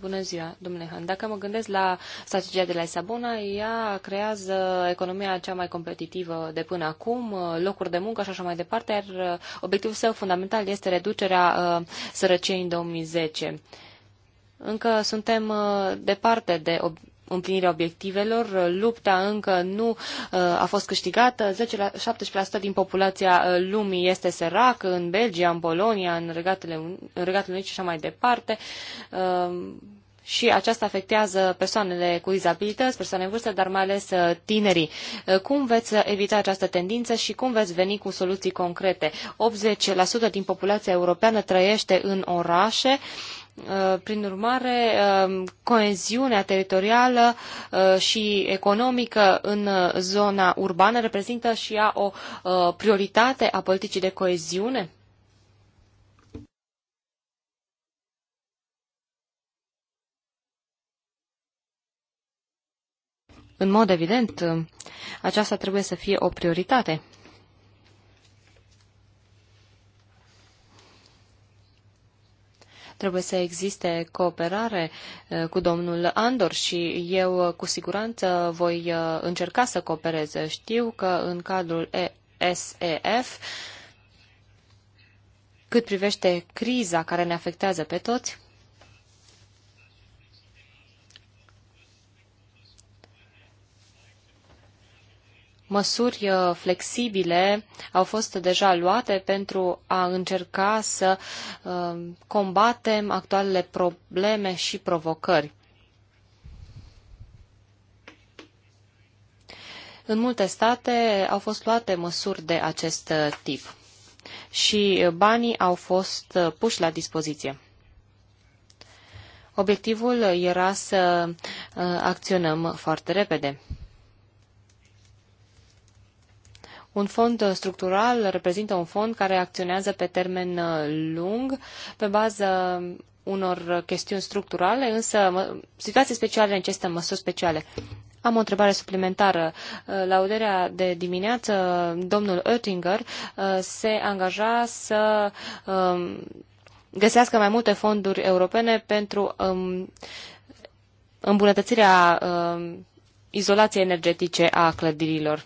Bună ziua, domnule Han. Dacă mă gândesc la strategia de la Sabona, ea creează economia cea mai competitivă de până acum, locuri de muncă și așa mai departe, iar obiectivul său fundamental este reducerea sărăciei în 2010. Încă suntem departe de împlinirea obiectivelor. Uh, lupta încă nu uh, a fost câștigată. 10 17% din populația uh, lumii este săracă în Belgia, în Polonia, în Regatele, în Regatele Unite și așa mai departe um, și aceasta afectează persoanele cu dizabilități, persoane în vârstă, dar mai ales tinerii. Cum veți evita această tendință și cum veți veni cu soluții concrete? 80% din populația europeană trăiește în orașe Uh, prin urmare, uh, coeziunea teritorială uh, și economică în zona urbană reprezintă și ea o prioritate a politicii de coeziune? În mod evident, aceasta trebuie să fie o prioritate. Trebuie să existe cooperare uh, cu domnul Andor și eu uh, cu siguranță voi uh, încerca să cooperez. Știu că în cadrul SEF cât privește criza care ne afectează pe toți, măsuri uh, flexibile au fost deja luate pentru a încerca să uh, combatem actualele probleme și provocări. În multe state au fost luate măsuri de acest uh, tip și banii au fost puși la dispoziție. Obiectivul era să acționăm foarte repede. Un fond structural reprezintă un fond care acționează pe termen uh, lung, pe bază unor chestiuni structurale, însă situații speciale necesită măsuri speciale. Am o întrebare suplimentară. Uh, la uderea de dimineață, domnul Oettinger uh, se angaja să um, găsească mai multe fonduri europene pentru um, îmbunătățirea um, izolației energetice a clădirilor.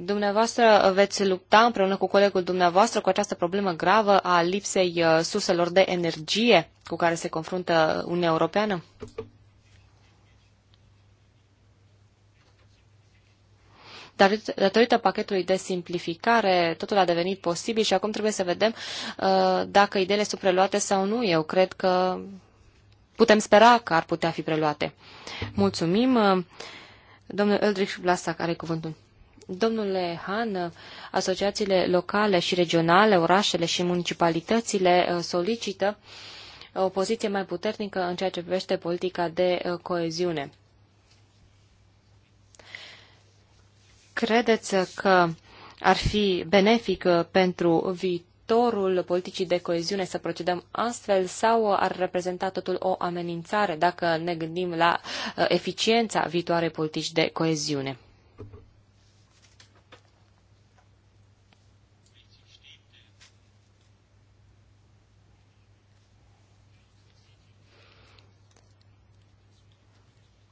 Dumneavoastră veți lupta împreună cu colegul dumneavoastră cu această problemă gravă a lipsei uh, surselor de energie cu care se confruntă Uniunea Europeană? Dar datorită pachetului de simplificare, totul a devenit posibil și acum trebuie să vedem uh, dacă ideile sunt preluate sau nu. Eu cred că putem spera că ar putea fi preluate. Mulțumim. Uh, domnul Eldrich Vlasac are cuvântul. Domnule Han, asociațiile locale și regionale, orașele și municipalitățile uh, solicită uh, o poziție mai puternică în ceea ce privește politica de uh, coeziune. Credeți că ar fi benefic pentru viitorul politicii de coeziune să procedăm astfel sau ar reprezenta totul o amenințare dacă ne gândim la eficiența viitoarei politici de coeziune?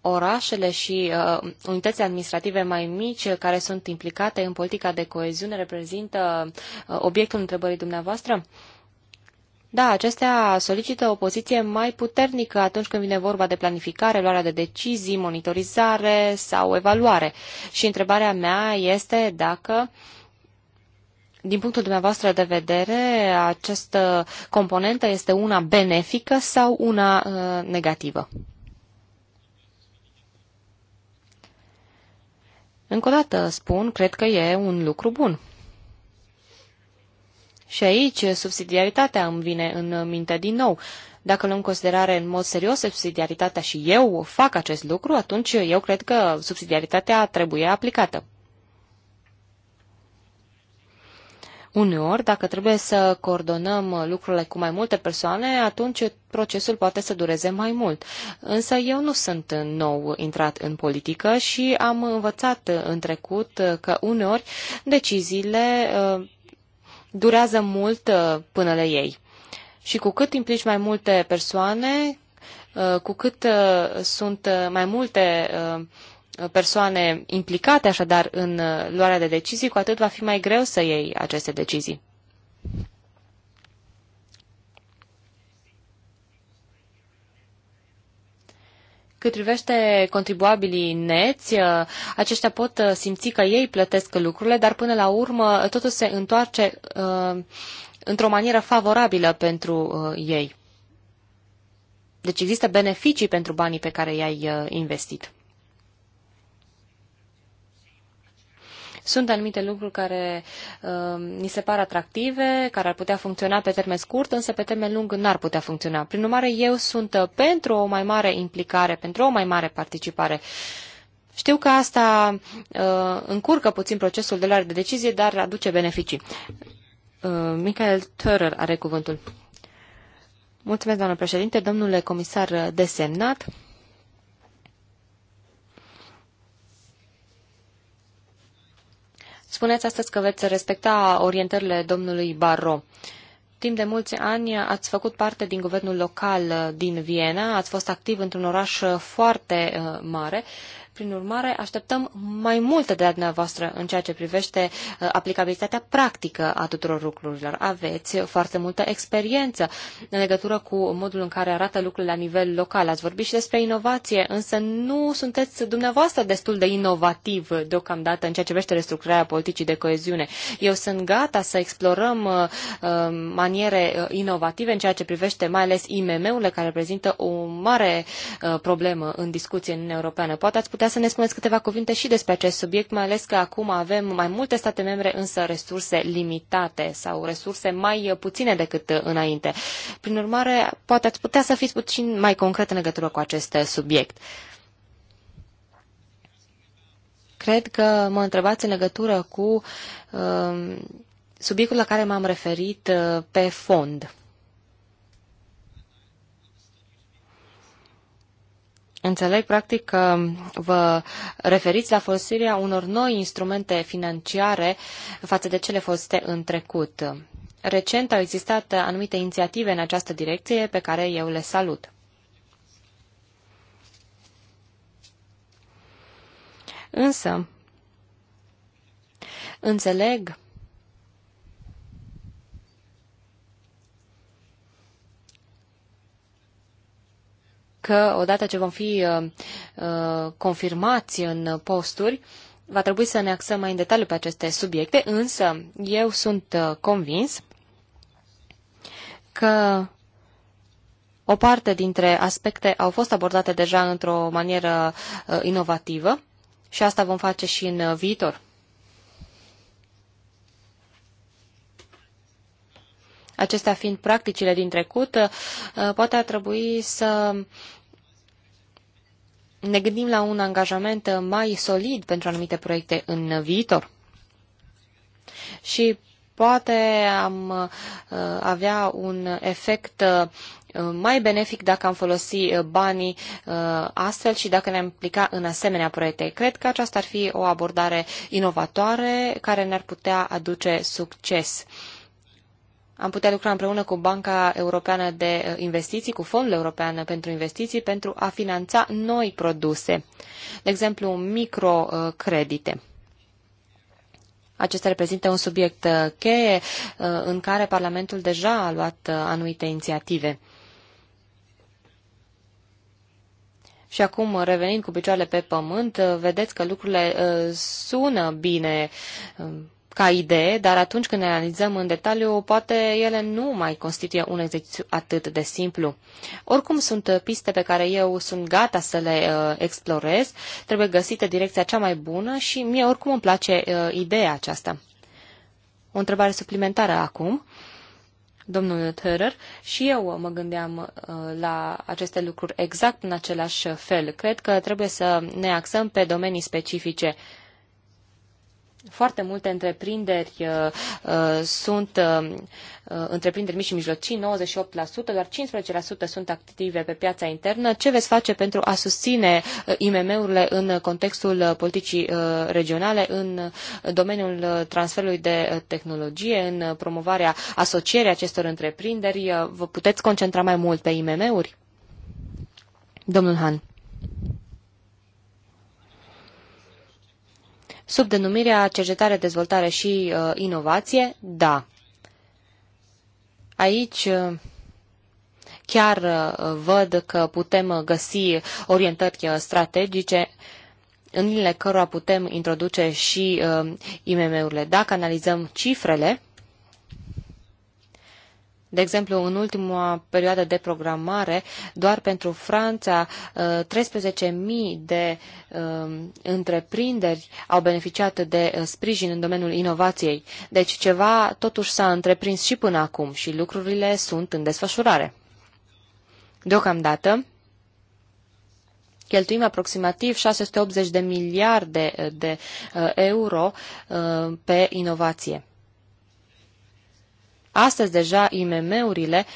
orașele și uh, unitățile administrative mai mici care sunt implicate în politica de coeziune reprezintă uh, obiectul întrebării dumneavoastră? Da, acestea solicită o poziție mai puternică atunci când vine vorba de planificare, luarea de decizii, monitorizare sau evaluare. Și întrebarea mea este dacă din punctul dumneavoastră de vedere, această componentă este una benefică sau una uh, negativă? Încă o dată spun, cred că e un lucru bun. Și aici subsidiaritatea îmi vine în minte din nou. Dacă luăm în considerare în mod serios subsidiaritatea și eu fac acest lucru, atunci eu cred că subsidiaritatea trebuie aplicată. Uneori, dacă trebuie să coordonăm lucrurile cu mai multe persoane, atunci procesul poate să dureze mai mult. Însă eu nu sunt nou intrat în politică și am învățat în trecut că uneori deciziile uh, durează mult uh, până le ei. Și cu cât implici mai multe persoane, uh, cu cât sunt mai multe persoane implicate așadar în uh, luarea de decizii, cu atât va fi mai greu să iei aceste decizii. Cât privește contribuabilii neți, uh, aceștia pot uh, simți că ei plătesc lucrurile, dar până la urmă totul se întoarce într-o manieră favorabilă pentru ei. Deci există beneficii pentru banii pe care i-ai investit. Sunt anumite lucruri care uh, ni se par atractive, care ar putea funcționa pe termen scurt, însă pe termen lung n-ar putea funcționa. Prin urmare, eu sunt uh, pentru o mai mare implicare, pentru o mai mare participare. Știu că asta uh, încurcă puțin procesul de luare de decizie, dar aduce beneficii. Uh, Michael Törer are cuvântul. Mulțumesc, doamnă președinte, domnule comisar desemnat. Spuneți astăzi că veți respecta orientările domnului Barro. Timp de mulți ani ați făcut parte din guvernul local din Viena, ați fost activ într-un oraș foarte uh, mare prin urmare, așteptăm mai multe de la dumneavoastră în ceea ce privește uh, aplicabilitatea practică a tuturor lucrurilor. Aveți foarte multă experiență în legătură cu modul în care arată lucrurile la nivel local. Ați vorbit și despre inovație, însă nu sunteți dumneavoastră destul de inovativ deocamdată în ceea ce privește restructurarea politicii de coeziune. Eu sunt gata să explorăm uh, uh, maniere inovative în ceea ce privește mai ales IMM-urile, care reprezintă o mare problemă în discuție în Uniunea Europeană. Poate ați putea putea să ne spuneți câteva cuvinte și despre acest subiect, mai ales că acum avem mai multe state membre, însă resurse limitate sau resurse mai puține decât înainte. Prin urmare, poate ați putea să fiți puțin mai concret în legătură cu acest subiect. Cred că mă întrebați în legătură cu uh, subiectul la care m-am referit uh, pe fond. Înțeleg, practic, că vă referiți la folosirea unor noi instrumente financiare față de cele foste în trecut. Recent au existat anumite inițiative în această direcție pe care eu le salut. Însă, înțeleg că odată ce vom fi uh, uh, confirmați în posturi, va trebui să ne axăm mai în detaliu pe aceste subiecte, însă eu sunt uh, convins că o parte dintre aspecte au fost abordate deja într-o manieră inovativă și asta vom face și în viitor. acestea fiind practicile din trecut, uh, poate ar trebui să ne gândim la un angajament mai solid pentru anumite proiecte în viitor. Și poate am uh, avea un efect uh, mai benefic dacă am folosi banii astfel și dacă ne-am implica în asemenea proiecte. Cred că aceasta ar fi o abordare inovatoare care ne-ar putea aduce succes. Am putea lucra împreună cu Banca Europeană de uh, Investiții, cu Fondul European pentru Investiții, pentru a finanța noi produse, de exemplu microcredite. Acesta reprezintă un subiect uh, cheie uh, în care Parlamentul deja a luat anumite inițiative. Și acum, revenind cu picioarele pe pământ, vedeți că lucrurile sună bine ca idee, dar atunci când ne analizăm în detaliu, poate ele nu mai constituie un exercițiu atât de simplu. Oricum sunt piste pe care eu sunt gata să le uh, explorez, trebuie găsită direcția cea mai bună și mie oricum îmi place uh, ideea aceasta. O întrebare suplimentară acum, domnul Törer, și eu mă gândeam uh, la aceste lucruri exact în același fel. Cred că trebuie să ne axăm pe domenii specifice uh, foarte multe întreprinderi uh, uh sunt uh, uh, întreprinderi mici și mijlocii, 98%, doar 15% sunt active pe piața internă. Ce veți face pentru a susține uh, IMM-urile în contextul politicii uh, regionale, în domeniul transferului de tehnologie, în promovarea asocierii acestor întreprinderi? Vă puteți concentra mai mult pe IMM-uri? Domnul Han. sub denumirea cercetare, dezvoltare și uh, inovație? Da. Aici uh, chiar uh, văd că putem găsi orientări uh, strategice în linile cărora putem introduce și uh, IMM-urile. Dacă analizăm cifrele, de exemplu, în ultima perioadă de programare, doar pentru Franța, 13.000 de um, întreprinderi au beneficiat de uh, sprijin în domeniul inovației. Deci ceva totuși s-a întreprins și până acum și lucrurile sunt în desfășurare. Deocamdată, cheltuim aproximativ 680 de miliarde uh, de uh, euro pe inovație. Astăzi deja IMM-urile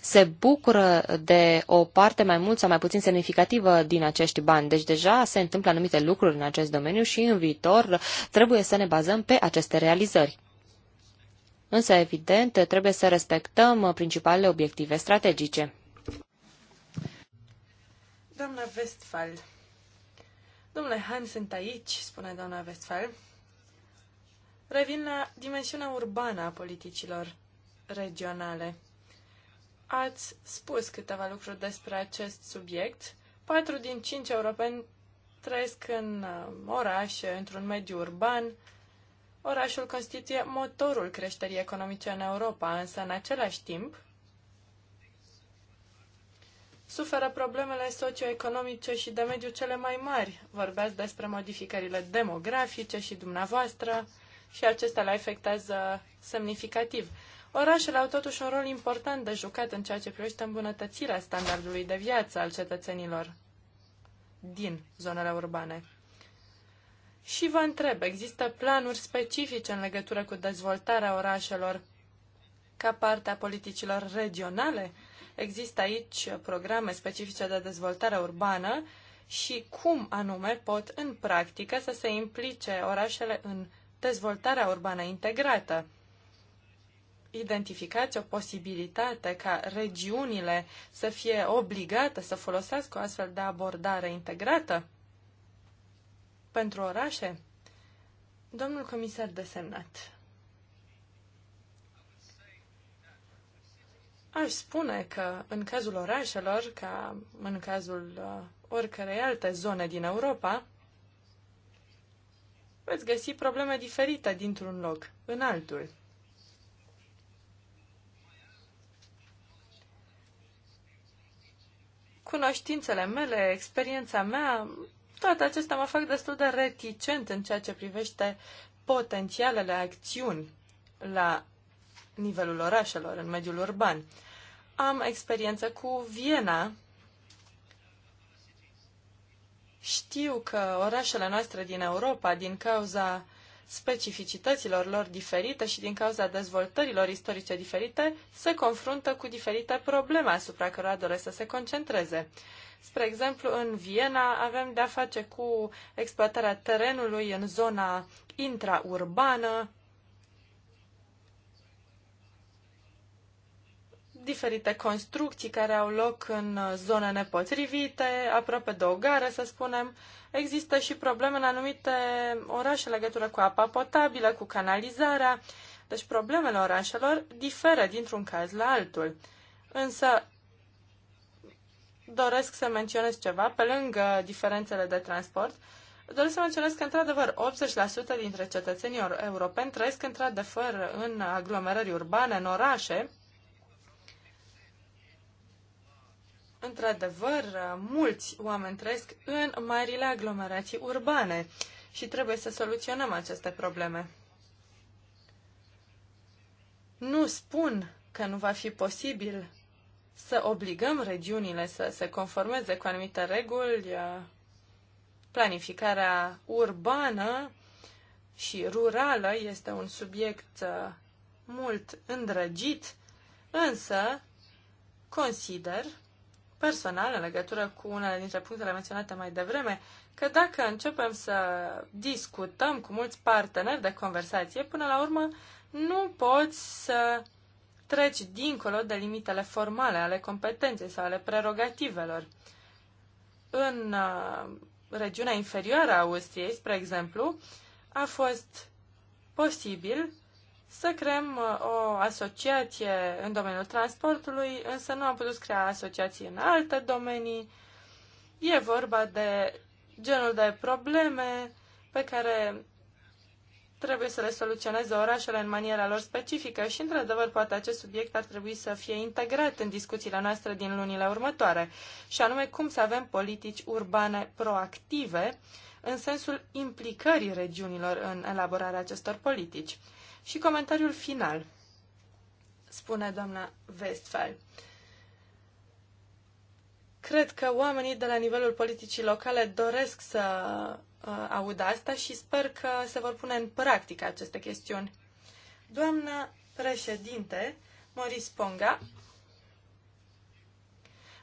se bucură de o parte mai mult sau mai puțin semnificativă din acești bani. Deci deja se întâmplă anumite lucruri în acest domeniu și în viitor trebuie să ne bazăm pe aceste realizări. Însă, evident, trebuie să respectăm principalele obiective strategice. Doamna Westphal. Domnule Han, sunt aici, spune doamna Westphal. Revin la dimensiunea urbană a politicilor regionale. Ați spus câteva lucruri despre acest subiect. Patru din cinci europeni trăiesc în uh, orașe, într-un mediu urban. Orașul constituie motorul creșterii economice în Europa, însă în același timp suferă problemele socioeconomice și de mediu cele mai mari. Vorbeați despre modificările demografice și dumneavoastră și acesta le afectează semnificativ. Orașele au totuși un rol important de jucat în ceea ce privește îmbunătățirea standardului de viață al cetățenilor din zonele urbane. Și vă întreb, există planuri specifice în legătură cu dezvoltarea orașelor ca parte a politicilor regionale? Există aici programe specifice de dezvoltare urbană și cum anume pot în practică să se implice orașele în dezvoltarea urbană integrată. Identificați o posibilitate ca regiunile să fie obligate să folosească o astfel de abordare integrată pentru orașe? Domnul comisar desemnat. Aș spune că în cazul orașelor, ca în cazul uh, oricărei alte zone din Europa, veți găsi probleme diferite dintr-un loc în altul. Cunoștințele mele, experiența mea, toate acestea mă fac destul de reticent în ceea ce privește potențialele acțiuni la nivelul orașelor, în mediul urban. Am experiență cu Viena, știu că orașele noastre din Europa, din cauza specificităților lor diferite și din cauza dezvoltărilor istorice diferite, se confruntă cu diferite probleme asupra cărora doresc să se concentreze. Spre exemplu, în Viena avem de-a face cu exploatarea terenului în zona intraurbană, diferite construcții care au loc în uh, zone nepotrivite, aproape de o gară, să spunem. Există și probleme în anumite orașe în legătură cu apa potabilă, cu canalizarea. Deci problemele orașelor diferă dintr-un caz la altul. Însă doresc să menționez ceva, pe lângă diferențele de transport, doresc să menționez că, într-adevăr, 80% dintre cetățenii europeni trăiesc, într-adevăr, în aglomerări urbane, în orașe, Într-adevăr, mulți oameni trăiesc în marile aglomerații urbane și trebuie să soluționăm aceste probleme. Nu spun că nu va fi posibil să obligăm regiunile să se conformeze cu anumite reguli, uh, planificarea urbană și rurală este un subiect uh, mult îndrăgit, însă consider personal în legătură cu unele dintre punctele menționate mai devreme, că dacă începem să discutăm cu mulți parteneri de conversație, până la urmă nu poți să treci dincolo de limitele formale ale competenței sau ale prerogativelor. În uh, regiunea inferioară a Austriei, spre exemplu, a fost posibil să creăm uh, o asociație în domeniul transportului, însă nu am putut crea asociații în alte domenii. E vorba de genul de probleme pe care trebuie să le soluționeze orașele în maniera lor specifică și, într-adevăr, poate acest subiect ar trebui să fie integrat în discuțiile noastre din lunile următoare, și anume cum să avem politici urbane proactive în sensul implicării regiunilor în elaborarea acestor politici. Și comentariul final, spune doamna Westphal. Cred că oamenii de la nivelul politicii locale doresc să uh, audă asta și sper că se vor pune în practică aceste chestiuni. Doamna președinte, Moris Ponga,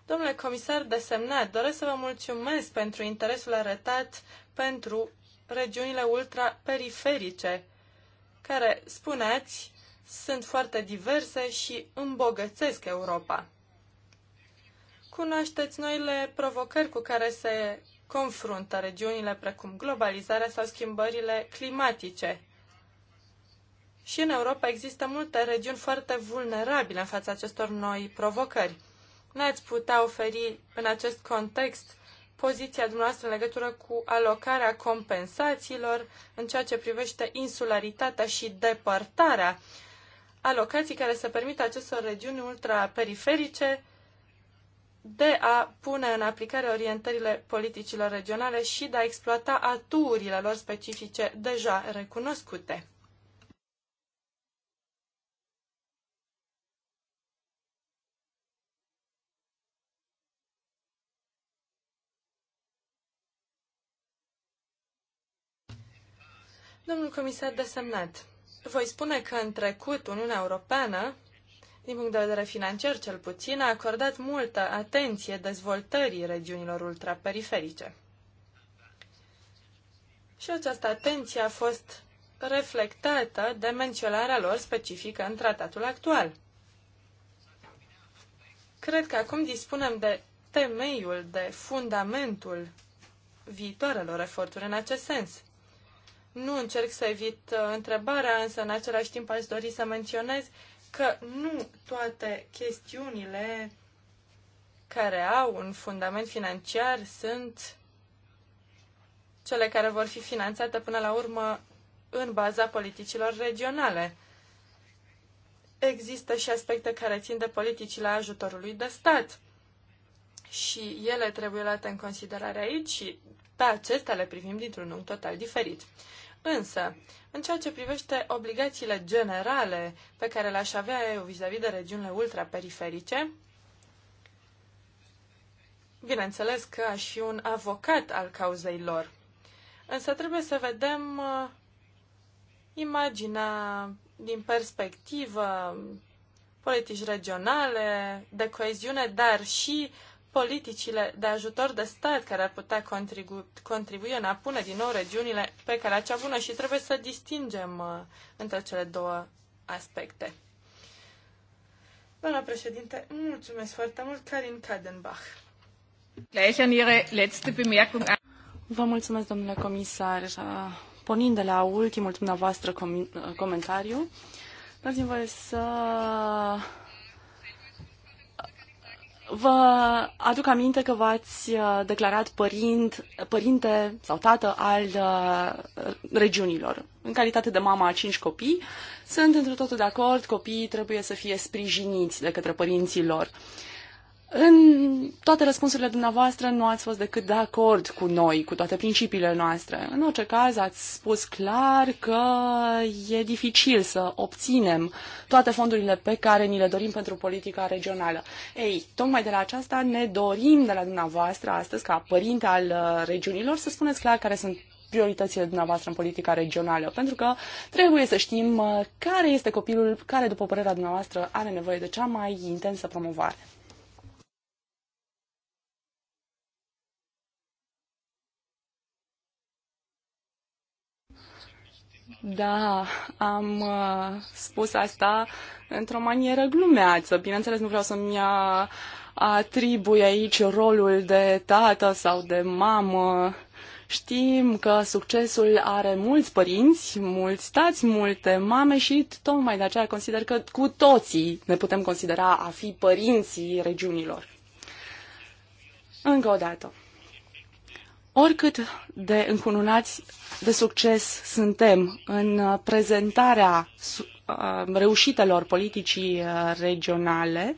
Domnule comisar desemnat, doresc să vă mulțumesc pentru interesul arătat pentru regiunile ultraperiferice care, spuneți, sunt foarte diverse și îmbogățesc Europa. Cunoașteți noile provocări cu care se confruntă regiunile precum globalizarea sau schimbările climatice. Și în Europa există multe regiuni foarte vulnerabile în fața acestor noi provocări. Ne-ați putea oferi în acest context poziția dumneavoastră în legătură cu alocarea compensațiilor în ceea ce privește insularitatea și depărtarea alocații care să permită acestor regiuni ultraperiferice de a pune în aplicare orientările politicilor regionale și de a exploata aturile lor specifice deja recunoscute. Domnul comisar desemnat, voi spune că în trecut Uniunea Europeană, din punct de vedere financiar cel puțin, a acordat multă atenție dezvoltării regiunilor ultraperiferice. Și această atenție a fost reflectată de menționarea lor specifică în tratatul actual. Cred că acum dispunem de temeiul, de fundamentul viitoarelor eforturi în acest sens. Nu încerc să evit uh, întrebarea, însă în același timp aș dori să menționez că nu toate chestiunile care au un fundament financiar sunt cele care vor fi finanțate până la urmă în baza politicilor regionale. Există și aspecte care țin de politicile ajutorului de stat și ele trebuie luate în considerare aici și pe acestea le privim dintr-un unghi total diferit. Însă, în ceea ce privește obligațiile generale pe care le-aș avea eu vis-a-vis -vis de regiunile ultraperiferice, bineînțeles că aș fi un avocat al cauzei lor. Însă trebuie să vedem uh, imaginea din perspectivă politici regionale, de coeziune, dar și politicile de ajutor de stat care ar putea contribu- contribui în a pune din nou regiunile pe care acea bună și trebuie să distingem uh, între cele două aspecte. Doamna președinte, mulțumesc foarte mult, Karin Kadenbach. Vă mulțumesc, domnule comisar. Uh, pornind de la ultimul dumneavoastră com- uh, comentariu, dați-mi voie să Vă aduc aminte că v-ați uh, declarat părint, părinte sau tată al uh, regiunilor. În calitate de mama a cinci copii, sunt într totul de acord, copiii trebuie să fie sprijiniți de către părinții lor. Uh, în toate răspunsurile dumneavoastră nu ați fost decât de acord cu noi, cu toate principiile noastre. În orice caz, ați spus clar că e dificil să obținem toate fondurile pe care ni le dorim pentru politica regională. Ei, tocmai de la aceasta ne dorim de la dumneavoastră astăzi, ca părinte al uh, regiunilor, să spuneți clar care sunt prioritățile dumneavoastră în politica regională, pentru că trebuie să știm uh, care este copilul care, după părerea dumneavoastră, are nevoie de cea mai intensă promovare. Da, am uh, spus asta într-o manieră glumeață. Bineînțeles, nu vreau să-mi atribui aici rolul de tată sau de mamă. Știm că succesul are mulți părinți, mulți tați, multe mame și tocmai de aceea consider că cu toții ne putem considera a fi părinții regiunilor. Încă o dată. Oricât de încununați de succes suntem în uh, prezentarea uh, reușitelor politicii uh, regionale,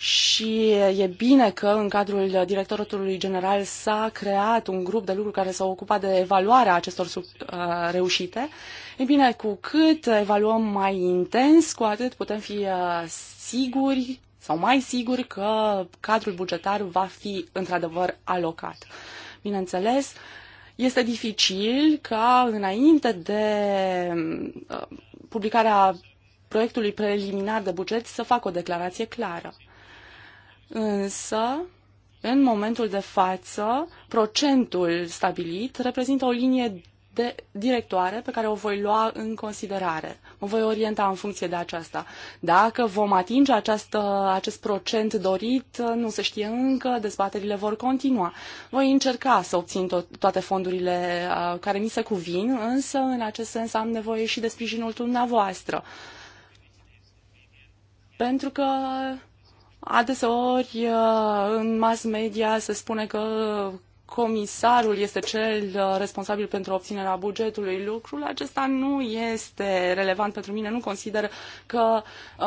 și e bine că în cadrul directoratului general s-a creat un grup de lucru care s-a ocupat de evaluarea acestor sub, uh, reușite. E bine, cu cât evaluăm mai intens, cu atât putem fi uh, siguri sau mai siguri că cadrul bugetar va fi într-adevăr alocat. Bineînțeles, este dificil ca înainte de uh, publicarea proiectului preliminar de buget să facă o declarație clară. Însă, în momentul de față, procentul stabilit reprezintă o linie de directoare pe care o voi lua în considerare. Mă voi orienta în funcție de aceasta. Dacă vom atinge această, acest procent dorit, nu se știe încă, dezbaterile vor continua. Voi încerca să obțin to- toate fondurile uh, care mi se cuvin, însă în acest sens am nevoie și de sprijinul dumneavoastră. Pentru că adeseori uh, în mass media se spune că comisarul este cel uh, responsabil pentru obținerea bugetului. Lucrul acesta nu este relevant pentru mine, nu consider că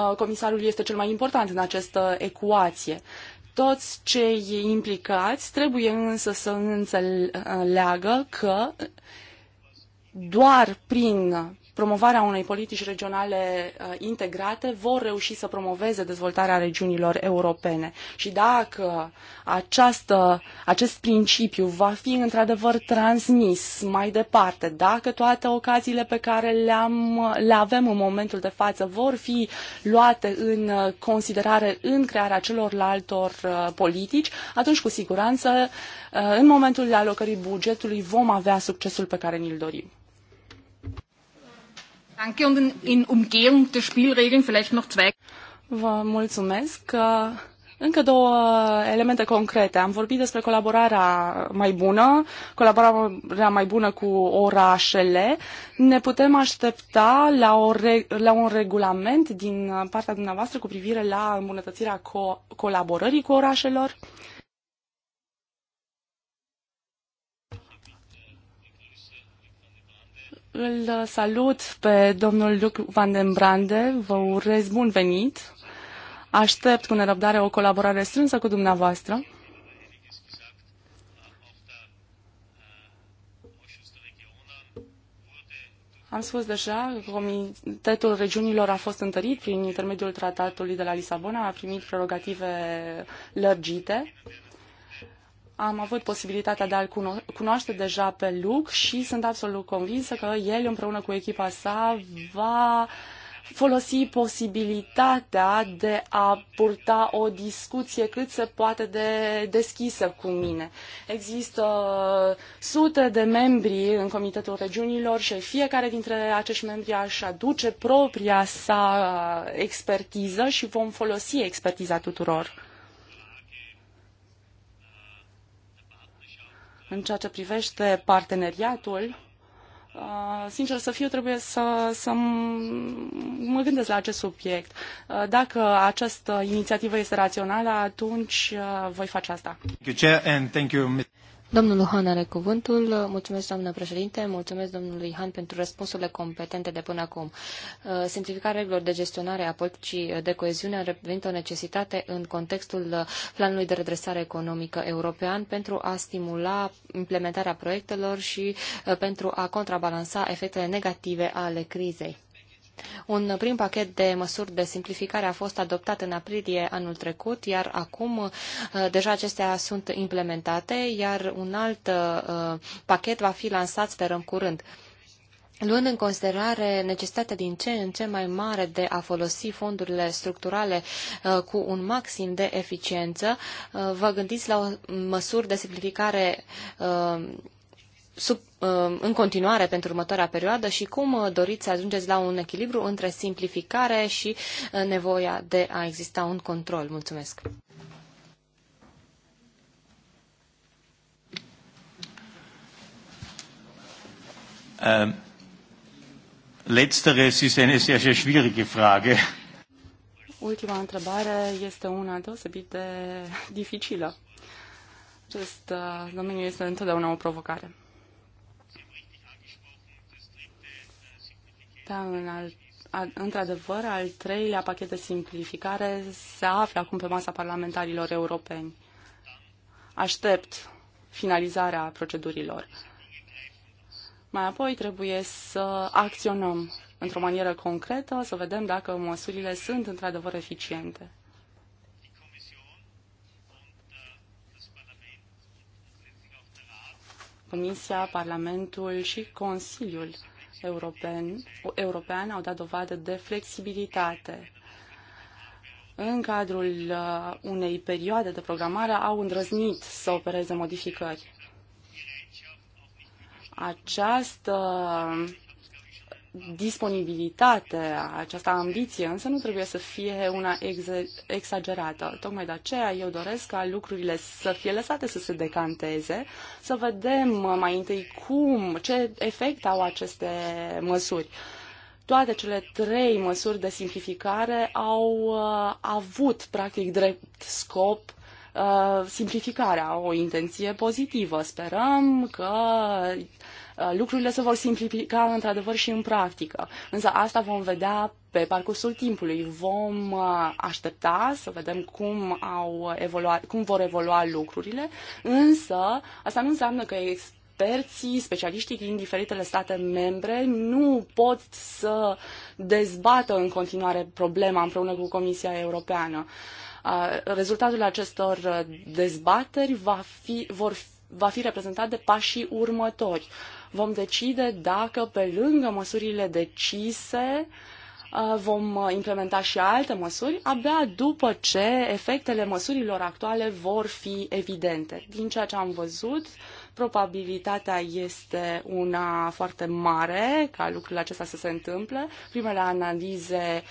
uh, comisarul este cel mai important în această ecuație. Toți cei implicați trebuie însă să înțeleagă că doar prin promovarea unei politici regionale uh, integrate vor reuși să promoveze dezvoltarea regiunilor europene. Și dacă această, acest principiu va fi într-adevăr transmis mai departe, dacă toate ocaziile pe care le-am, le avem în momentul de față vor fi luate în considerare în crearea celorlaltor uh, politici, atunci cu siguranță uh, în momentul alocării bugetului vom avea succesul pe care ni-l dorim. Danke und in Umgehung der Spielregeln vielleicht noch zwei. Vă mulțumesc. Încă două elemente concrete. Am vorbit despre colaborarea mai bună, colaborarea mai bună cu orașele. Ne putem aștepta la, o la un regulament din partea dumneavoastră cu privire la îmbunătățirea co- colaborării cu orașelor? Îl salut pe domnul Luc van den Brande, vă urez bun venit. Aștept cu nerăbdare o colaborare strânsă cu dumneavoastră. Am spus deja, Comitetul Regiunilor a fost întărit prin intermediul Tratatului de la Lisabona, a primit prerogative lărgite. Am avut posibilitatea de a-l cuno- cunoaște deja pe Luc și sunt absolut convinsă că el împreună cu echipa sa va folosi posibilitatea de a purta o discuție cât se poate de deschisă cu mine. Există sute de membri în Comitetul Regiunilor și fiecare dintre acești membri aș aduce propria sa expertiză și vom folosi expertiza tuturor. În ceea ce privește parteneriatul, uh, sincer să fiu, trebuie să, să mă gândesc la acest subiect. Uh, dacă această inițiativă este rațională, atunci uh, voi face asta. Domnul Han are cuvântul. Mulțumesc, doamnă președinte. Mulțumesc domnului Han pentru răspunsurile competente de până acum. Uh, simplificarea regulilor de gestionare a politicii de coeziune reprezintă o necesitate în contextul planului de redresare economică european pentru a stimula implementarea proiectelor și uh, pentru a contrabalansa efectele negative ale crizei. Un prim pachet de măsuri de simplificare a fost adoptat în aprilie anul trecut, iar acum uh, deja acestea sunt implementate, iar un alt uh, pachet va fi lansat, sperăm, curând. Luând în considerare necesitatea din ce în ce mai mare de a folosi fondurile structurale uh, cu un maxim de eficiență, vă gândiți la măsuri de simplificare sub, uh, în continuare pentru următoarea perioadă și cum uh, doriți să ajungeți la un echilibru între simplificare și uh, nevoia de a exista un control. Mulțumesc! Ähm, letzteres ist eine sehr, sehr schwierige Frage. Ultima întrebare este una deosebit de dificilă. Acest domeniu este întotdeauna o provocare. simplificarea în al într-adevăr, al treilea pachet de simplificare se află acum pe masa parlamentarilor europeni. Aștept finalizarea procedurilor. Mai apoi trebuie să acționăm într-o manieră concretă, să vedem dacă măsurile sunt într-adevăr eficiente. Comisia, Parlamentul și Consiliul european, european au dat dovadă de flexibilitate în cadrul uh, unei perioade de programare au îndrăznit să opereze modificări. Această disponibilitate, această ambiție, însă nu trebuie să fie una exagerată. Tocmai de aceea eu doresc ca lucrurile să fie lăsate să se decanteze, să vedem mai întâi cum, ce efect au aceste măsuri toate cele trei măsuri de simplificare au uh, avut, practic, drept scop uh, simplificarea, o intenție pozitivă. Sperăm că Uh, lucrurile se vor simplifica într-adevăr și în practică. Însă asta vom vedea pe parcursul timpului. Vom uh, aștepta să vedem cum, au evoluat, cum vor evolua lucrurile, însă asta nu înseamnă că experții, specialiștii din diferitele state membre nu pot să dezbată în continuare problema împreună cu Comisia Europeană. Uh, rezultatul acestor dezbateri va fi, vor, va fi reprezentat de pașii următori vom decide dacă pe lângă măsurile decise uh, vom uh, implementa și alte măsuri abia după ce efectele măsurilor actuale vor fi evidente. Din ceea ce am văzut, probabilitatea este una foarte mare ca lucrul acesta să se întâmple. Primele analize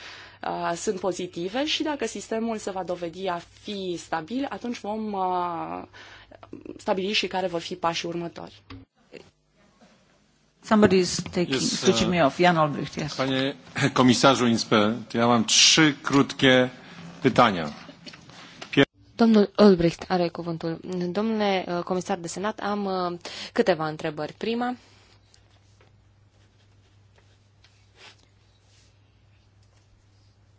uh, sunt pozitive și dacă sistemul se va dovedi a fi stabil, atunci vom uh, stabili și care vor fi pașii următori. Somebody is taking, yes, switching me off. Jan Olbrycht, yes. Panie komisarzu Inspe, ja mam trzy krótkie pytania. Domnul Olbricht are cuvântul. Domnule comisar de senat, am câteva întrebări. Prima,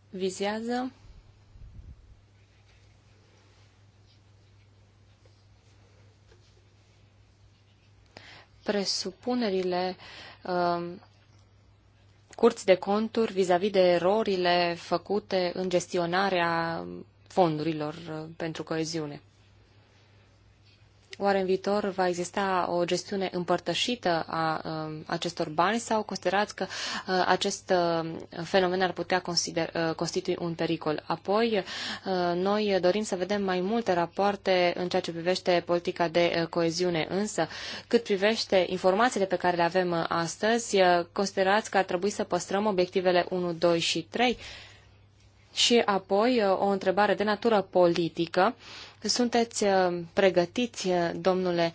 vizează presupunerile uh, curți de conturi vis-a-vis -vis de erorile făcute în gestionarea fondurilor uh, pentru coeziune. Oare în viitor va exista o gestiune împărtășită a acestor bani sau considerați că acest fenomen ar putea consider, constitui un pericol? Apoi, noi dorim să vedem mai multe rapoarte în ceea ce privește politica de coeziune, însă cât privește informațiile pe care le avem astăzi, considerați că ar trebui să păstrăm obiectivele 1, 2 și 3? Și apoi o întrebare de natură politică sunteți uh, pregătiți, uh, domnule,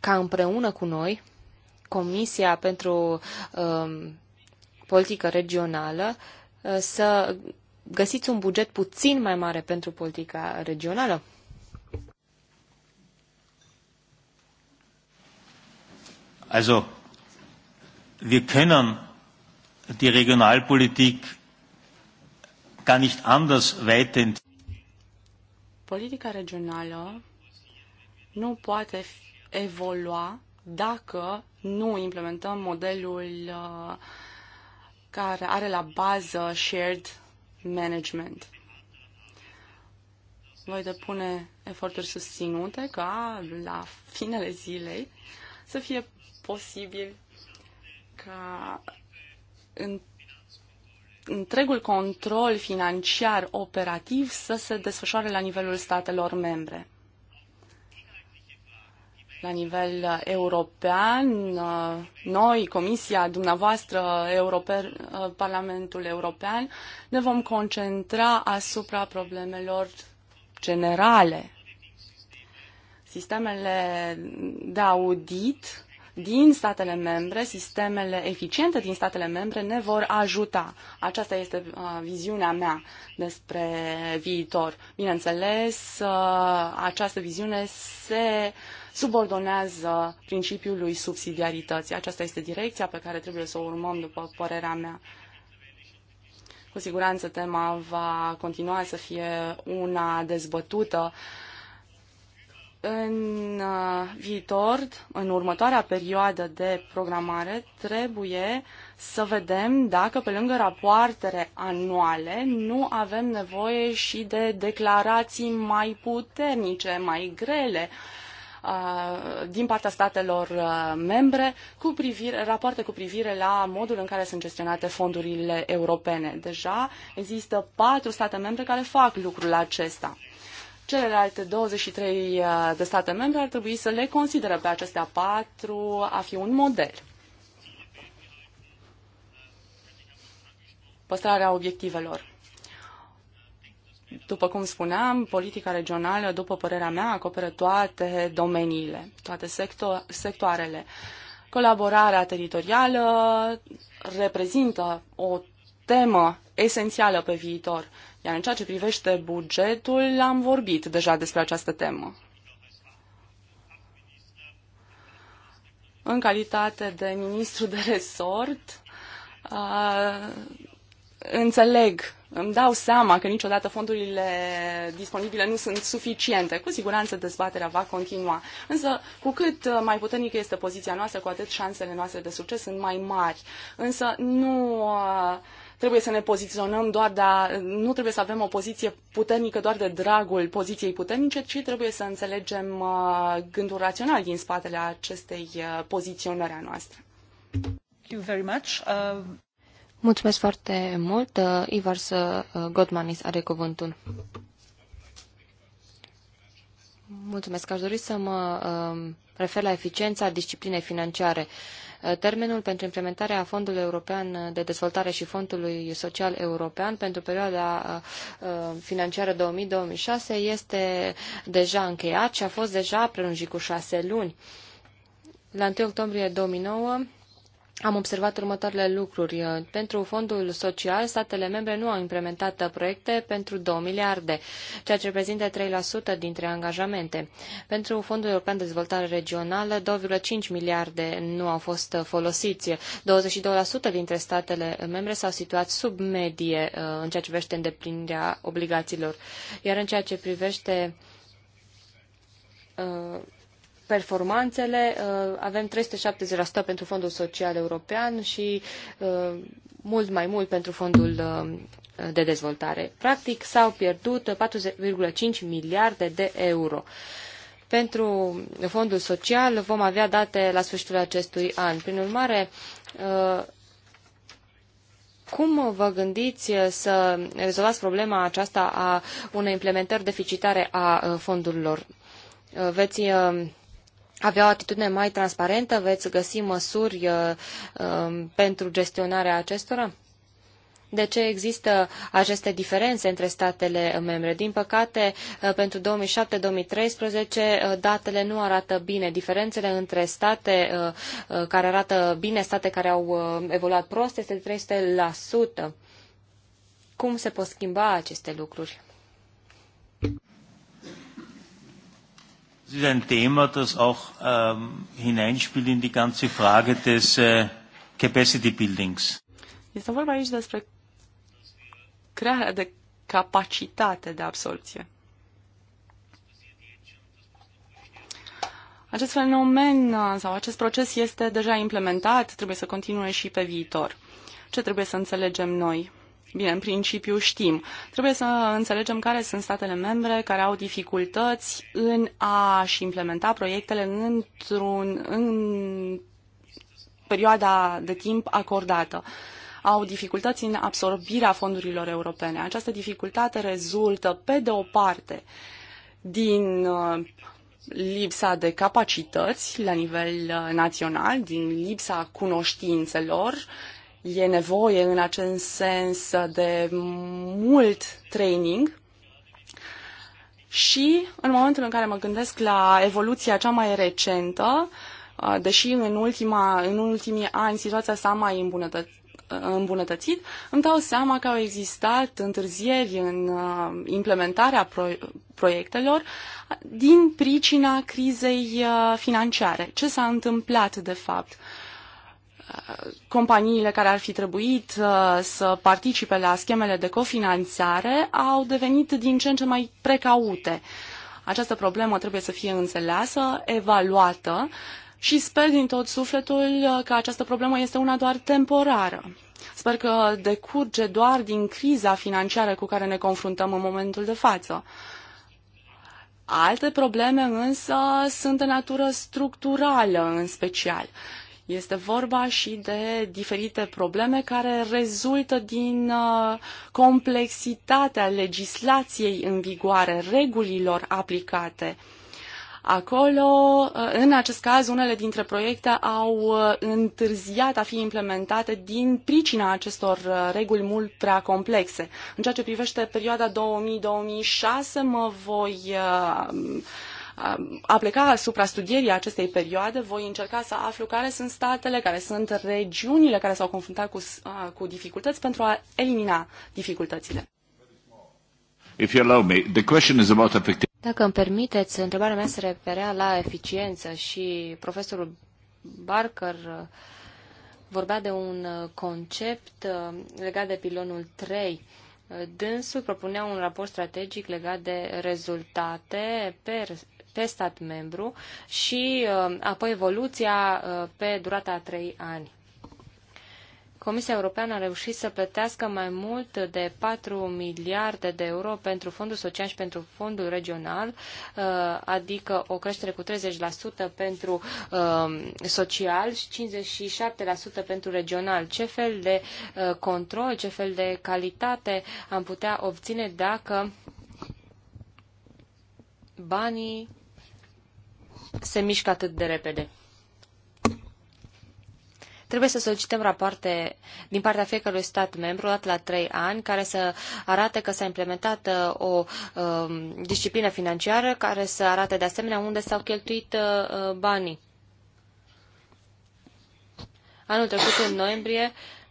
ca împreună cu noi, Comisia pentru um, Politică Regională, uh, să găsiți un buget puțin mai mare pentru politica regională? Also, wir können die Regionalpolitik gar nicht anders weiterentwickeln. Politica regională nu poate evolua dacă nu implementăm modelul uh, care are la bază shared management. Voi depune eforturi susținute ca la finele zilei să fie posibil ca în întregul control financiar operativ să se desfășoare la nivelul statelor membre. La nivel uh, european, uh, noi, Comisia dumneavoastră, Europer, uh, Parlamentul European, ne vom concentra asupra problemelor generale. Sistemele de audit din statele membre, sistemele eficiente din statele membre ne vor ajuta. Aceasta este uh, viziunea mea despre viitor. Bineînțeles, uh, această viziune se subordonează principiului subsidiarității. Aceasta este direcția pe care trebuie să o urmăm, după părerea mea. Cu siguranță tema va continua să fie una dezbătută uh, în uh, viitor, în următoarea perioadă de programare, trebuie să vedem dacă pe lângă rapoartele anuale nu avem nevoie și de declarații mai puternice, mai grele uh, din partea statelor uh, membre cu privire, rapoarte cu privire la modul în care sunt gestionate fondurile europene. Deja există patru state membre care fac lucrul acesta. Celelalte 23 uh, de state membre ar trebui să le consideră pe acestea patru a fi un model. Păstrarea obiectivelor. După cum spuneam, politica regională, după părerea mea, acoperă toate domeniile, toate secto- sectoarele. Colaborarea teritorială reprezintă o temă esențială pe viitor iar în ceea ce privește bugetul, am vorbit deja despre această temă. În calitate de ministru de resort, a, înțeleg, îmi dau seama că niciodată fondurile disponibile nu sunt suficiente. Cu siguranță dezbaterea va continua. Însă, cu cât mai puternică este poziția noastră, cu atât șansele noastre de succes sunt mai mari. Însă, nu... A, trebuie să ne poziționăm doar de a, nu trebuie să avem o poziție puternică doar de dragul poziției puternice, ci trebuie să înțelegem uh, gândul rațional din spatele acestei uh, poziționări a noastră. Thank you very much. Uh... Mulțumesc foarte mult. Uh, Ivars Godmanis are cuvântul. Mulțumesc. Aș dori să mă um, refer la eficiența disciplinei financiare. Uh, termenul pentru implementarea Fondului European de Dezvoltare și Fondului Social European pentru perioada uh, uh, financiară 2000-2006 este deja încheiat și a fost deja prelungit cu șase luni. La 1 octombrie 2009 am observat următoarele lucruri. Pentru fondul social, statele membre nu au implementat proiecte pentru 2 miliarde, ceea ce reprezintă 3% dintre angajamente. Pentru fondul european de dezvoltare regională, 2,5 miliarde nu au fost folosiți. 22% dintre statele membre s-au situat sub medie uh, în ceea ce privește îndeplinirea obligațiilor. Iar în ceea ce privește uh, performanțele, uh, avem 370% pentru Fondul Social European și uh, mult mai mult pentru Fondul uh, de Dezvoltare. Practic s-au pierdut 4,5 miliarde de euro. Pentru Fondul Social vom avea date la sfârșitul acestui an. Prin urmare, cum vă gândiți să rezolvați problema aceasta a unei implementări deficitare a fondurilor? Veți avea o atitudine mai transparentă? Veți găsi măsuri uh, um, pentru gestionarea acestora? De ce există aceste diferențe între statele membre? Din păcate, uh, pentru 2007-2013 uh, datele nu arată bine. Diferențele între state uh, care arată bine, state care au evoluat prost, este de 300%. Cum se pot schimba aceste lucruri? Es ist ein Thema, das auch ähm, hineinspielt in die ganze Frage des äh, Capacity Buildings. Este vorba aici despre crearea de capacitate de absorție. Acest fenomen uh, sau acest proces este deja implementat, trebuie să continue și pe viitor. Ce trebuie să înțelegem noi? Bine, în principiu știm. Trebuie să înțelegem care sunt statele membre care au dificultăți în a-și implementa proiectele într-un, în perioada de timp acordată au dificultăți în absorbirea fondurilor europene. Această dificultate rezultă, pe de o parte, din uh, lipsa de capacități la nivel uh, național, din lipsa cunoștințelor E nevoie în acest sens de mult training și în momentul în care mă gândesc la evoluția cea mai recentă, uh, deși în, ultima, în ultimii ani situația s-a mai îmbunătățit, uh, îmbunătățit, îmi dau seama că au existat întârzieri în uh, implementarea pro- proiectelor din pricina crizei financiare. Ce s-a întâmplat, de fapt? Uh, companiile care ar fi trebuit uh, să participe la schemele de cofinanțare au devenit din ce în ce mai precaute. Această problemă trebuie să fie înțeleasă, evaluată și sper din tot sufletul că această problemă este una doar temporară. Sper că decurge doar din criza financiară cu care ne confruntăm în momentul de față. Alte probleme însă sunt de natură structurală în special este vorba și de diferite probleme care rezultă din uh, complexitatea legislației în vigoare, regulilor aplicate. Acolo, uh, în acest caz, unele dintre proiecte au uh, întârziat a fi implementate din pricina acestor reguli mult prea complexe. În ceea ce privește perioada 2000-2006, mă voi pleca asupra studierii acestei perioade, voi încerca să aflu care sunt statele, care sunt regiunile care s-au confruntat cu, cu dificultăți pentru a elimina dificultățile. If you allow me, the question is about Dacă îmi permiteți, întrebarea mea se referea la eficiență și profesorul Barker uh, vorbea de un uh, concept uh, legat de pilonul 3. Dânsul propunea un raport strategic legat de rezultate per de stat membru și uh, apoi evoluția uh, pe durata a trei ani. Comisia Europeană a reușit să plătească mai mult de 4 miliarde de euro pentru fondul social și pentru fondul regional, uh, adică o creștere cu 30% pentru social și 57% pentru regional. Ce fel de control, ce fel de calitate am putea obține dacă banii se mișcă atât de repede. Trebuie să solicităm rapoarte din partea fiecărui stat membru, dat la trei ani, care să arate că s-a implementat uh, o uh, disciplină financiară, care să arate de asemenea unde s-au cheltuit uh, uh banii. Anul trecut, în noiembrie, uh,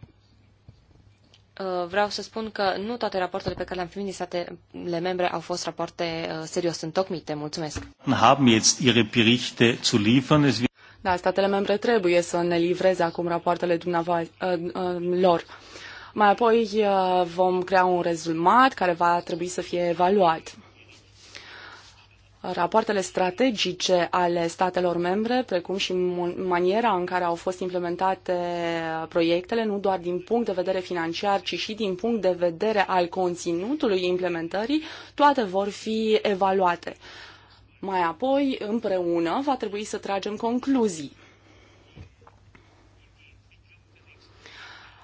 Uh, vreau să spun că nu toate rapoartele pe care le-am primit din statele membre au fost rapoarte uh, serios întocmite. Mulțumesc. Haben jetzt ihre Berichte zu liefern. Da, statele membre trebuie să ne livreze acum rapoartele dumneavoastră uh, lor. Mai apoi vom crea un rezumat care va trebui să fie evaluat rapoartele strategice ale statelor membre, precum și maniera în care au fost implementate proiectele, nu doar din punct de vedere financiar, ci și din punct de vedere al conținutului implementării, toate vor fi evaluate. Mai apoi, împreună, va trebui să tragem concluzii.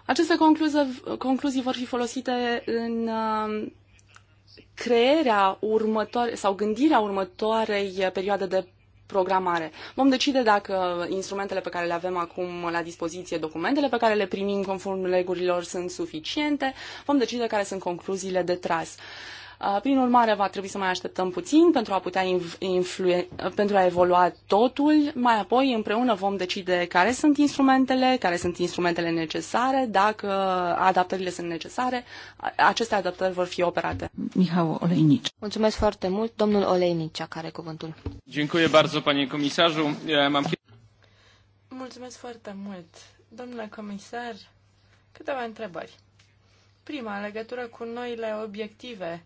Aceste concluzii, concluzii vor fi folosite în uh, crearea următoare sau gândirea următoarei eh, perioade de programare. Vom decide dacă instrumentele pe care le avem acum la dispoziție, documentele pe care le primim conform legurilor, sunt suficiente, vom decide care sunt concluziile de tras. Uh, Uh, prin urmare, va trebui să mai așteptăm puțin pentru a putea influe, pentru a evolua totul. Mai apoi, împreună vom decide care sunt instrumentele, care sunt instrumentele necesare, dacă adaptările sunt necesare. Aceste adaptări vor fi operate. Mihau Oleinic. Mulțumesc foarte mult. Domnul Oleinici, care cuvântul. Dziękuję bardzo, panie komisarzu. Mam... Mulțumesc foarte mult. Domnule comisar, câteva întrebări. Prima, legătură cu noile obiective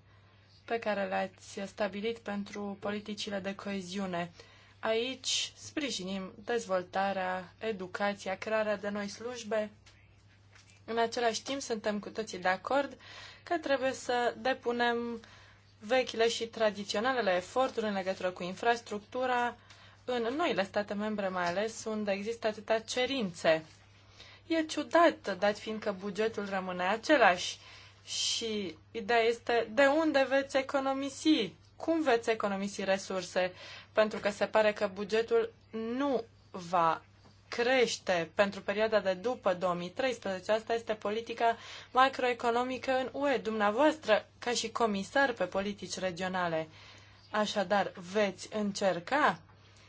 pe care le-ați stabilit pentru politicile de coeziune. Aici sprijinim dezvoltarea, educația, crearea de noi slujbe. În același timp, suntem cu toții de acord că trebuie să depunem vechile și tradiționalele eforturi în legătură cu infrastructura în noile state membre, mai ales unde există atâtea cerințe. E ciudat, dat fiindcă bugetul rămâne același și ideea este de unde veți economisi, cum veți economisi resurse, pentru că se pare că bugetul nu va crește pentru perioada de după 2013. Asta este politica macroeconomică în UE, dumneavoastră, ca și comisar pe politici regionale. Așadar, veți încerca,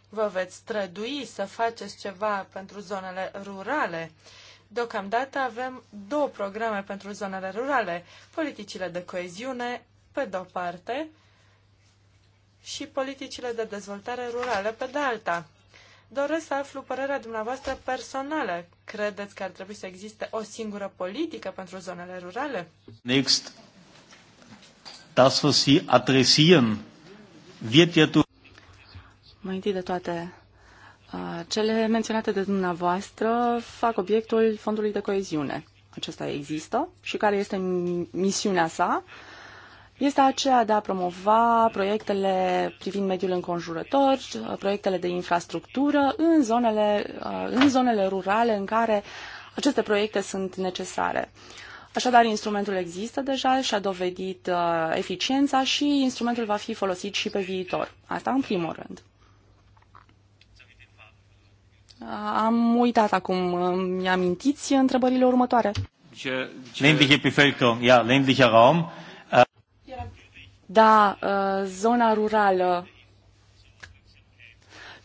vă veți strădui să faceți ceva pentru zonele rurale Deocamdată avem două programe pentru zonele rurale, politicile de coeziune, pe de-o parte, și politicile de dezvoltare rurală, pe de alta. Doresc să aflu părerea dumneavoastră personală. Credeți că ar trebui să existe o singură politică pentru zonele rurale? Next. Das, was Sie adresieren, wird ja Mai întâi de toate, cele menționate de dumneavoastră fac obiectul fondului de coeziune. Acesta există și care este misiunea sa? Este aceea de a promova proiectele privind mediul înconjurător, proiectele de infrastructură în zonele, în zonele rurale în care aceste proiecte sunt necesare. Așadar, instrumentul există deja și a dovedit eficiența și instrumentul va fi folosit și pe viitor. Asta în primul rând. Am uitat acum, mi-amintiți întrebările următoare? Ländliche Bevölkerung, ja, ländlicher Raum. Äh, da, uh, zona rurală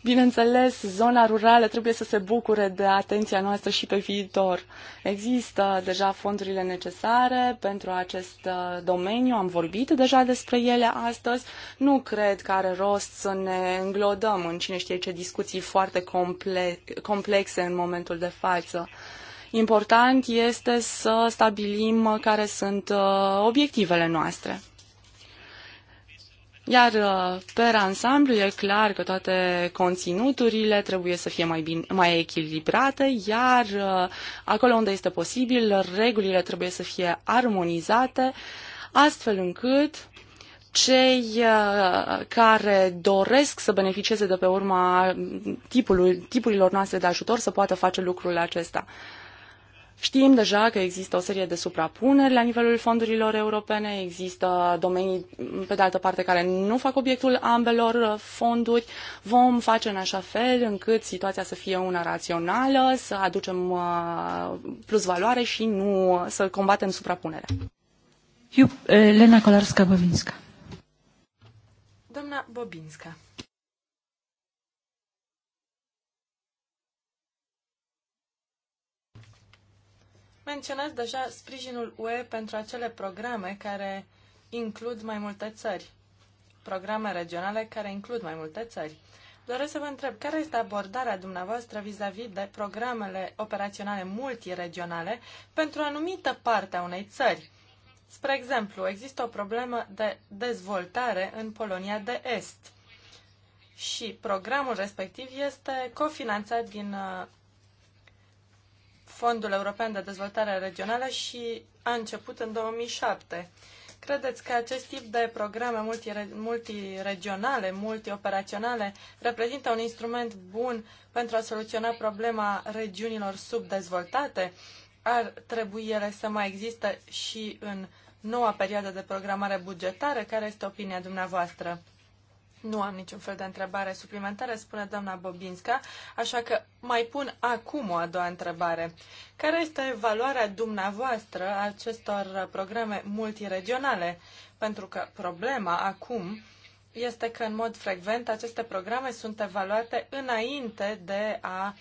Bineînțeles, zona rurală trebuie să se bucure de atenția noastră și pe viitor. Există deja fondurile necesare pentru acest uh, domeniu, am vorbit deja despre ele astăzi. Nu cred că are rost să ne înglodăm în cine știe ce discuții foarte complexe în momentul de față. Important este să stabilim care sunt uh, obiectivele noastre. Iar uh, pe ansamblu e clar că toate conținuturile trebuie să fie mai, bine, mai echilibrate, iar uh, acolo unde este posibil, regulile trebuie să fie armonizate, astfel încât cei uh, care doresc să beneficieze de pe urma tipului, tipurilor noastre de ajutor să poată face lucrul acesta. Știm deja că există o serie de suprapuneri la nivelul fondurilor europene, există domenii, pe de altă parte, care nu fac obiectul ambelor uh, fonduri. Vom face în așa fel încât situația să fie una rațională, să aducem uh, plus valoare și nu uh, să combatem suprapunerea. Lena Kolarska-Bobinska. Doamna Bobinska. menționat deja sprijinul UE pentru acele programe care includ mai multe țări, programe regionale care includ mai multe țări. Doresc să vă întreb, care este abordarea dumneavoastră vis-a-vis -vis de programele operaționale multiregionale pentru o anumită parte a unei țări? Spre exemplu, există o problemă de dezvoltare în Polonia de Est și programul respectiv este cofinanțat din uh, Fondul European de Dezvoltare Regională și a început în 2007. Credeți că acest tip de programe multiregionale, multioperaționale, reprezintă un instrument bun pentru a soluționa problema regiunilor subdezvoltate? Ar trebui ele să mai existe și în noua perioadă de programare bugetară? Care este opinia dumneavoastră? Nu am niciun fel de întrebare suplimentară, spune doamna Bobinska, așa că mai pun acum o a doua întrebare. Care este valoarea dumneavoastră a acestor programe multiregionale? Pentru că problema acum este că în mod frecvent aceste programe sunt evaluate înainte de a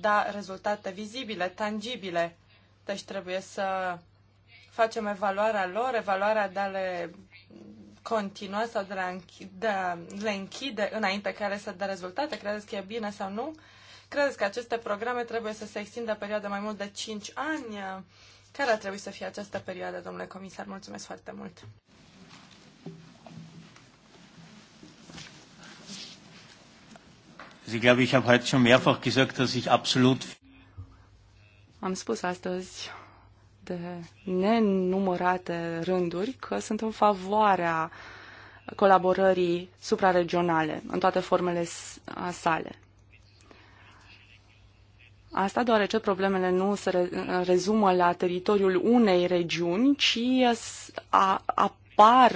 da rezultate vizibile, tangibile. Deci trebuie să facem evaluarea lor, evaluarea de ale continua sau de, la închi- de le închide înainte care să dea rezultate? Credeți că e bine sau nu? Credeți că aceste programe trebuie să se extindă perioada mai mult de 5 ani? Care ar trebui să fie această perioadă, domnule comisar? Mulțumesc foarte mult! Also, glaube, ich habe heute schon mehrfach gesagt, dass ich absolut. Am spus astăzi de nenumărate rânduri că sunt în favoarea colaborării supraregionale în toate formele sale. Asta deoarece problemele nu se rezumă la teritoriul unei regiuni, ci apar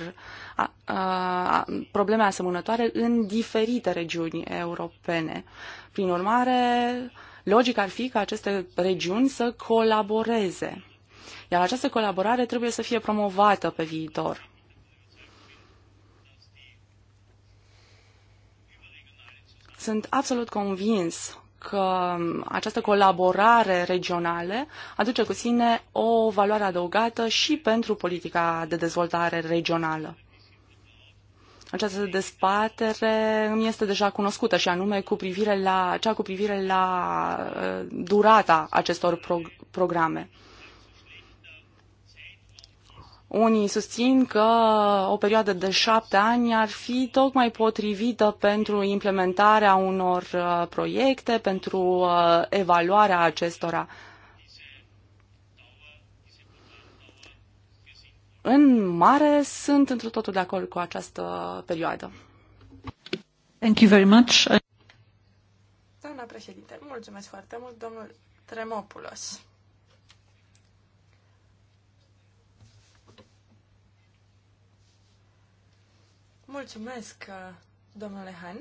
probleme asemănătoare în diferite regiuni europene. Prin urmare, logic ar fi ca aceste regiuni să colaboreze. Iar această colaborare trebuie să fie promovată pe viitor. Sunt absolut convins că această colaborare regională aduce cu sine o valoare adăugată și pentru politica de dezvoltare regională. Această despatere îmi este deja cunoscută și anume cu privire la, cea cu privire la uh, durata acestor pro- programe. Unii susțin că o perioadă de șapte ani ar fi tocmai potrivită pentru implementarea unor uh, proiecte, pentru uh, evaluarea acestora. În mare sunt într totul de acord cu această perioadă. Thank you very much. Doamna președinte, mulțumesc foarte mult, domnul Tremopulos. Mulțumesc, uh, domnule Han.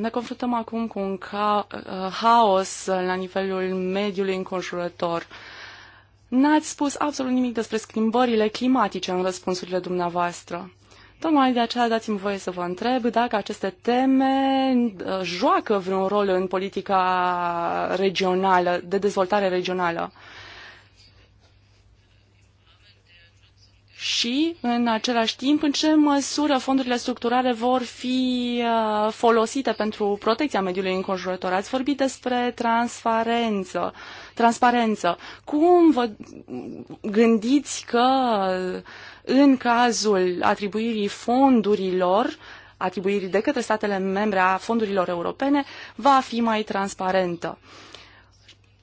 Ne confruntăm acum cu un ca, uh, haos la nivelul mediului înconjurător. N-ați spus absolut nimic despre schimbările climatice în răspunsurile dumneavoastră. Tocmai de aceea dați-mi voie să vă întreb dacă aceste teme uh, joacă vreun rol în politica regională, de dezvoltare regională. Uh, și, în același timp, în ce măsură fondurile structurale vor fi uh, folosite pentru protecția mediului înconjurător. Ați vorbit despre transparență. transparență. Cum vă gândiți că, în cazul atribuirii fondurilor, atribuirii de către statele membre a fondurilor europene, va fi mai transparentă?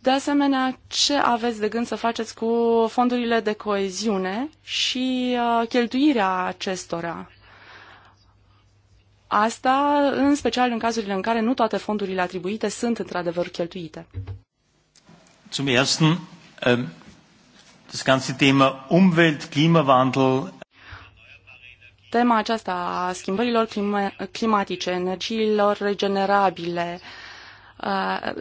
De asemenea, ce aveți de gând să faceți cu fondurile de coeziune și uh, cheltuirea acestora? Asta, în special în cazurile în care nu toate fondurile atribuite sunt într-adevăr cheltuite. Zum ersten, ähm, das ganze Thema Umwelt, Klimawandel. Tema aceasta a schimbărilor climatice, energiilor regenerabile, uh, Uh,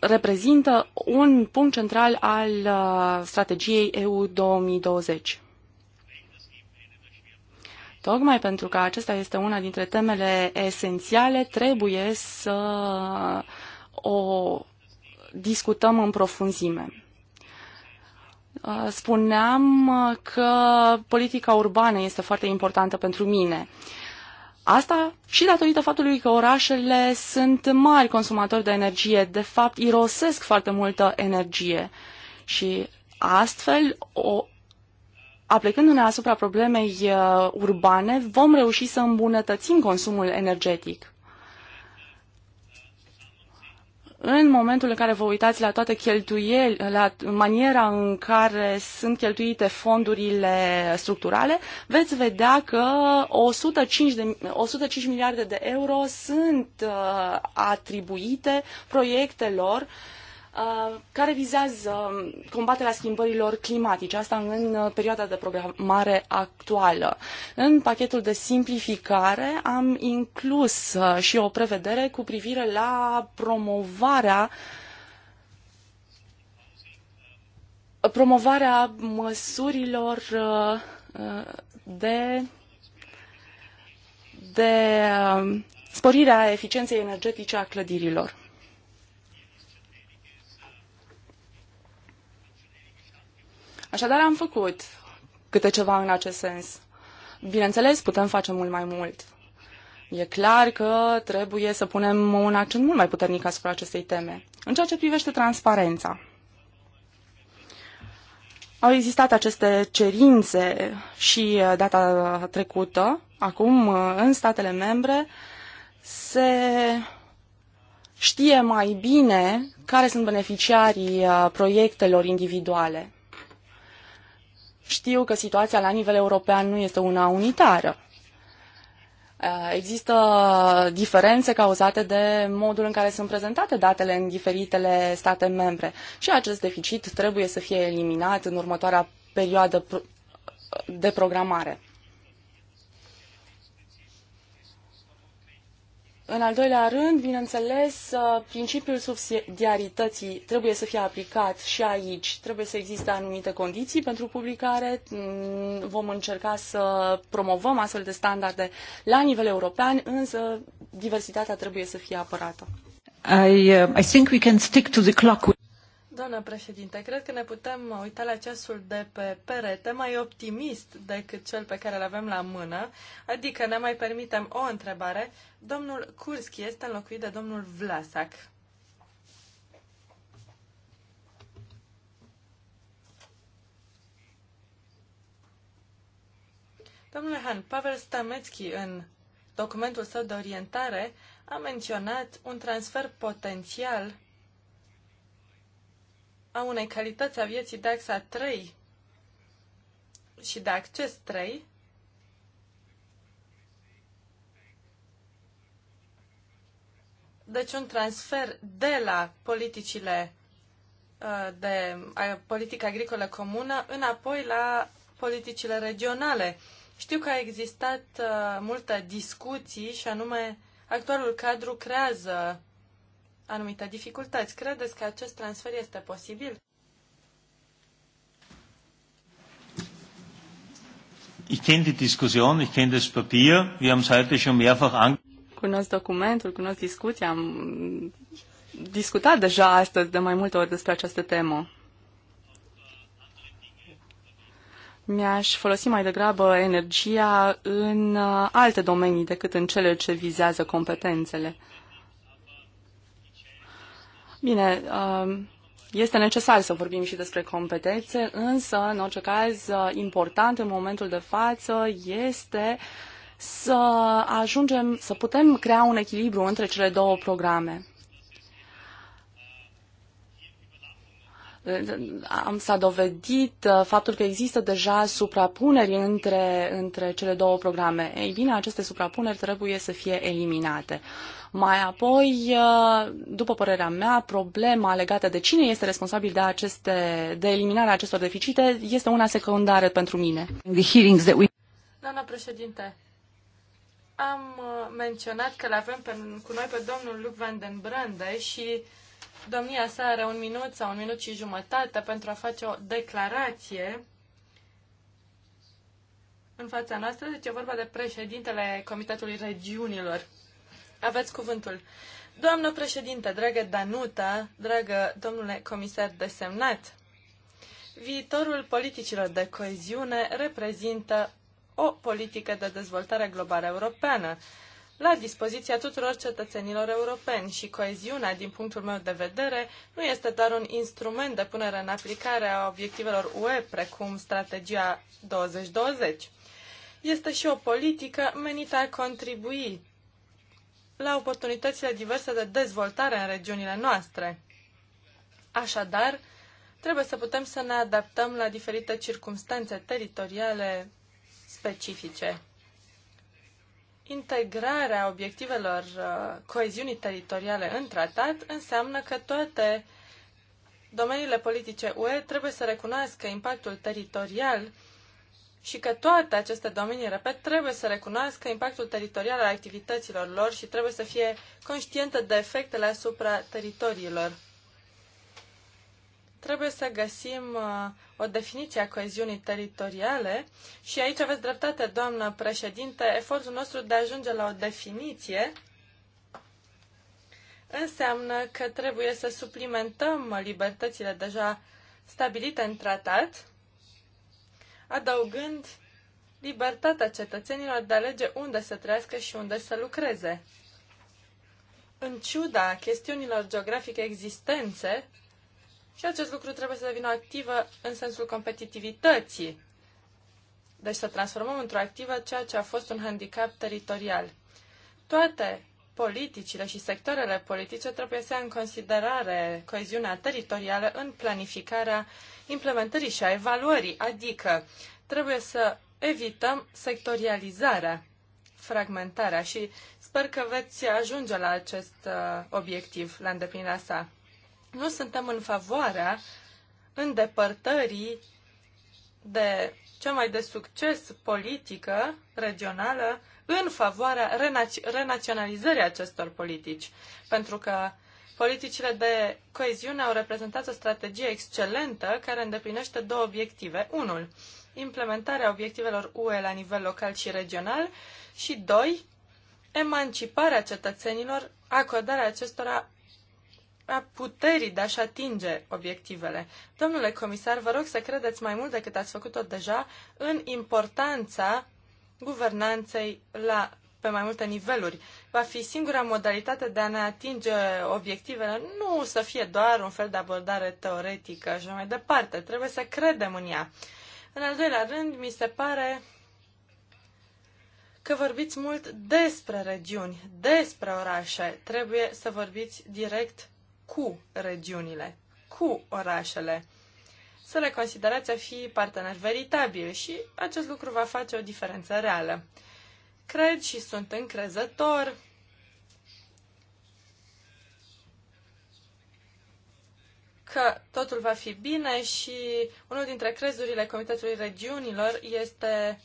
reprezintă un punct central al uh, strategiei EU 2020. Tocmai pentru că acesta este una dintre temele esențiale, trebuie să uh, o discutăm în profunzime. Spuneam că politica urbană este foarte importantă pentru mine. Asta și datorită faptului că orașele sunt mari consumatori de energie, de fapt irosesc foarte multă energie și astfel, o, aplicându-ne asupra problemei uh, urbane, vom reuși să îmbunătățim consumul energetic. în momentul în care vă uitați la toate cheltuieli, la maniera în care sunt cheltuite fondurile structurale, veți vedea că 105, de, 105 miliarde de euro sunt uh, atribuite proiectelor uh, Uh, care vizează um, combaterea schimbărilor climatice, asta în uh, perioada de programare actuală. În pachetul de simplificare am inclus uh, și o prevedere cu privire la promovarea promovarea măsurilor de de sporirea eficienței energetice a clădirilor. Așadar am făcut câte ceva în acest sens. Bineînțeles, putem face mult mai mult. E clar că trebuie să punem un accent mult mai puternic asupra acestei teme. În ceea ce privește transparența, au existat aceste cerințe și uh, data trecută. Acum, uh, în statele membre, se știe mai bine care sunt beneficiarii uh, proiectelor individuale. Știu că situația la nivel european nu este una unitară. Uh, există diferențe cauzate de modul în care sunt prezentate datele în diferitele state membre și acest deficit trebuie să fie eliminat în următoarea perioadă de programare. În al doilea rând, bineînțeles, uh, principiul subsidiarității trebuie să fie aplicat și aici. Trebuie să existe anumite condiții pentru publicare. Mm, vom încerca să promovăm astfel de standarde la nivel european, însă diversitatea trebuie să fie apărată. I, uh, I think we can stick to the clock. Doamna președinte, cred că ne putem uita la ceasul de pe perete mai optimist decât cel pe care îl avem la mână, adică ne mai permitem o întrebare. Domnul Kurski este înlocuit de domnul Vlasac. Domnule Han, Pavel Stametski în documentul său de orientare a menționat un transfer potențial a unei calități a vieții de axa 3 și de acces 3, deci un transfer de la politicile uh, de politică agricolă comună înapoi la politicile regionale. Știu că a existat uh, multă discuții și anume actualul cadru creează anumite dificultăți. Credeți că acest transfer este posibil? Ich kenne die Diskussion, ich kenne das Papier. Wir haben es heute schon mehrfach Cunosc documentul, cunosc discuția. Am discutat deja astăzi de mai multe ori despre această temă. Mi-aș folosi mai degrabă energia în uh, alte domenii decât în cele ce vizează competențele. Bine, um, este necesar să vorbim și despre competențe, însă, în orice caz, important în momentul de față este să ajungem, să putem crea un echilibru între cele două programe. am, s-a dovedit uh, faptul că există deja suprapuneri între, între cele două programe. Ei bine, aceste suprapuneri trebuie să fie eliminate. Mai apoi, uh, după părerea mea, problema legată de cine este responsabil de, aceste, de eliminarea acestor deficite este una secundară pentru mine. Doamna președinte, am uh, menționat că l-avem pe, cu noi pe domnul Luc van den Brande și domnia sa are un minut sau un minut și jumătate pentru a face o declarație în fața noastră. Deci e vorba de președintele Comitetului Regiunilor. Aveți cuvântul. Doamnă președinte, dragă Danuta, dragă domnule comisar desemnat, viitorul politicilor de coeziune reprezintă o politică de dezvoltare globală europeană la dispoziția tuturor cetățenilor europeni și coeziunea, din punctul meu de vedere, nu este doar un instrument de punere în aplicare a obiectivelor UE, precum strategia 2020. Este și o politică menită a contribui la oportunitățile diverse de dezvoltare în regiunile noastre. Așadar, trebuie să putem să ne adaptăm la diferite circumstanțe teritoriale specifice. Integrarea obiectivelor uh, coeziunii teritoriale în tratat înseamnă că toate domeniile politice UE trebuie să recunoască impactul teritorial și că toate aceste domenii, repet, trebuie să recunoască impactul teritorial al activităților lor și trebuie să fie conștientă de efectele asupra teritoriilor. Trebuie să găsim uh, o definiție a coeziunii teritoriale și aici aveți dreptate, doamnă președinte, efortul nostru de a ajunge la o definiție înseamnă că trebuie să suplimentăm libertățile deja stabilite în tratat, adăugând libertatea cetățenilor de a alege unde să trăiască și unde să lucreze. În ciuda chestiunilor geografice existențe, și acest lucru trebuie să devină activă în sensul competitivității. Deci să transformăm într-o activă ceea ce a fost un handicap teritorial. Toate politicile și sectoarele politice trebuie să ia în considerare coeziunea teritorială în planificarea implementării și a evaluării, adică trebuie să evităm sectorializarea, fragmentarea și sper că veți ajunge la acest uh, obiectiv, la îndeplinirea sa. Nu suntem în favoarea îndepărtării de cea mai de succes politică regională în favoarea renaționalizării acestor politici, pentru că politicile de coeziune au reprezentat o strategie excelentă care îndeplinește două obiective. Unul, implementarea obiectivelor UE la nivel local și regional și, doi, emanciparea cetățenilor, acordarea acestora a puterii de a-și atinge obiectivele. Domnule comisar, vă rog să credeți mai mult decât ați făcut-o deja în importanța guvernanței la, pe mai multe niveluri. Va fi singura modalitate de a ne atinge obiectivele, nu să fie doar un fel de abordare teoretică și mai departe. Trebuie să credem în ea. În al doilea rând, mi se pare că vorbiți mult despre regiuni, despre orașe. Trebuie să vorbiți direct cu regiunile, cu orașele să le considerați a fi parteneri veritabili și acest lucru va face o diferență reală. Cred și sunt încrezător că totul va fi bine și unul dintre crezurile Comitetului Regiunilor este,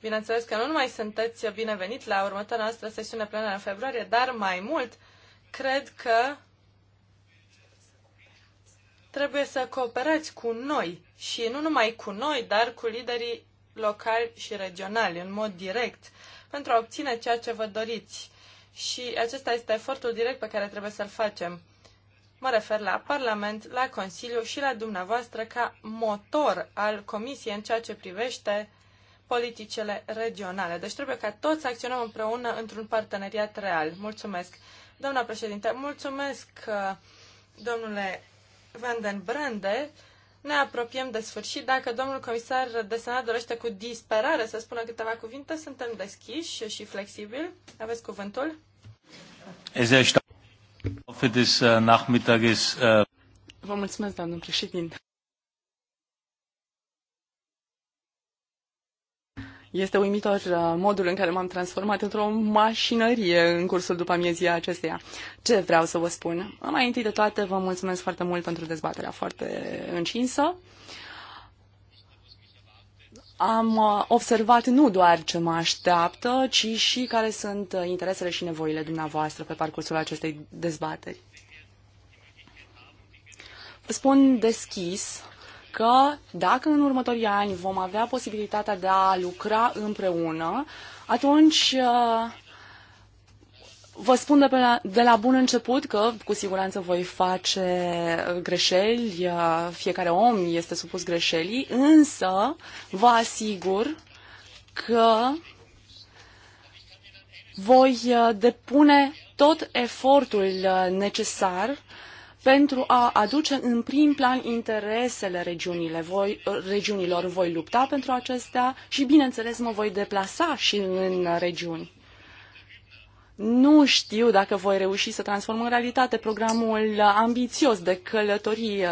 bineînțeles că nu numai sunteți binevenit la următoarea noastră sesiune plenară în februarie, dar mai mult, cred că trebuie să cooperați cu noi și nu numai cu noi, dar cu liderii locali și regionali, în mod direct, pentru a obține ceea ce vă doriți. Și acesta este efortul direct pe care trebuie să-l facem. Mă refer la Parlament, la Consiliu și la dumneavoastră ca motor al Comisiei în ceea ce privește politicele regionale. Deci trebuie ca toți să acționăm împreună într-un parteneriat real. Mulțumesc. Doamna președinte, mulțumesc, uh, domnule Vanden Brande, ne apropiem de sfârșit. Dacă domnul comisar senat dorește cu disperare să spună câteva cuvinte, suntem deschiși și flexibili. Aveți cuvântul. Äh, äh, Vă mulțumesc, domnul președinte. Este uimitor uh, modul în care m-am transformat într-o mașinărie în cursul după amiezia acesteia. Ce vreau să vă spun? Mai întâi de toate, vă mulțumesc foarte mult pentru dezbaterea foarte încinsă. Am uh, observat nu doar ce mă așteaptă, ci și care sunt uh, interesele și nevoile dumneavoastră pe parcursul acestei dezbateri. Spun deschis că dacă în următorii ani vom avea posibilitatea de a lucra împreună, atunci uh, Vă spun de, pe la, de la bun început că cu siguranță voi face greșeli, uh, fiecare om este supus greșelii, însă vă asigur că voi uh, depune tot efortul necesar pentru a aduce în prim plan interesele regiunile voi, regiunilor. Voi lupta pentru acestea și, bineînțeles, mă voi deplasa și în regiuni. Nu știu dacă voi reuși să transform în realitate programul ambițios de călătorie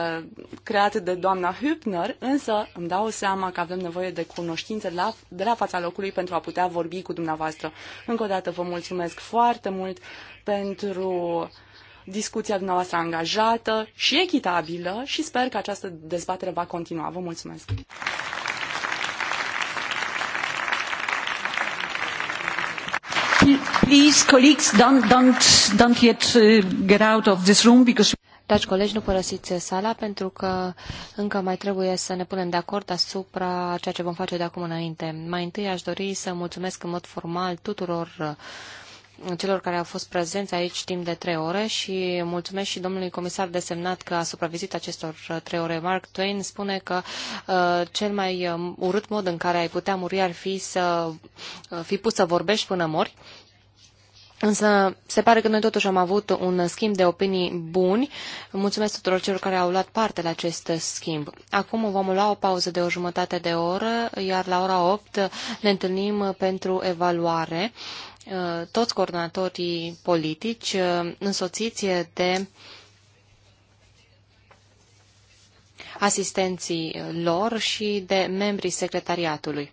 creat de doamna Hübner, însă îmi dau seama că avem nevoie de cunoștințe la, de la fața locului pentru a putea vorbi cu dumneavoastră. Încă o dată vă mulțumesc foarte mult pentru discuția dumneavoastră angajată și echitabilă și sper că această dezbatere va continua. Vă mulțumesc! Please, colleagues, don't, don't, don't yet uh, get out of this room because... Dragi colegi, nu părăsiți sala pentru că încă mai trebuie să ne punem de acord asupra ceea ce vom face de acum înainte. Mai întâi aș dori să mulțumesc în mod formal tuturor celor care au fost prezenți aici timp de trei ore și mulțumesc și domnului comisar desemnat că a supravizit acestor uh, trei ore. Mark Twain spune că uh, cel mai um, urât mod în care ai putea muri ar fi să uh, fi pus să vorbești până mori. Uh, Însă se pare că noi totuși am avut un schimb de opinii buni. Mulțumesc tuturor celor care au luat parte la acest schimb. Acum vom lua o pauză de o jumătate de oră, iar la ora 8 ne întâlnim pentru evaluare. Toți coordonatorii politici însoțiți de asistenții lor și de membrii secretariatului.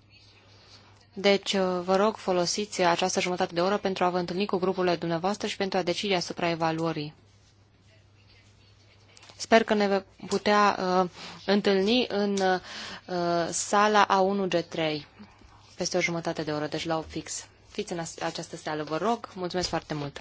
Deci, uh, vă rog, folosiți această jumătate de oră pentru a vă întâlni cu grupurile dumneavoastră și pentru a decide asupra evaluării. Sper că ne putea uh, întâlni în uh, sala A1G3 peste o jumătate de oră, deci la o fix. Fiți în această seală, vă rog. Mulțumesc foarte mult!